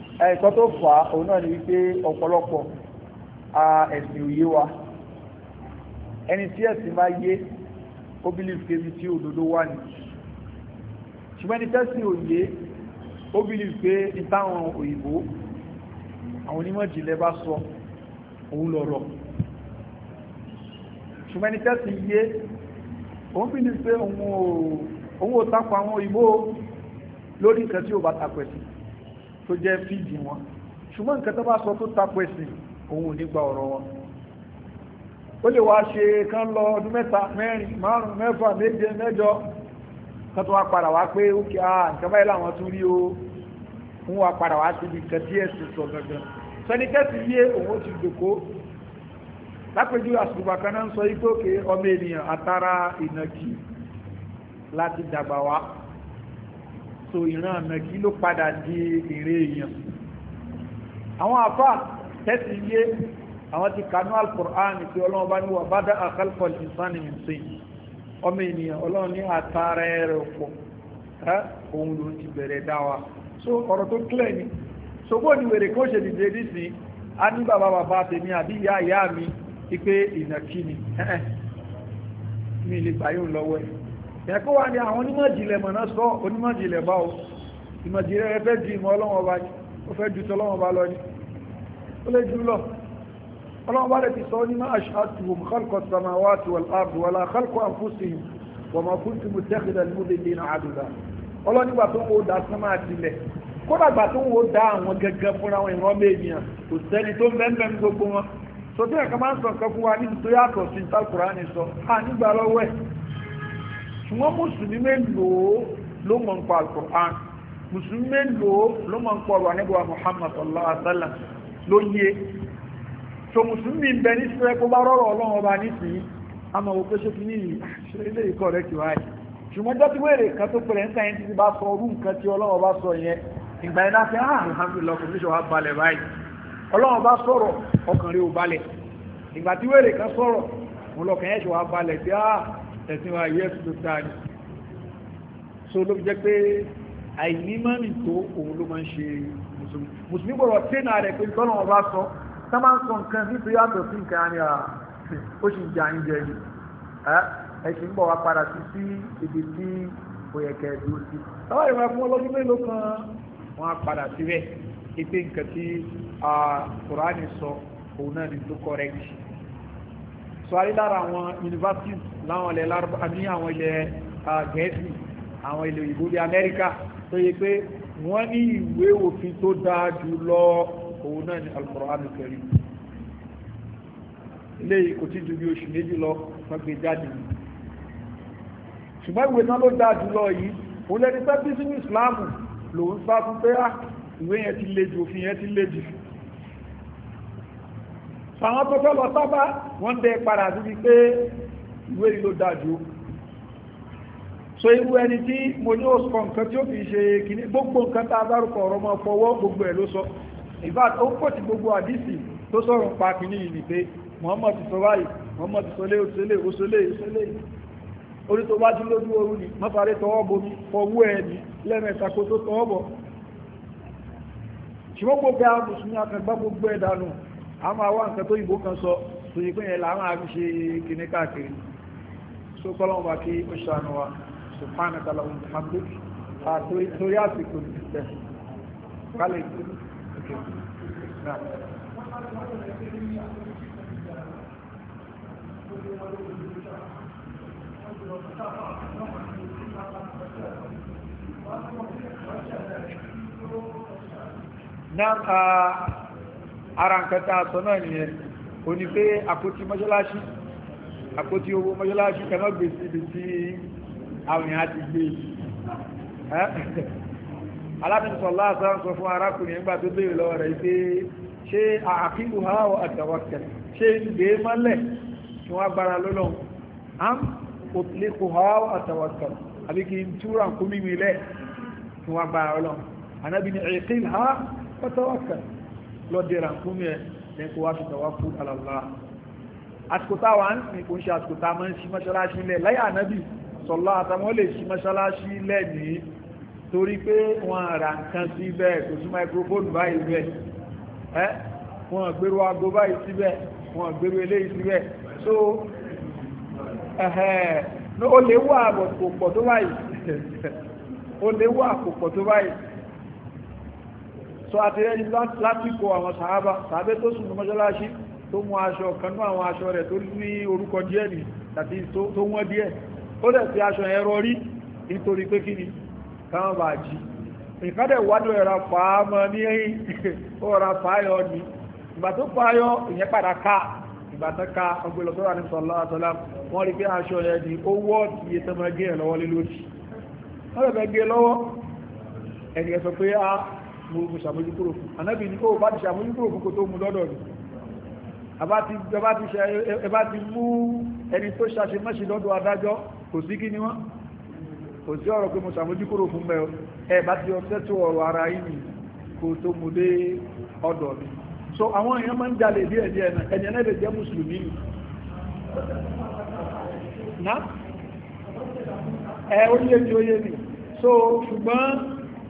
ẹ̀kọ́ tó fà á òun náà ni wípé ọ̀pọ̀lọpọ̀ ẹ̀sìn òye wa ẹni tí ẹ̀sìn bá yé ó bílíf pé ibi tí òdodo wà ní ṣùgbọ́n ẹni tẹ́sìn òye ó bílíf pé ìtàwọn òyìnbó àwọn onímọ̀ ìjìnlẹ̀ bá sọ òun lọ̀rọ̀ ṣùgbọ́n ẹni tẹ́sìn yé òun bílíf pé òun ò tako àwọn òyìnbó lórí nǹkan tí ò bá tako ẹ̀sìn tó jẹ́ fíìdì wọn ṣùgbọ́n nǹkan tó bá sọ tó tako ẹ̀sìn òun ò ní gba ọ̀rọ̀ wọn ó lè wá ṣe kán lọ ọdún mẹ́ta mẹ́rin márùn mẹ́fà méje mẹ́jọ kan tó wá padà wá pé ó kí á nǹkan báyìí làwọn tún rí o ń wá padà wá síbi nǹkan tí ẹ̀sìn sọ gangan sẹ́nikẹ́sì yé òun ti dòkó lápẹjú àsùgbà kan náà ń sọ igbókè ọmọ ènìyàn àtàrà ìnàjì láti dàgbà wá so ìran ànàkí ló padà di èrè èèyàn àwọn àfà tẹ́sí yé àwọn ti kanú al-Qur'an tí ọlọ́run bá ní wà bá dá àkálùkọ̀ ìsánì ìsìn ọmọ ènìyàn ọlọ́run ní àtàrà ẹ̀rẹ̀ pọ̀ òun ló ti bẹ̀rẹ̀ dá wa so ọ̀rọ̀ tó kílẹ̀ ni so bó ni wèrè kó ṣe dìde nísìn a ní bàbá bàbá tèmi àbí ìyá ìyá mi ipe ìnàkí ni mi lè gbà yóò lọ́wọ́ ẹ̀ ẹ̀kọ́ wa ni àwọn onímọ̀jìnlẹ̀ mọ̀ná sọ onímọ̀jìnlẹ̀ bá o ìmọ̀jìnlẹ̀ rẹ fẹ́ ju ìmọ̀ ọlọ́wọ́n bá ní ó fẹ́ ju tọ́lọ́wọ́n bá lọ ní ó lè jù lọ ọlọ́wọ́n bá lè ti sọ onímọ̀ ashatuhum khalqa samawati wal ardi wala khalqa anfusihim wa ma kuntu muttakhidal mudillina aduda ọlọ́nígbà tó ń wo da sánmà àtìlẹ̀ kódà gbà ṣùgbọ́n mùsùlùmí mélòó ló mọ̀ ń pa alukur'an mùsùlùmí mélòó ló mọ̀ ń pa ọ̀rọ̀ anábíwá muhammad sallallahu alaihi wa sallam ló yé so mùsùlùmí ń bẹ ní sẹ́yẹ́ kó bá rọrọ̀ ọlọ́run ọba nísìnyí àmọ́ òkú ṣe fi ní ilé ìkọ́ rẹ̀ kì wáyé ṣùgbọ́n jọ́ ti wéèrè kan tó pẹ̀lẹ́ ah, ìgbà tí wèrè kan sọ̀rọ̀ mo ṣe wa balẹ̀ bí a ah, ẹ̀sìn wa yẹ́ tó ta ni so ló jẹ́ pé àìnímọ́nì tó òun ló máa ń ṣe mùsùlùmí mùsùlùmí gbọ́dọ̀ tẹ́nà rẹ̀ pé tọ́nà ọba sọ tá máa ń sọ nǹkan nítorí àtọ̀ sí nǹkan ni ó sì ń jẹ àyíjẹ yìí ẹ̀sìn ń bọ̀ wá padà sí sí ibi tí kò yẹ kẹ́ ẹ̀ dúró sí táwọn ìwà fún ọlọ́dún mélòó kan wọ́n á padà síbẹ̀ ipe nǹkan tí Kùránì sọ òun náà ni tó kọ́rẹ́kì so a rí lára àwọn universities láwọn ilẹ̀ lárúbá ní àwọn ilẹ̀ gẹ̀ẹ́sì àwọn ilẹ̀ òyìnbó bí amẹ́ríkà tó yẹ pé wọ́n ní ìwé òfin tó dáa jù lọ òun náà ni Al-Qur'an Al-Karim ilé kò tí ju bí oṣù méjì lọ wọ́n gbé jáde ṣùgbọ́n ìwé náà ló dáa jù lọ yìí òun lẹni pẹ́ bí sínú ìsìláàmù lòun sá fún pé ah, ìwé yẹn ti le jù òfin yẹn ti le jù fàwọn tó fẹ́ lọ sábà wọ́n dẹ padà síbi pé ìwé yìí ló dájú so irú ẹni tí mo ní òsùkọ nǹkan tí ó fi ṣe kìíní gbogbo nǹkan tá a dárúkọ ọ̀rọ̀ ọmọ fọwọ́ gbogbo ẹ̀ ló sọ in ó pọ̀ sí gbogbo àdìsí tó sọ̀rọ̀ pa kìíní yìí ni pé Muhammad sọ báyìí Muhammad sọ lé òṣèlè òṣèlè òṣèlè orí tó bá dín lójú oorun ni mọ́sàárẹ́ tọwọ́ bomi fọwọ́ ẹ̀ ní lẹ́mẹ̀ta kó tó tọwọ́ bọ̀ ṣùgbọ́n gbogbo ẹ̀ a máa wá nǹkan tó yìnbó kan sọ tó yìí pé yẹn làwọn àfi káàkiri so kọ́lọ́wọ́n bá kí ó ṣàánú wa subhanahu wa ta'ala torí àsìkò ìtẹ̀ kálẹ̀ ara nǹkan tá a sọ náà nìyẹn o ní pé àpótí mọ́ṣáláṣí àpótí owó mọ́ṣáláṣí kan náà gbèsè ibi tí àwọn èèyàn ti gbé alábìsọ̀ láàṣà ń sọ fún arákùnrin nígbà tó béèrè lọ́wọ́ rẹ̀ pé ṣé àkílù háwọ̀ àtàwọ̀kẹ̀ ṣé ìgbé mọ́lẹ̀ kí wọ́n gbára lọ́lọ́ am òtìlẹ́kù háwọ̀ àtàwọ̀kẹ̀ àbí kí n túra kú mímí lẹ̀ kí wọ́n gbára lọ́lọ́ anábìnrin ẹ̀kíl háwọ̀ àtàwọ̀kẹ̀ lọ́dẹ̀ ràkúnmí ẹ̀ ní kó wá fi tawakkul ala Allah àsìkò táwa ń sìn kò ń ṣe àsìkò tá a máa ń ṣí mọ́ṣáláṣí lẹ̀ láyé ànábì sọ̀lá àtàwọn lè ṣí mọ́ṣáláṣí lẹ̀ ní torí pé wọ́n ra nǹkan sí bẹ́ẹ̀ kò sí microphone báyìí bẹ́ẹ̀ ẹ́ wọ́n gbèrú aago báyìí síbẹ̀ wọ́n gbèrú <laughs> so àti rẹ̀ lásìkò àwọn sàábà tàbí tó sùn mọ́ṣáláṣí tó mú aṣọ kanú àwọn aṣọ rẹ̀ tó ní orúkọ díẹ̀ nì àti tó wọ́n díẹ̀ ó dẹ̀ fi aṣọ yẹn rọrí nítorí pé kí ni káwọn bá jí nǹkan dẹ̀ wádùn ẹ̀rọ fàámọ́ ní ẹ̀yìn <laughs> ọ̀rọ̀ fàáyọ ni ìgbà ẹni ẹ̀sọ̀ pé mo ṣàmójúkúrò fún anábì ní kó bá ti ṣàmójúkúrò fún kò tó mú lọ́dọ̀ rẹ̀ ẹbá ti mú ẹni tó ṣàṣe mọ́ṣe lọ́dọ̀ adájọ́ kò sí kí ni wọ́n kò sí ọ̀rọ̀ pé mo ṣàmójúkúrò fún mẹ́ ẹ bá ti ọ̀sẹ́ tó ọ̀rọ̀ ara yìí kò tó mú dé ọ̀dọ̀ mi so àwọn èèyàn máa ń jalè bí ẹ̀dí ẹ̀nà ẹ̀yẹ náà lè jẹ́ mùsùlùmí ná ẹ̀ ó yé mi ó yé mi so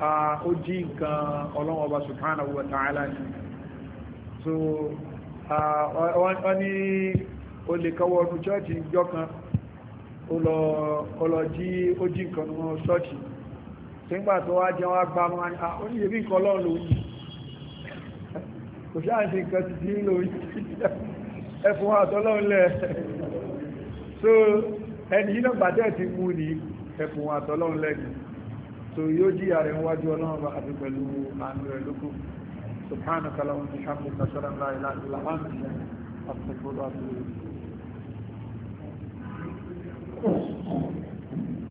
ó jí nǹkan ọlọ́wọ́ ọba subhanahu wa ta'ala ni so wọ́n ní olè kọwọ́ ọdún chọ́ọ̀tì ìjọ kan ọlọ jí ó jí nǹkan nínú ṣọ́ọ̀tì sígbà tó wá jẹun agbá wọn ó ní ebí nǹkan ọlọ́run lòun yìí kò ṣáà ṣe nǹkan ti dín lòun yìí ẹfún àtọ́lọ́run lẹ̀ so ẹni yìí náà gbàdẹ́ ti mú ni ẹfún àtọ́lọ́run lẹ́yìn so yóò jíyà rẹ̀ wájú ọlọ́run bá àti pẹ̀lú àmì rẹ̀ lókù subhanaka lahum bihamdika ashhadu an la ilaha illa anta astaghfiruka wa atubu ilayk